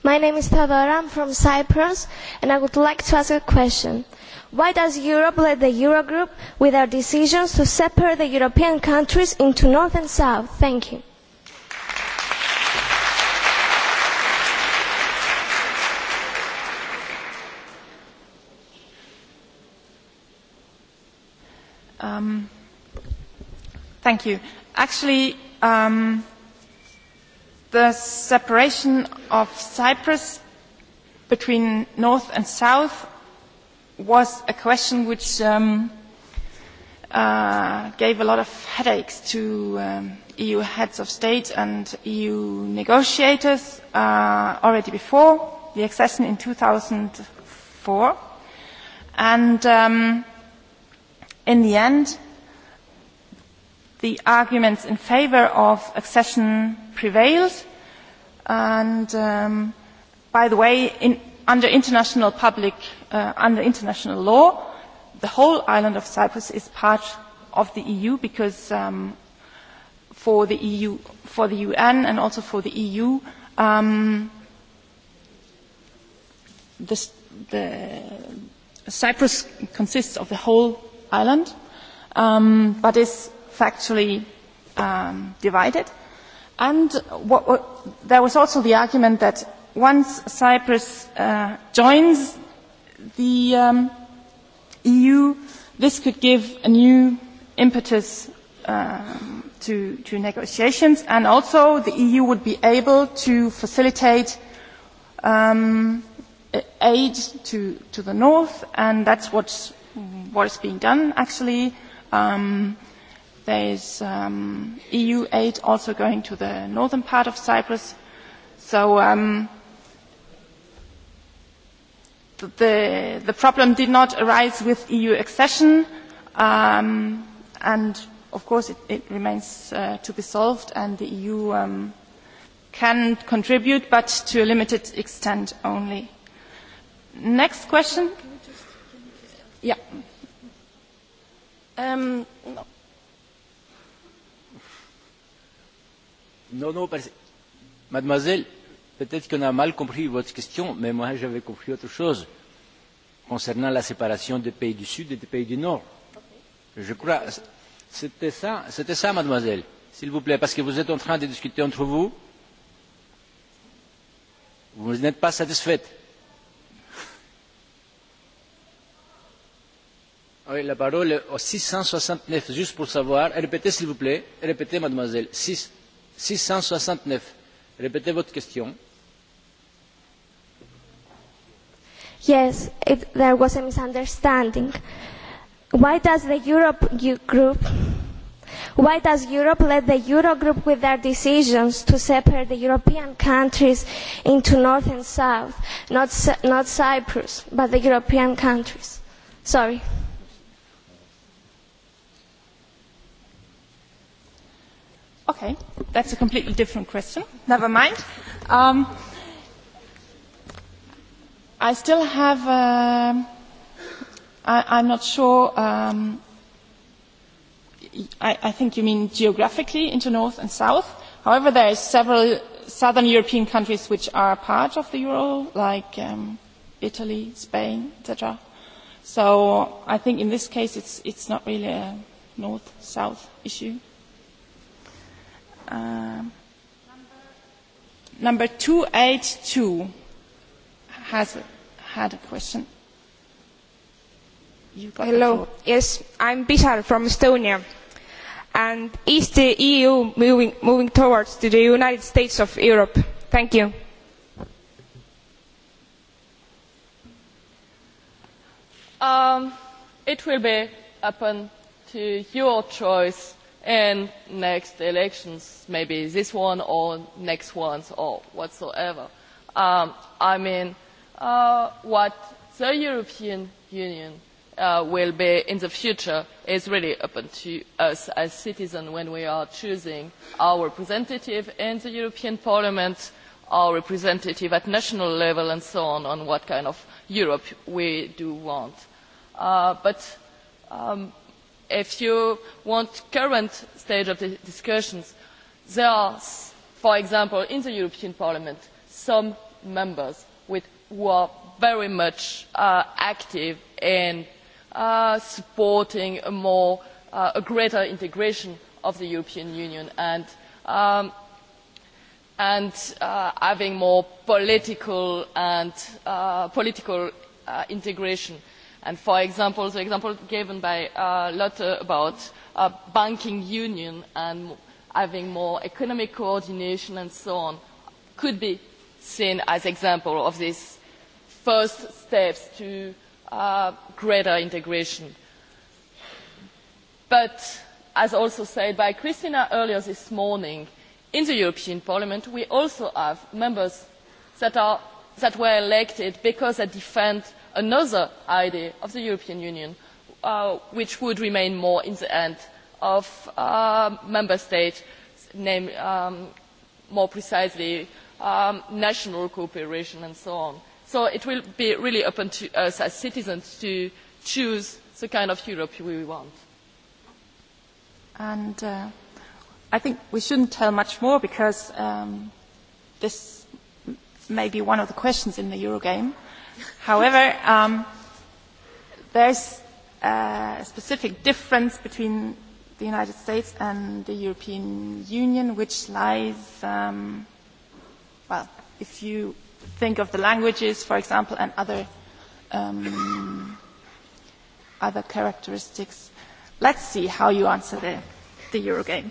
My name is Theodora, I'm from Cyprus, and I would like to ask a question. Why does Europe let the Eurogroup with our decisions to separate the European countries into North and South? Thank you. Um, thank you. Actually, um, the separation of Cyprus between north and south was a question which um, uh, gave a lot of headaches to um, EU heads of state and EU negotiators uh, already before the accession in 2004. And um, in the end, the arguments in favour of accession prevailed. And um, by the way, in, under international public, uh, under international law, the whole island of Cyprus is part of the EU because um, for the EU, for the UN, and also for the EU, um, the, the Cyprus consists of the whole island, um, but is factually um, divided. And what, what, there was also the argument that once Cyprus uh, joins the um, EU, this could give a new impetus um, to, to negotiations, and also the EU would be able to facilitate um, aid to, to the north, and that's what's, what is being done actually. Um, there is um, EU aid also going to the northern part of Cyprus. So um, the, the problem did not arise with EU accession, um, and of course it, it remains uh, to be solved, and the EU um, can contribute, but to a limited extent only. Next question. Yeah. Um, Non, non, parce... mademoiselle, peut-être qu'on a mal compris votre question, mais moi j'avais compris autre chose concernant la séparation des pays du Sud et des pays du Nord. Je crois, c'était ça, c'était ça, mademoiselle, s'il vous plaît, parce que vous êtes en train de discuter entre vous. Vous n'êtes pas satisfaite. Oui, la parole est au 669, juste pour savoir. Répétez, s'il vous plaît. Répétez, mademoiselle. 6 six cent soixante neuf répétez votre question. Yes, it, there was a misunderstanding. Why does the Europe group why does Europe let the Eurogroup with their decisions to separate the European countries into North and South, not, not Cyprus, but the European countries? Sorry. Okay, that's a completely different question. Never mind. Um, I still have. Uh, I, I'm not sure. Um, I, I think you mean geographically into north and south. However, there are several southern European countries which are part of the euro, like um, Italy, Spain, etc. So I think in this case, it's it's not really a north-south issue number two eight two has had a question. Hello. Yes, I'm Pisar from Estonia. And is the EU moving, moving towards to the United States of Europe? Thank you. Um, it will be open to your choice and next elections, maybe this one or next ones or whatsoever. Um, I mean, uh, what the European Union uh, will be in the future is really open to us as citizens when we are choosing our representative in the European Parliament, our representative at national level and so on, on what kind of Europe we do want. Uh, but um, if you want the current stage of the discussions, there are, for example, in the European Parliament, some members who are very much active in supporting a more a greater integration of the European Union and and having more political and political integration and for example the example given by uh, Lotte about uh, banking union and having more economic coordination and so on could be seen as example of these first steps to uh, greater integration. But as also said by Christina earlier this morning, in the European Parliament we also have members that, are, that were elected because they defend another idea of the European Union, which would remain more in the hands of member states, more precisely national cooperation and so on. So it will be really open to us as citizens to choose the kind of Europe we want. And uh, I think we shouldn't tell much more because um, this may be one of the questions in the Eurogame However, um, there's a specific difference between the United States and the European Union, which lies, um, well, if you think of the languages, for example, and other um, other characteristics. Let's see how you answer the, the Eurogame.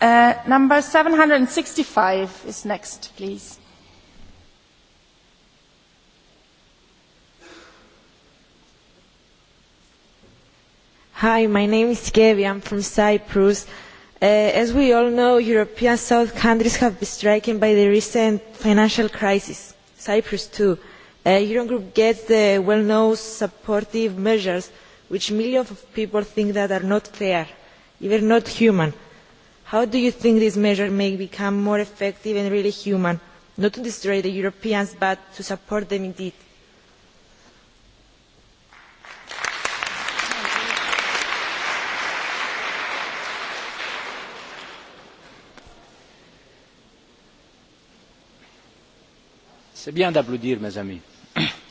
Uh, number 765 is next, please. Hi, my name is Gevi. I'm from Cyprus. Uh, as we all know, European South countries have been stricken by the recent financial crisis. Cyprus too. Uh, Eurogroup gets the well-known supportive measures, which millions of people think that are not fair, even not human. How do you think these measures may become more effective and really human, not to destroy the Europeans, but to support them indeed? C'est bien d'applaudir, mes amis.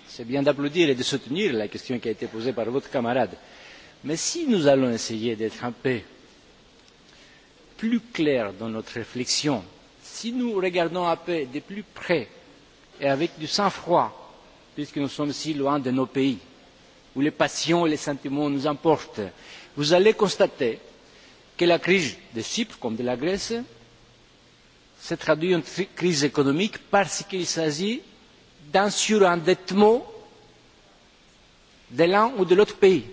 C'est bien d'applaudir et de soutenir la question qui a été posée par votre camarade. Mais si nous allons essayer d'être un peu plus clairs dans notre réflexion, si nous regardons un peu de plus près et avec du sang-froid, puisque nous sommes si loin de nos pays, où les passions et les sentiments nous emportent, vous allez constater que la crise de Chypre comme de la Grèce se traduit une crise économique parce qu'il s'agit d'un surendettement de l'un ou de l'autre pays.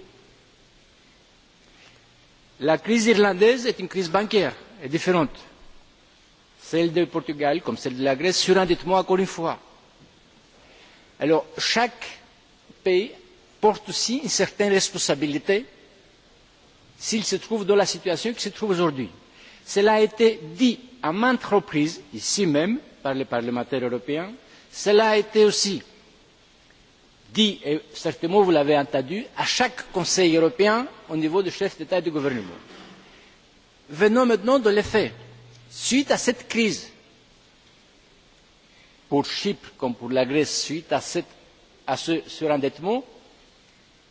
La crise irlandaise est une crise bancaire, est différente. Celle du Portugal, comme celle de la Grèce, surendettement encore une fois. Alors, chaque pays porte aussi une certaine responsabilité s'il se trouve dans la situation qu'il se trouve aujourd'hui. Cela a été dit à maintes reprises, ici même, par les parlementaires européens. Cela a été aussi dit, et certainement vous l'avez entendu, à chaque Conseil européen au niveau des chefs d'État et de gouvernement. Venons maintenant de l'effet. Suite à cette crise, pour Chypre comme pour la Grèce, suite à, ce surendettement,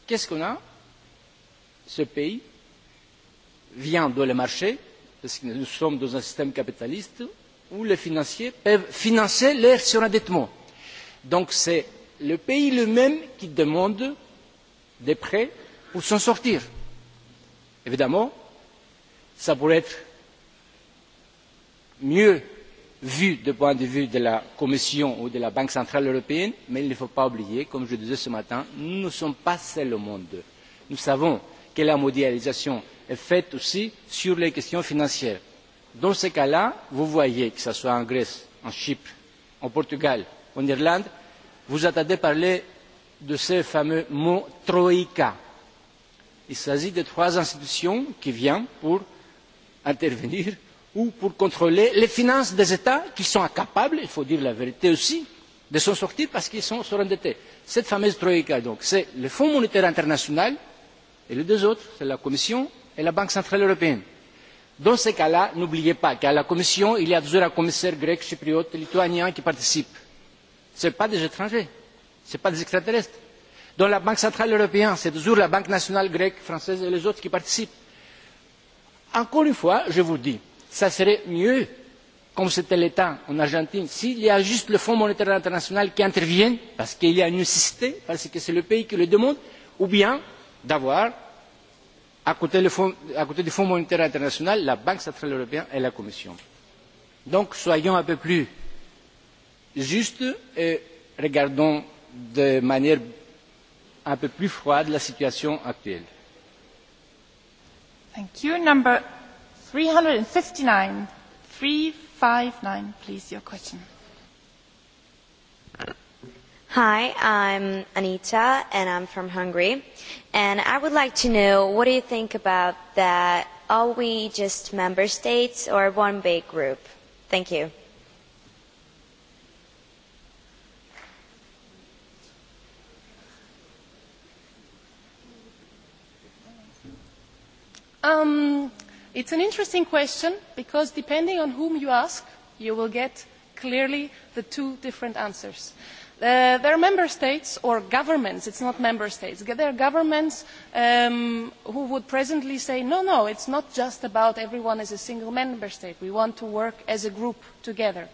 qu'est-ce qu'on a Ce pays vient dans le marché parce que nous sommes dans un système capitaliste où les financiers peuvent financer leur surendettement. Donc c'est le pays lui-même qui demande des prêts pour s'en sortir. Évidemment, ça pourrait être mieux vu du point de vue de la Commission ou de la Banque centrale européenne, mais il ne faut pas oublier, comme je le disais ce matin, nous ne sommes pas seuls au monde. Nous savons que la mondialisation est faite aussi sur les questions financières. Dans ce cas-là, vous voyez, que ce soit en Grèce, en Chypre, au Portugal, en Irlande, vous entendez parler de ce fameux mot Troïka. Il s'agit de trois institutions qui viennent pour intervenir ou pour contrôler les finances des États qui sont incapables, il faut dire la vérité aussi, de s'en sortir parce qu'ils sont surendettés. Cette fameuse Troïka, donc, c'est le Fonds monétaire international et les deux autres, c'est la Commission et la Banque centrale européenne. Dans ces cas-là, n'oubliez pas qu'à la Commission, il y a toujours un commissaire grec, chypriote, lituanien qui participe. Ce ne sont pas des étrangers, ce ne sont pas des extraterrestres. Dans la Banque centrale européenne, c'est toujours la Banque nationale grecque, française et les autres qui participent. Encore une fois, je vous dis, ça serait mieux, comme c'était le temps en Argentine, s'il y a juste le Fonds monétaire international qui intervienne, parce qu'il y a une nécessité, parce que c'est le pays qui le demande, ou bien d'avoir à côté, du Fonds monétaire international, la Banque centrale européenne et la Commission. Donc soyons un peu plus justes et regardons de manière un peu plus froide la situation actuelle. Thank you. Number 359. 359, please, your question. Hi, I'm Anita and I'm from Hungary. And I would like to know what do you think about that? Are we just member states or one big group? Thank you. Um, it's an interesting question because depending on whom you ask, you will get clearly the two different answers. Uh, there are member states or governments it is not member states there are governments who would presently say no no it is not just about everyone as a single member state we want to work as a group together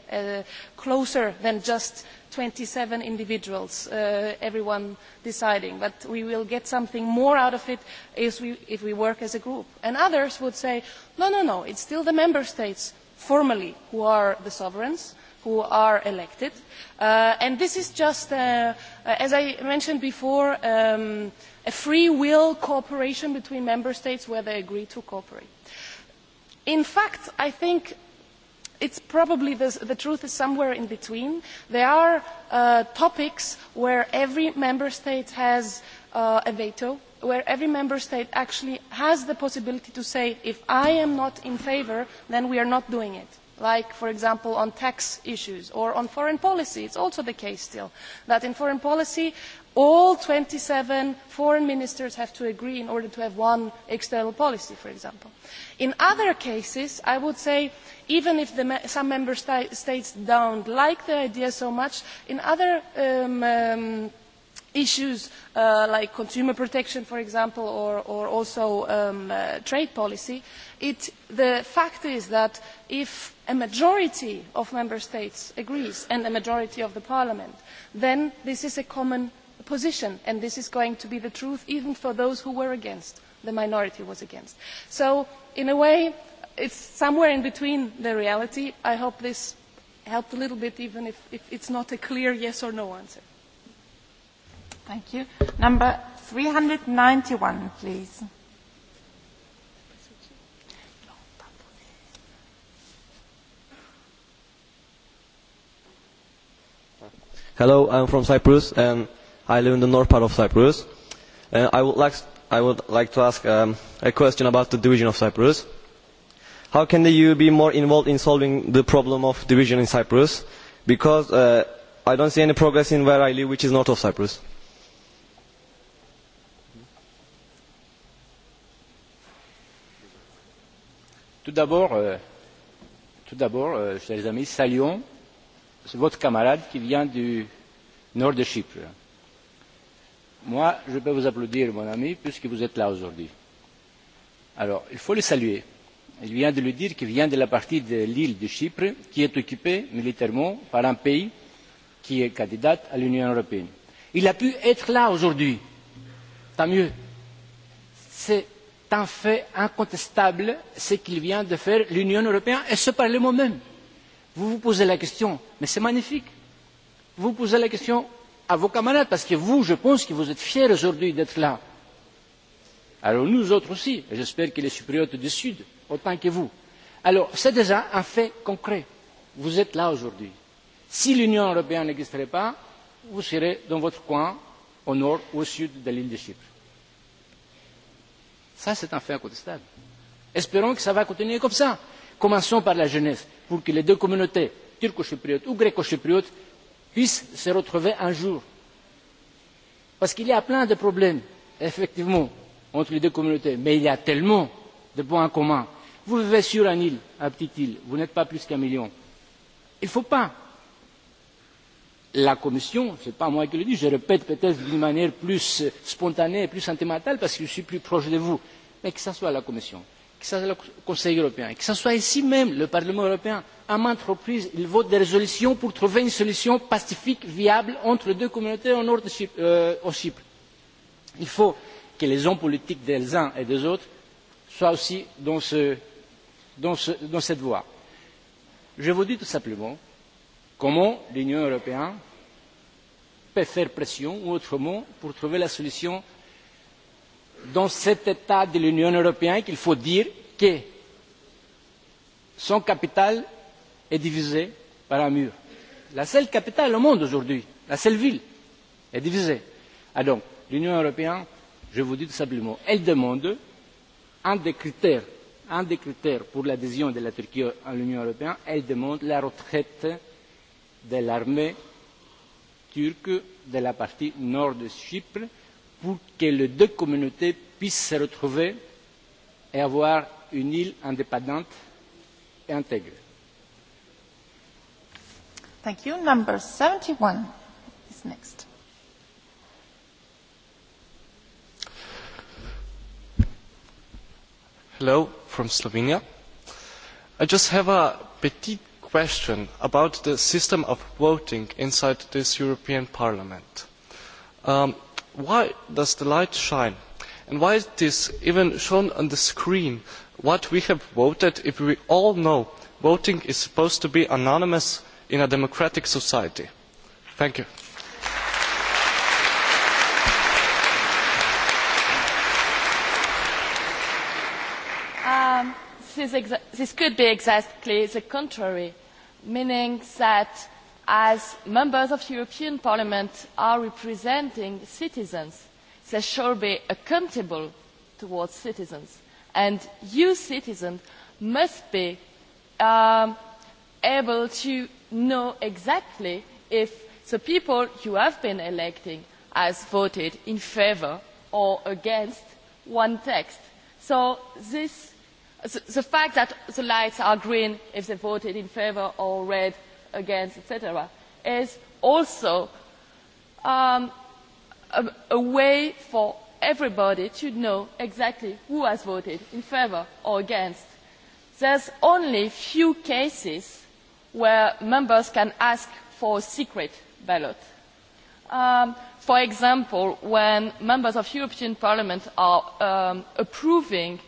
closer than just twenty seven individuals everyone deciding but we will get something more out of it if we work as a group and others would say no no no it is still the member states formally who are the sovereigns who are elected. and this is just, as I mentioned before, a free will cooperation between member states where they agree to cooperate. In fact, I think it's probably the truth is somewhere in between. There are topics where every member state has a veto, where every member state actually has the possibility to say, if I am not in favour, then we are not doing it like for example on tax issues or on foreign policy it is also the case still that in foreign policy all twenty seven foreign ministers have to agree in order to have one external policy for example. in other cases i would say even if some member states do not like the idea so much in other issues like consumer protection for example or also trade policy the fact is that if a majority of member states agrees and a majority of parliament then this is a common position and this is going to be the truth even for those who were against the minority was against. so in a way it is somewhere in between the reality. i hope this helped a little bit even if it is not a clear yes or no answer. thank you. number one, please. Hello, I'm from Cyprus and I live in the north part of Cyprus. Uh, I, would like, I would like to ask um, a question about the division of Cyprus. How can the EU be more involved in solving the problem of division in Cyprus? Because uh, I don't see any progress in where I live, which is north of Cyprus. Tout d'abord, euh, chers amis, saluons votre camarade qui vient du nord de Chypre. Moi, je peux vous applaudir, mon ami, puisque vous êtes là aujourd'hui. Alors, il faut le saluer. Il vient de lui dire qu'il vient de la partie de l'île de Chypre qui est occupée militairement par un pays qui est candidat à l'Union européenne. Il a pu être là aujourd'hui. Tant mieux. C'est un fait incontestable ce qu'il vient de faire l'Union européenne et ce Parlement même. Vous vous posez la question, mais c'est magnifique. Vous posez la question à vos camarades, parce que vous, je pense que vous êtes fiers aujourd'hui d'être là. Alors nous autres aussi, et j'espère que les Cypriotes du Sud, autant que vous. Alors c'est déjà un fait concret. Vous êtes là aujourd'hui. Si l'Union européenne n'existerait pas, vous serez dans votre coin, au nord ou au sud de l'île de Chypre. Ça, c'est un fait incontestable. Espérons que ça va continuer comme ça. Commençons par la jeunesse, pour que les deux communautés, turco-chypriote ou gréco-chypriote, puissent se retrouver un jour. Parce qu'il y a plein de problèmes, effectivement, entre les deux communautés, mais il y a tellement de points communs. Vous vivez sur une île, une petite île, vous n'êtes pas plus qu'un million. Il ne faut pas. La Commission, ce n'est pas moi qui le dis, je répète peut-être d'une manière plus spontanée, plus sentimentale, parce que je suis plus proche de vous, mais que ce soit la Commission que ce soit le Conseil européen, que ce soit ici même le Parlement européen, à maintes reprises, il vote des résolutions pour trouver une solution pacifique, viable entre deux communautés au nord de Chypre. Il faut que les hommes politiques des uns et des autres soient aussi dans, cette voie. Je vous dis tout simplement comment l'Union européenne peut faire pression ou autrement pour trouver la solution dans cet état de l'union européenne qu'il faut dire que son capital est divisé par un mur. la seule capitale au monde aujourd'hui la seule ville est divisée. alors l'union européenne je vous dis tout simplement elle demande un des critères un des critères pour l'adhésion de la Turquie à l'Union européenne, elle demande la retraite de l'armée turque de la partie nord de Chypre pour que les deux communautés puissent se retrouver et avoir une île indépendante et intégrée. Thank you. Number 71 is next. Hello from Slovenia. I just have a petite question about the system of voting inside this European Parliament. Um, why does the light shine? And why it even shown on the screen what we have voted if we all know voting is supposed to be anonymous in a democratic society? Thank you. this could be exactly the contrary, meaning that as members of the European Parliament are representing citizens, they should be accountable towards citizens. And you, citizens, must be able to know exactly if the people you have been electing has voted in favour or against one text. So this, the fact that the lights are green if they voted in favour or red against, etc., is also a, a way for everybody to know exactly who has voted in favour or against. There are only few cases where members can ask for a secret ballot. Um, for example, when members of European Parliament are um, approving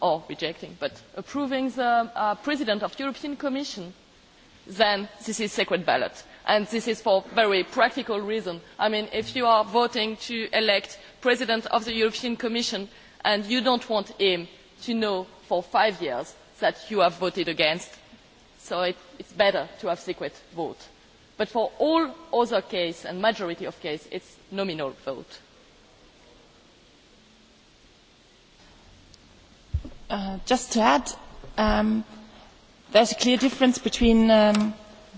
or rejecting, but approving the uh, President of the European Commission then this is a secret ballot. And this is for a very practical reason. I mean, if you are voting to elect President of the European Commission and you don't want him to know for five years that you have voted against, so it, it's better to have a secret vote. But for all other cases and majority of cases, it's nominal vote. just to add, there is a clear difference between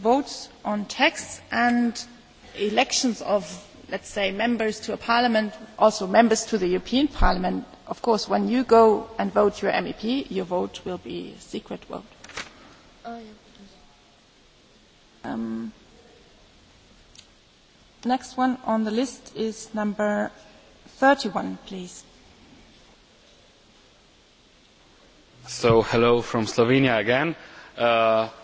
votes on texts and elections of let us say members to a parliament also members to the european parliament of course when you go and vote your mep your vote will be a secret vote next one on the list is number thirty one, please so hello from slovenia again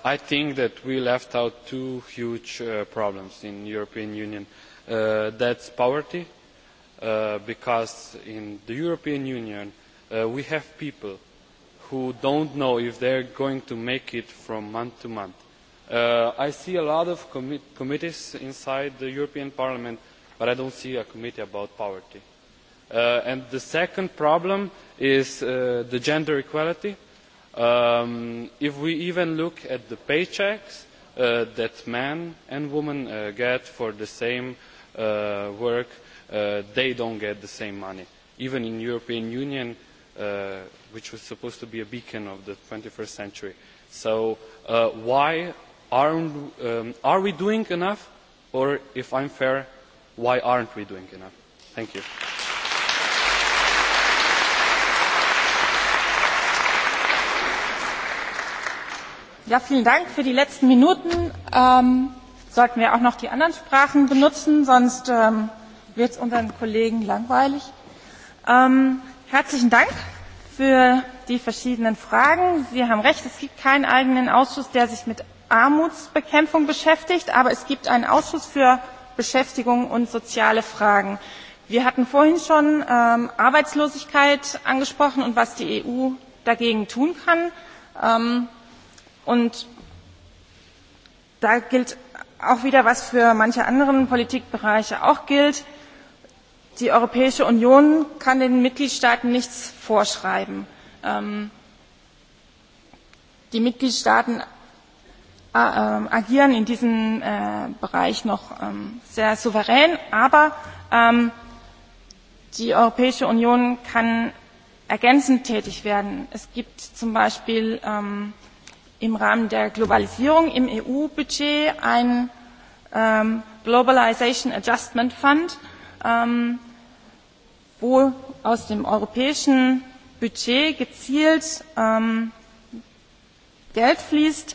i think that we left out two huge problems in the european union that is poverty because in the european union we have people who do not know if they are going to make it from month to month. i see a lot of committees inside the european parliament but i do not see a committee about poverty. the second problem is gender equality if we even look at the paychecks that men and women get for the same work, they don't get the same money. Even in the European Union, which was supposed to be a beacon of the twenty first century. So why aren't, are we doing enough? Or if I'm fair, why aren't we doing enough? Thank you. vielen Dank für die letzten Minuten. Ähm, sollten wir auch noch die anderen Sprachen benutzen, sonst ähm, wird es unseren Kollegen langweilig. Ähm, herzlichen Dank für die verschiedenen Fragen. Sie haben recht, es gibt keinen eigenen Ausschuss, der sich mit Armutsbekämpfung beschäftigt, aber es gibt einen Ausschuss für Beschäftigung und soziale Fragen. Wir hatten vorhin schon ähm, Arbeitslosigkeit angesprochen und was die EU dagegen tun kann. Ähm, Und da gilt auch wieder, was für manche anderen Politikbereiche auch gilt. Die Europäische Union kann den Mitgliedstaaten nichts vorschreiben. die Mitgliedstaaten agieren in diesem Bereich noch sehr souverän, aber die Europäische Union kann ergänzend tätig werden. Es gibt zum Beispiel im Rahmen der Globalisierung im EU-Budget ein ähm, Globalization Adjustment Fund, ähm, wo aus dem europäischen Budget gezielt ähm, Geld fließt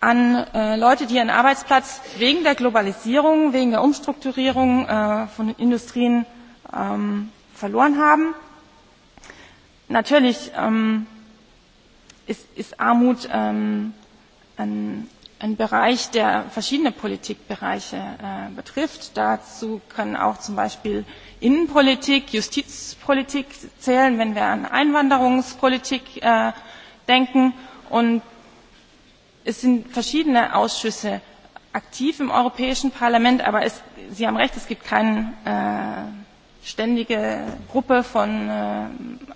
an äh, Leute, die ihren Arbeitsplatz wegen der Globalisierung, wegen der Umstrukturierung äh, von Industrien ähm, verloren haben. Natürlich ähm, ist, ist Armut ähm, ein, ein Bereich, der verschiedene Politikbereiche äh, betrifft. Dazu können auch zum Beispiel Innenpolitik, Justizpolitik zählen, wenn wir an Einwanderungspolitik äh, denken. Und es sind verschiedene Ausschüsse aktiv im Europäischen Parlament, aber es, Sie haben recht, es gibt keinen äh, ständige Gruppe von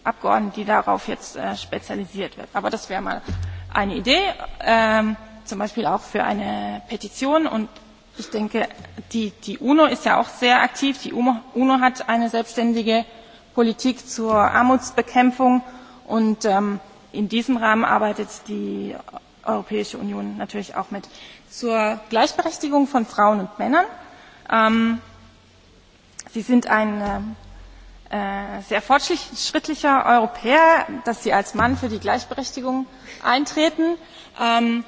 Abgeordneten, die darauf jetzt spezialisiert wird. Aber das wäre mal eine Idee, zum Beispiel auch für eine Petition. Und ich denke, die, die UNO ist ja auch sehr aktiv. Die UNO hat eine selbstständige Politik zur Armutsbekämpfung. Und in diesem Rahmen arbeitet die Europäische Union natürlich auch mit. Zur Gleichberechtigung von Frauen und Männern Sie sind ein äh, sehr fortschrittlicher Europäer, dass Sie als Mann für die Gleichberechtigung eintreten. Ähm,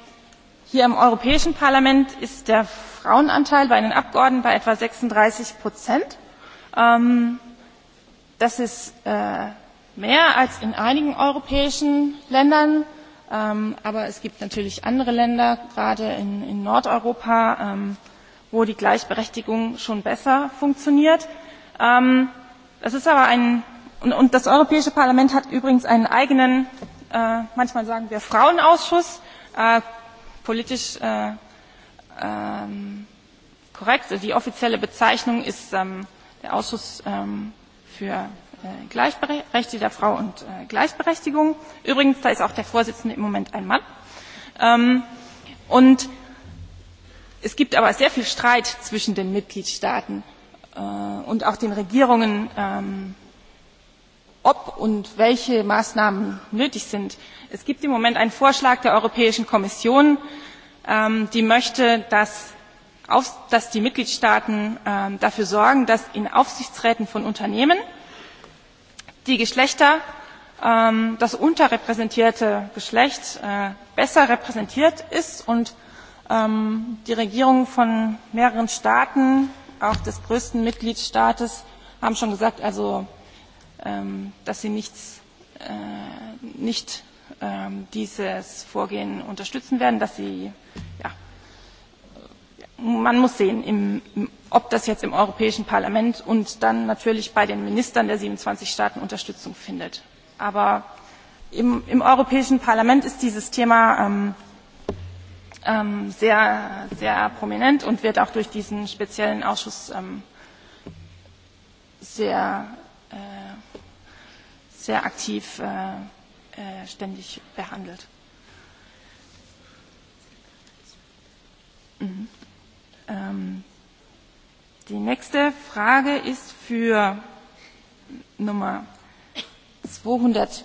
hier im Europäischen Parlament ist der Frauenanteil bei den Abgeordneten bei etwa 36 Prozent. Ähm, das ist äh, mehr als in einigen europäischen Ländern. Ähm, aber es gibt natürlich andere Länder, gerade in, in Nordeuropa, ähm, wo die Gleichberechtigung schon besser funktioniert das ist aber ein und das Europäische Parlament hat übrigens einen eigenen, äh, manchmal sagen wir Frauenausschuss, äh, politisch äh, ähm, korrekt. Die offizielle Bezeichnung ist ähm, der Ausschuss ähm, für äh, der Frau und äh, Gleichberechtigung. Übrigens, da ist auch der Vorsitzende im Moment ein Mann. Ähm, und es gibt aber sehr viel Streit zwischen den Mitgliedstaaten und auch den Regierungen, ob und welche Maßnahmen nötig sind. Es gibt im Moment einen Vorschlag der Europäischen Kommission, die möchte, dass, die Mitgliedstaaten dafür sorgen, dass in Aufsichtsräten von Unternehmen die Geschlechter, das unterrepräsentierte Geschlecht besser repräsentiert ist und die Regierungen von mehreren Staaten auch des größten Mitgliedstaates haben schon gesagt, also, ähm, dass sie nichts, äh, nicht ähm, dieses Vorgehen unterstützen werden, dass sie, ja, man muss sehen, im, ob das jetzt im Europäischen Parlament und dann natürlich bei den Ministern der 27 Staaten Unterstützung findet. Aber im, im Europäischen Parlament ist dieses Thema ähm, ähm, sehr, sehr prominent und wird auch durch diesen speziellen Ausschuss ähm, sehr, äh, sehr aktiv äh, äh, ständig behandelt. Mhm. Ähm, die nächste Frage ist für Nummer 208,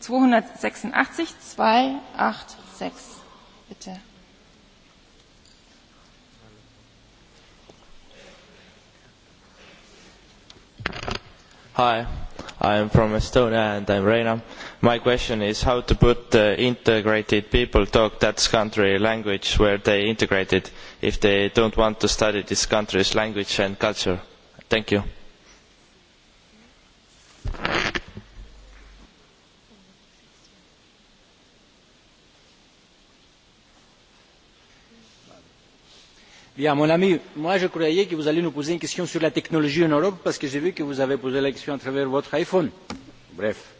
286 286 bitte. Hi, I'm from Estonia and I'm Reina. My question is how to put the integrated people talk that country language where they integrated if they don't want to study this country's language and culture. Thank you. Bien, mon ami, moi je croyais que vous alliez nous poser une question sur la technologie en Europe parce que j'ai vu que vous avez posé la question à travers votre iPhone. Bref,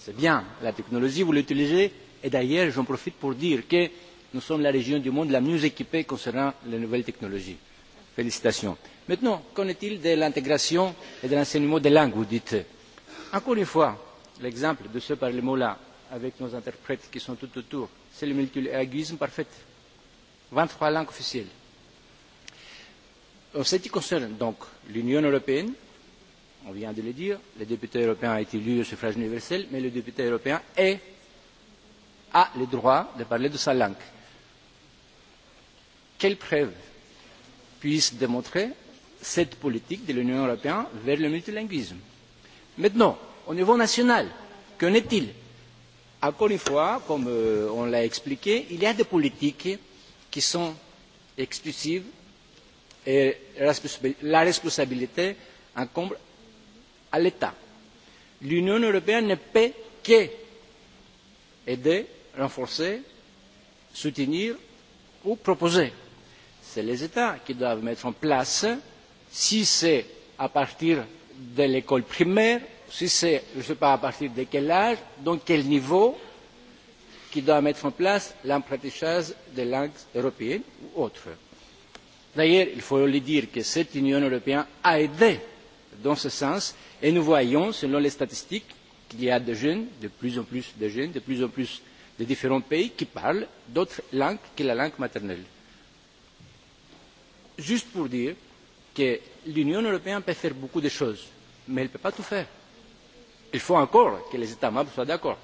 c'est bien, la technologie, vous l'utilisez. Et d'ailleurs, j'en profite pour dire que nous sommes la région du monde la mieux équipée concernant les nouvelles technologies. Félicitations. Maintenant, qu'en est-il de l'intégration et de l'enseignement des langues, vous dites Encore une fois, l'exemple de ce Parlement-là, avec nos interprètes qui sont tout autour, c'est le multilinguisme parfait. 23 langues officielles En ce qui concerne donc l'Union européenne, on vient de le dire, le député européen est élu au suffrage universel, mais le député européen est, a le droit de parler de sa langue. Quelle preuve puisse démontrer cette politique de l'Union européenne vers le multilinguisme Maintenant, au niveau national, qu'en est-il Encore une fois, comme on l'a expliqué, il y a des politiques qui sont exclusives et la responsabilité incombe à l'État. L'Union européenne ne peut qu'aider, renforcer, soutenir ou proposer. C'est les États qui doivent mettre en place, si c'est à partir de l'école primaire, si c'est, je ne sais pas à partir de quel âge, dans quel niveau, qui doit mettre en place l'apprentissage des langues européennes ou autres D'ailleurs, il faut le dire que cette Union européenne a aidé dans ce sens et nous voyons, selon les statistiques, qu'il y a des jeunes, de plus en plus de jeunes, de plus en plus de différents pays qui parlent d'autres langues que la langue maternelle. Juste pour dire que l'Union européenne peut faire beaucoup de choses, mais elle ne peut pas tout faire. Il faut encore que les États membres soient d'accord.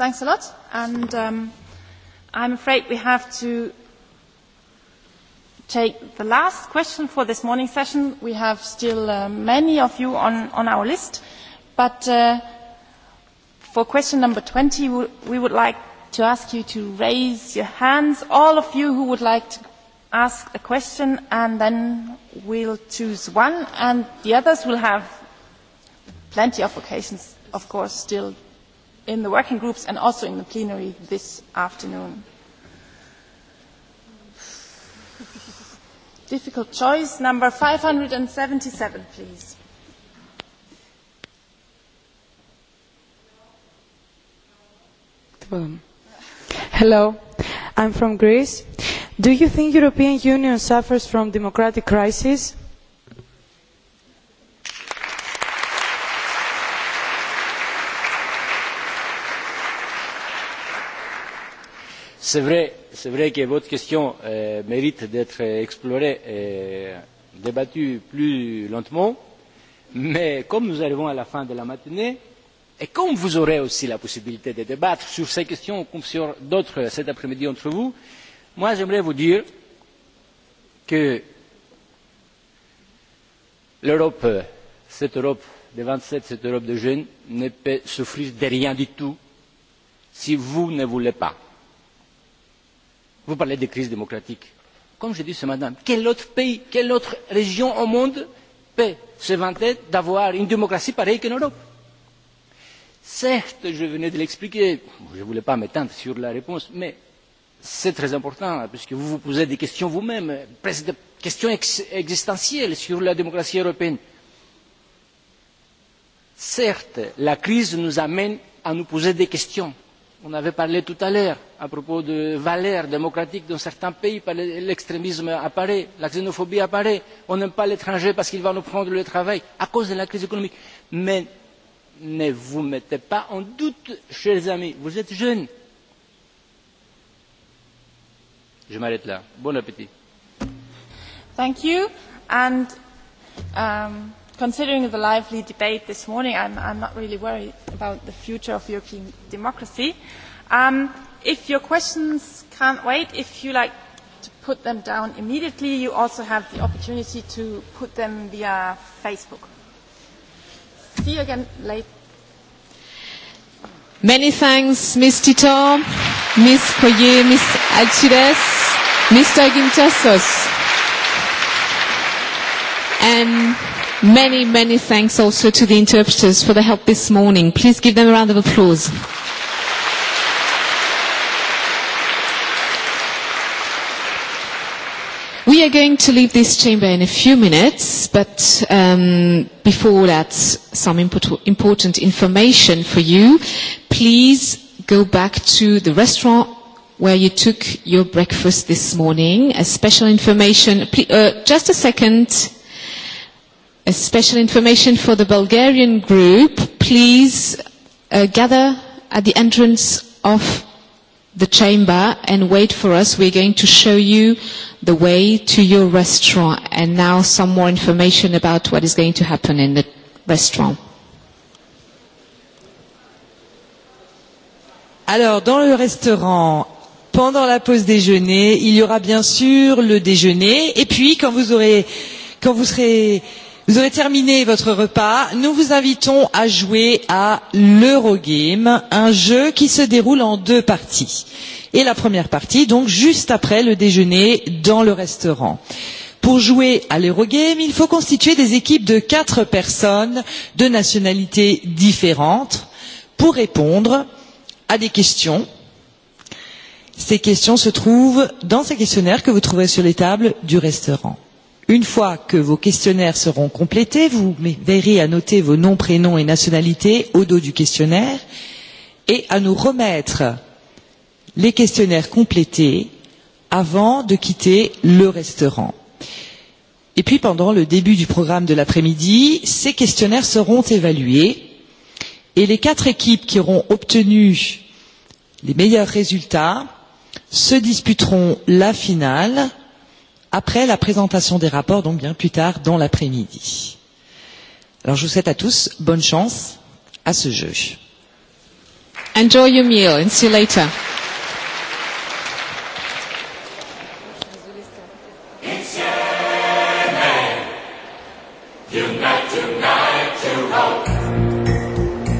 Thanks a lot. And um, I'm afraid we have to take the last question for this morning session. We have still uh, many of you on, on our list, but uh, for question number 20, we would like to ask you to raise your hands, all of you who would like to ask a question, and then we'll choose one, and the others will have plenty of occasions, of course, still in the working groups and also in the plenary this afternoon. Difficult choice. Number 577, please. Hello, I'm from Greece. Do you think European Union suffers from democratic crisis? C'est vrai, que votre question mérite d'être explorée et débattue plus lentement, mais comme nous arrivons à la fin de la matinée, et comme vous aurez aussi la possibilité de débattre sur ces questions comme sur d'autres cet après-midi entre vous, moi j'aimerais vous dire que l'Europe, cette Europe des vingt sept, cette Europe des jeunes, ne peut souffrir de rien du tout si vous ne voulez pas Vous parlez de crise démocratique. Comme je dis ce matin, quel autre pays, quelle autre région au monde peut se vanter d'avoir une démocratie pareille qu'en Europe Certes, je venais de l'expliquer, je ne voulais pas m'étendre sur la réponse, mais c'est très important, puisque vous vous posez des questions vous-même, presque des questions existentielles sur la démocratie européenne. Certes, la crise nous amène à nous poser des questions On avait parlé tout à l'heure à propos de valeurs démocratiques dans certains pays, l'extrémisme apparaît, la xénophobie apparaît, on n'aime pas l'étranger parce qu'il va nous prendre le travail à cause de la crise économique. Mais ne vous mettez pas en doute, chers amis, vous êtes jeunes. Je m'arrête là. Bon appétit. Thank you. And um, considering the lively debate this morning, I'm, I'm not really worried about the future of European democracy. Um, if your questions can't wait, if you like to put them down immediately, you also have the opportunity to put them via Facebook. See you again later. Many thanks, Ms. Tito, Ms. Coyer, Ms. Alcides, Mr. Gintasos. And Many, many thanks also to the interpreters for the help this morning. Please give them a round of applause. We are going to leave this chamber in a few minutes, but um, before that, some import- important information for you. Please go back to the restaurant where you took your breakfast this morning. A special information. Please, uh, just a second a special information for the Bulgarian group, please uh, gather at the entrance of the chamber and wait for us. We're going to show you the way to your restaurant and now some more information about what is going to happen in the restaurant. Alors, dans le restaurant, pendant la pause déjeuner, il y aura bien sûr le déjeuner. Et puis, quand vous aurez, quand vous serez Vous aurez terminé votre repas. Nous vous invitons à jouer à l'Eurogame, un jeu qui se déroule en deux parties. Et la première partie, donc juste après le déjeuner dans le restaurant. Pour jouer à l'Eurogame, il faut constituer des équipes de quatre personnes de nationalités différentes pour répondre à des questions. Ces questions se trouvent dans ces questionnaires que vous trouverez sur les tables du restaurant. Une fois que vos questionnaires seront complétés, vous veillerez à noter vos noms, prénoms et nationalités au dos du questionnaire et à nous remettre les questionnaires complétés avant de quitter le restaurant. Et puis pendant le début du programme de l'après-midi, ces questionnaires seront évalués et les quatre équipes qui auront obtenu les meilleurs résultats se disputeront la finale après la présentation des rapports, donc bien plus tard dans l'après-midi. Alors je vous souhaite à tous bonne chance à ce jeu. Enjoy your meal and see you later.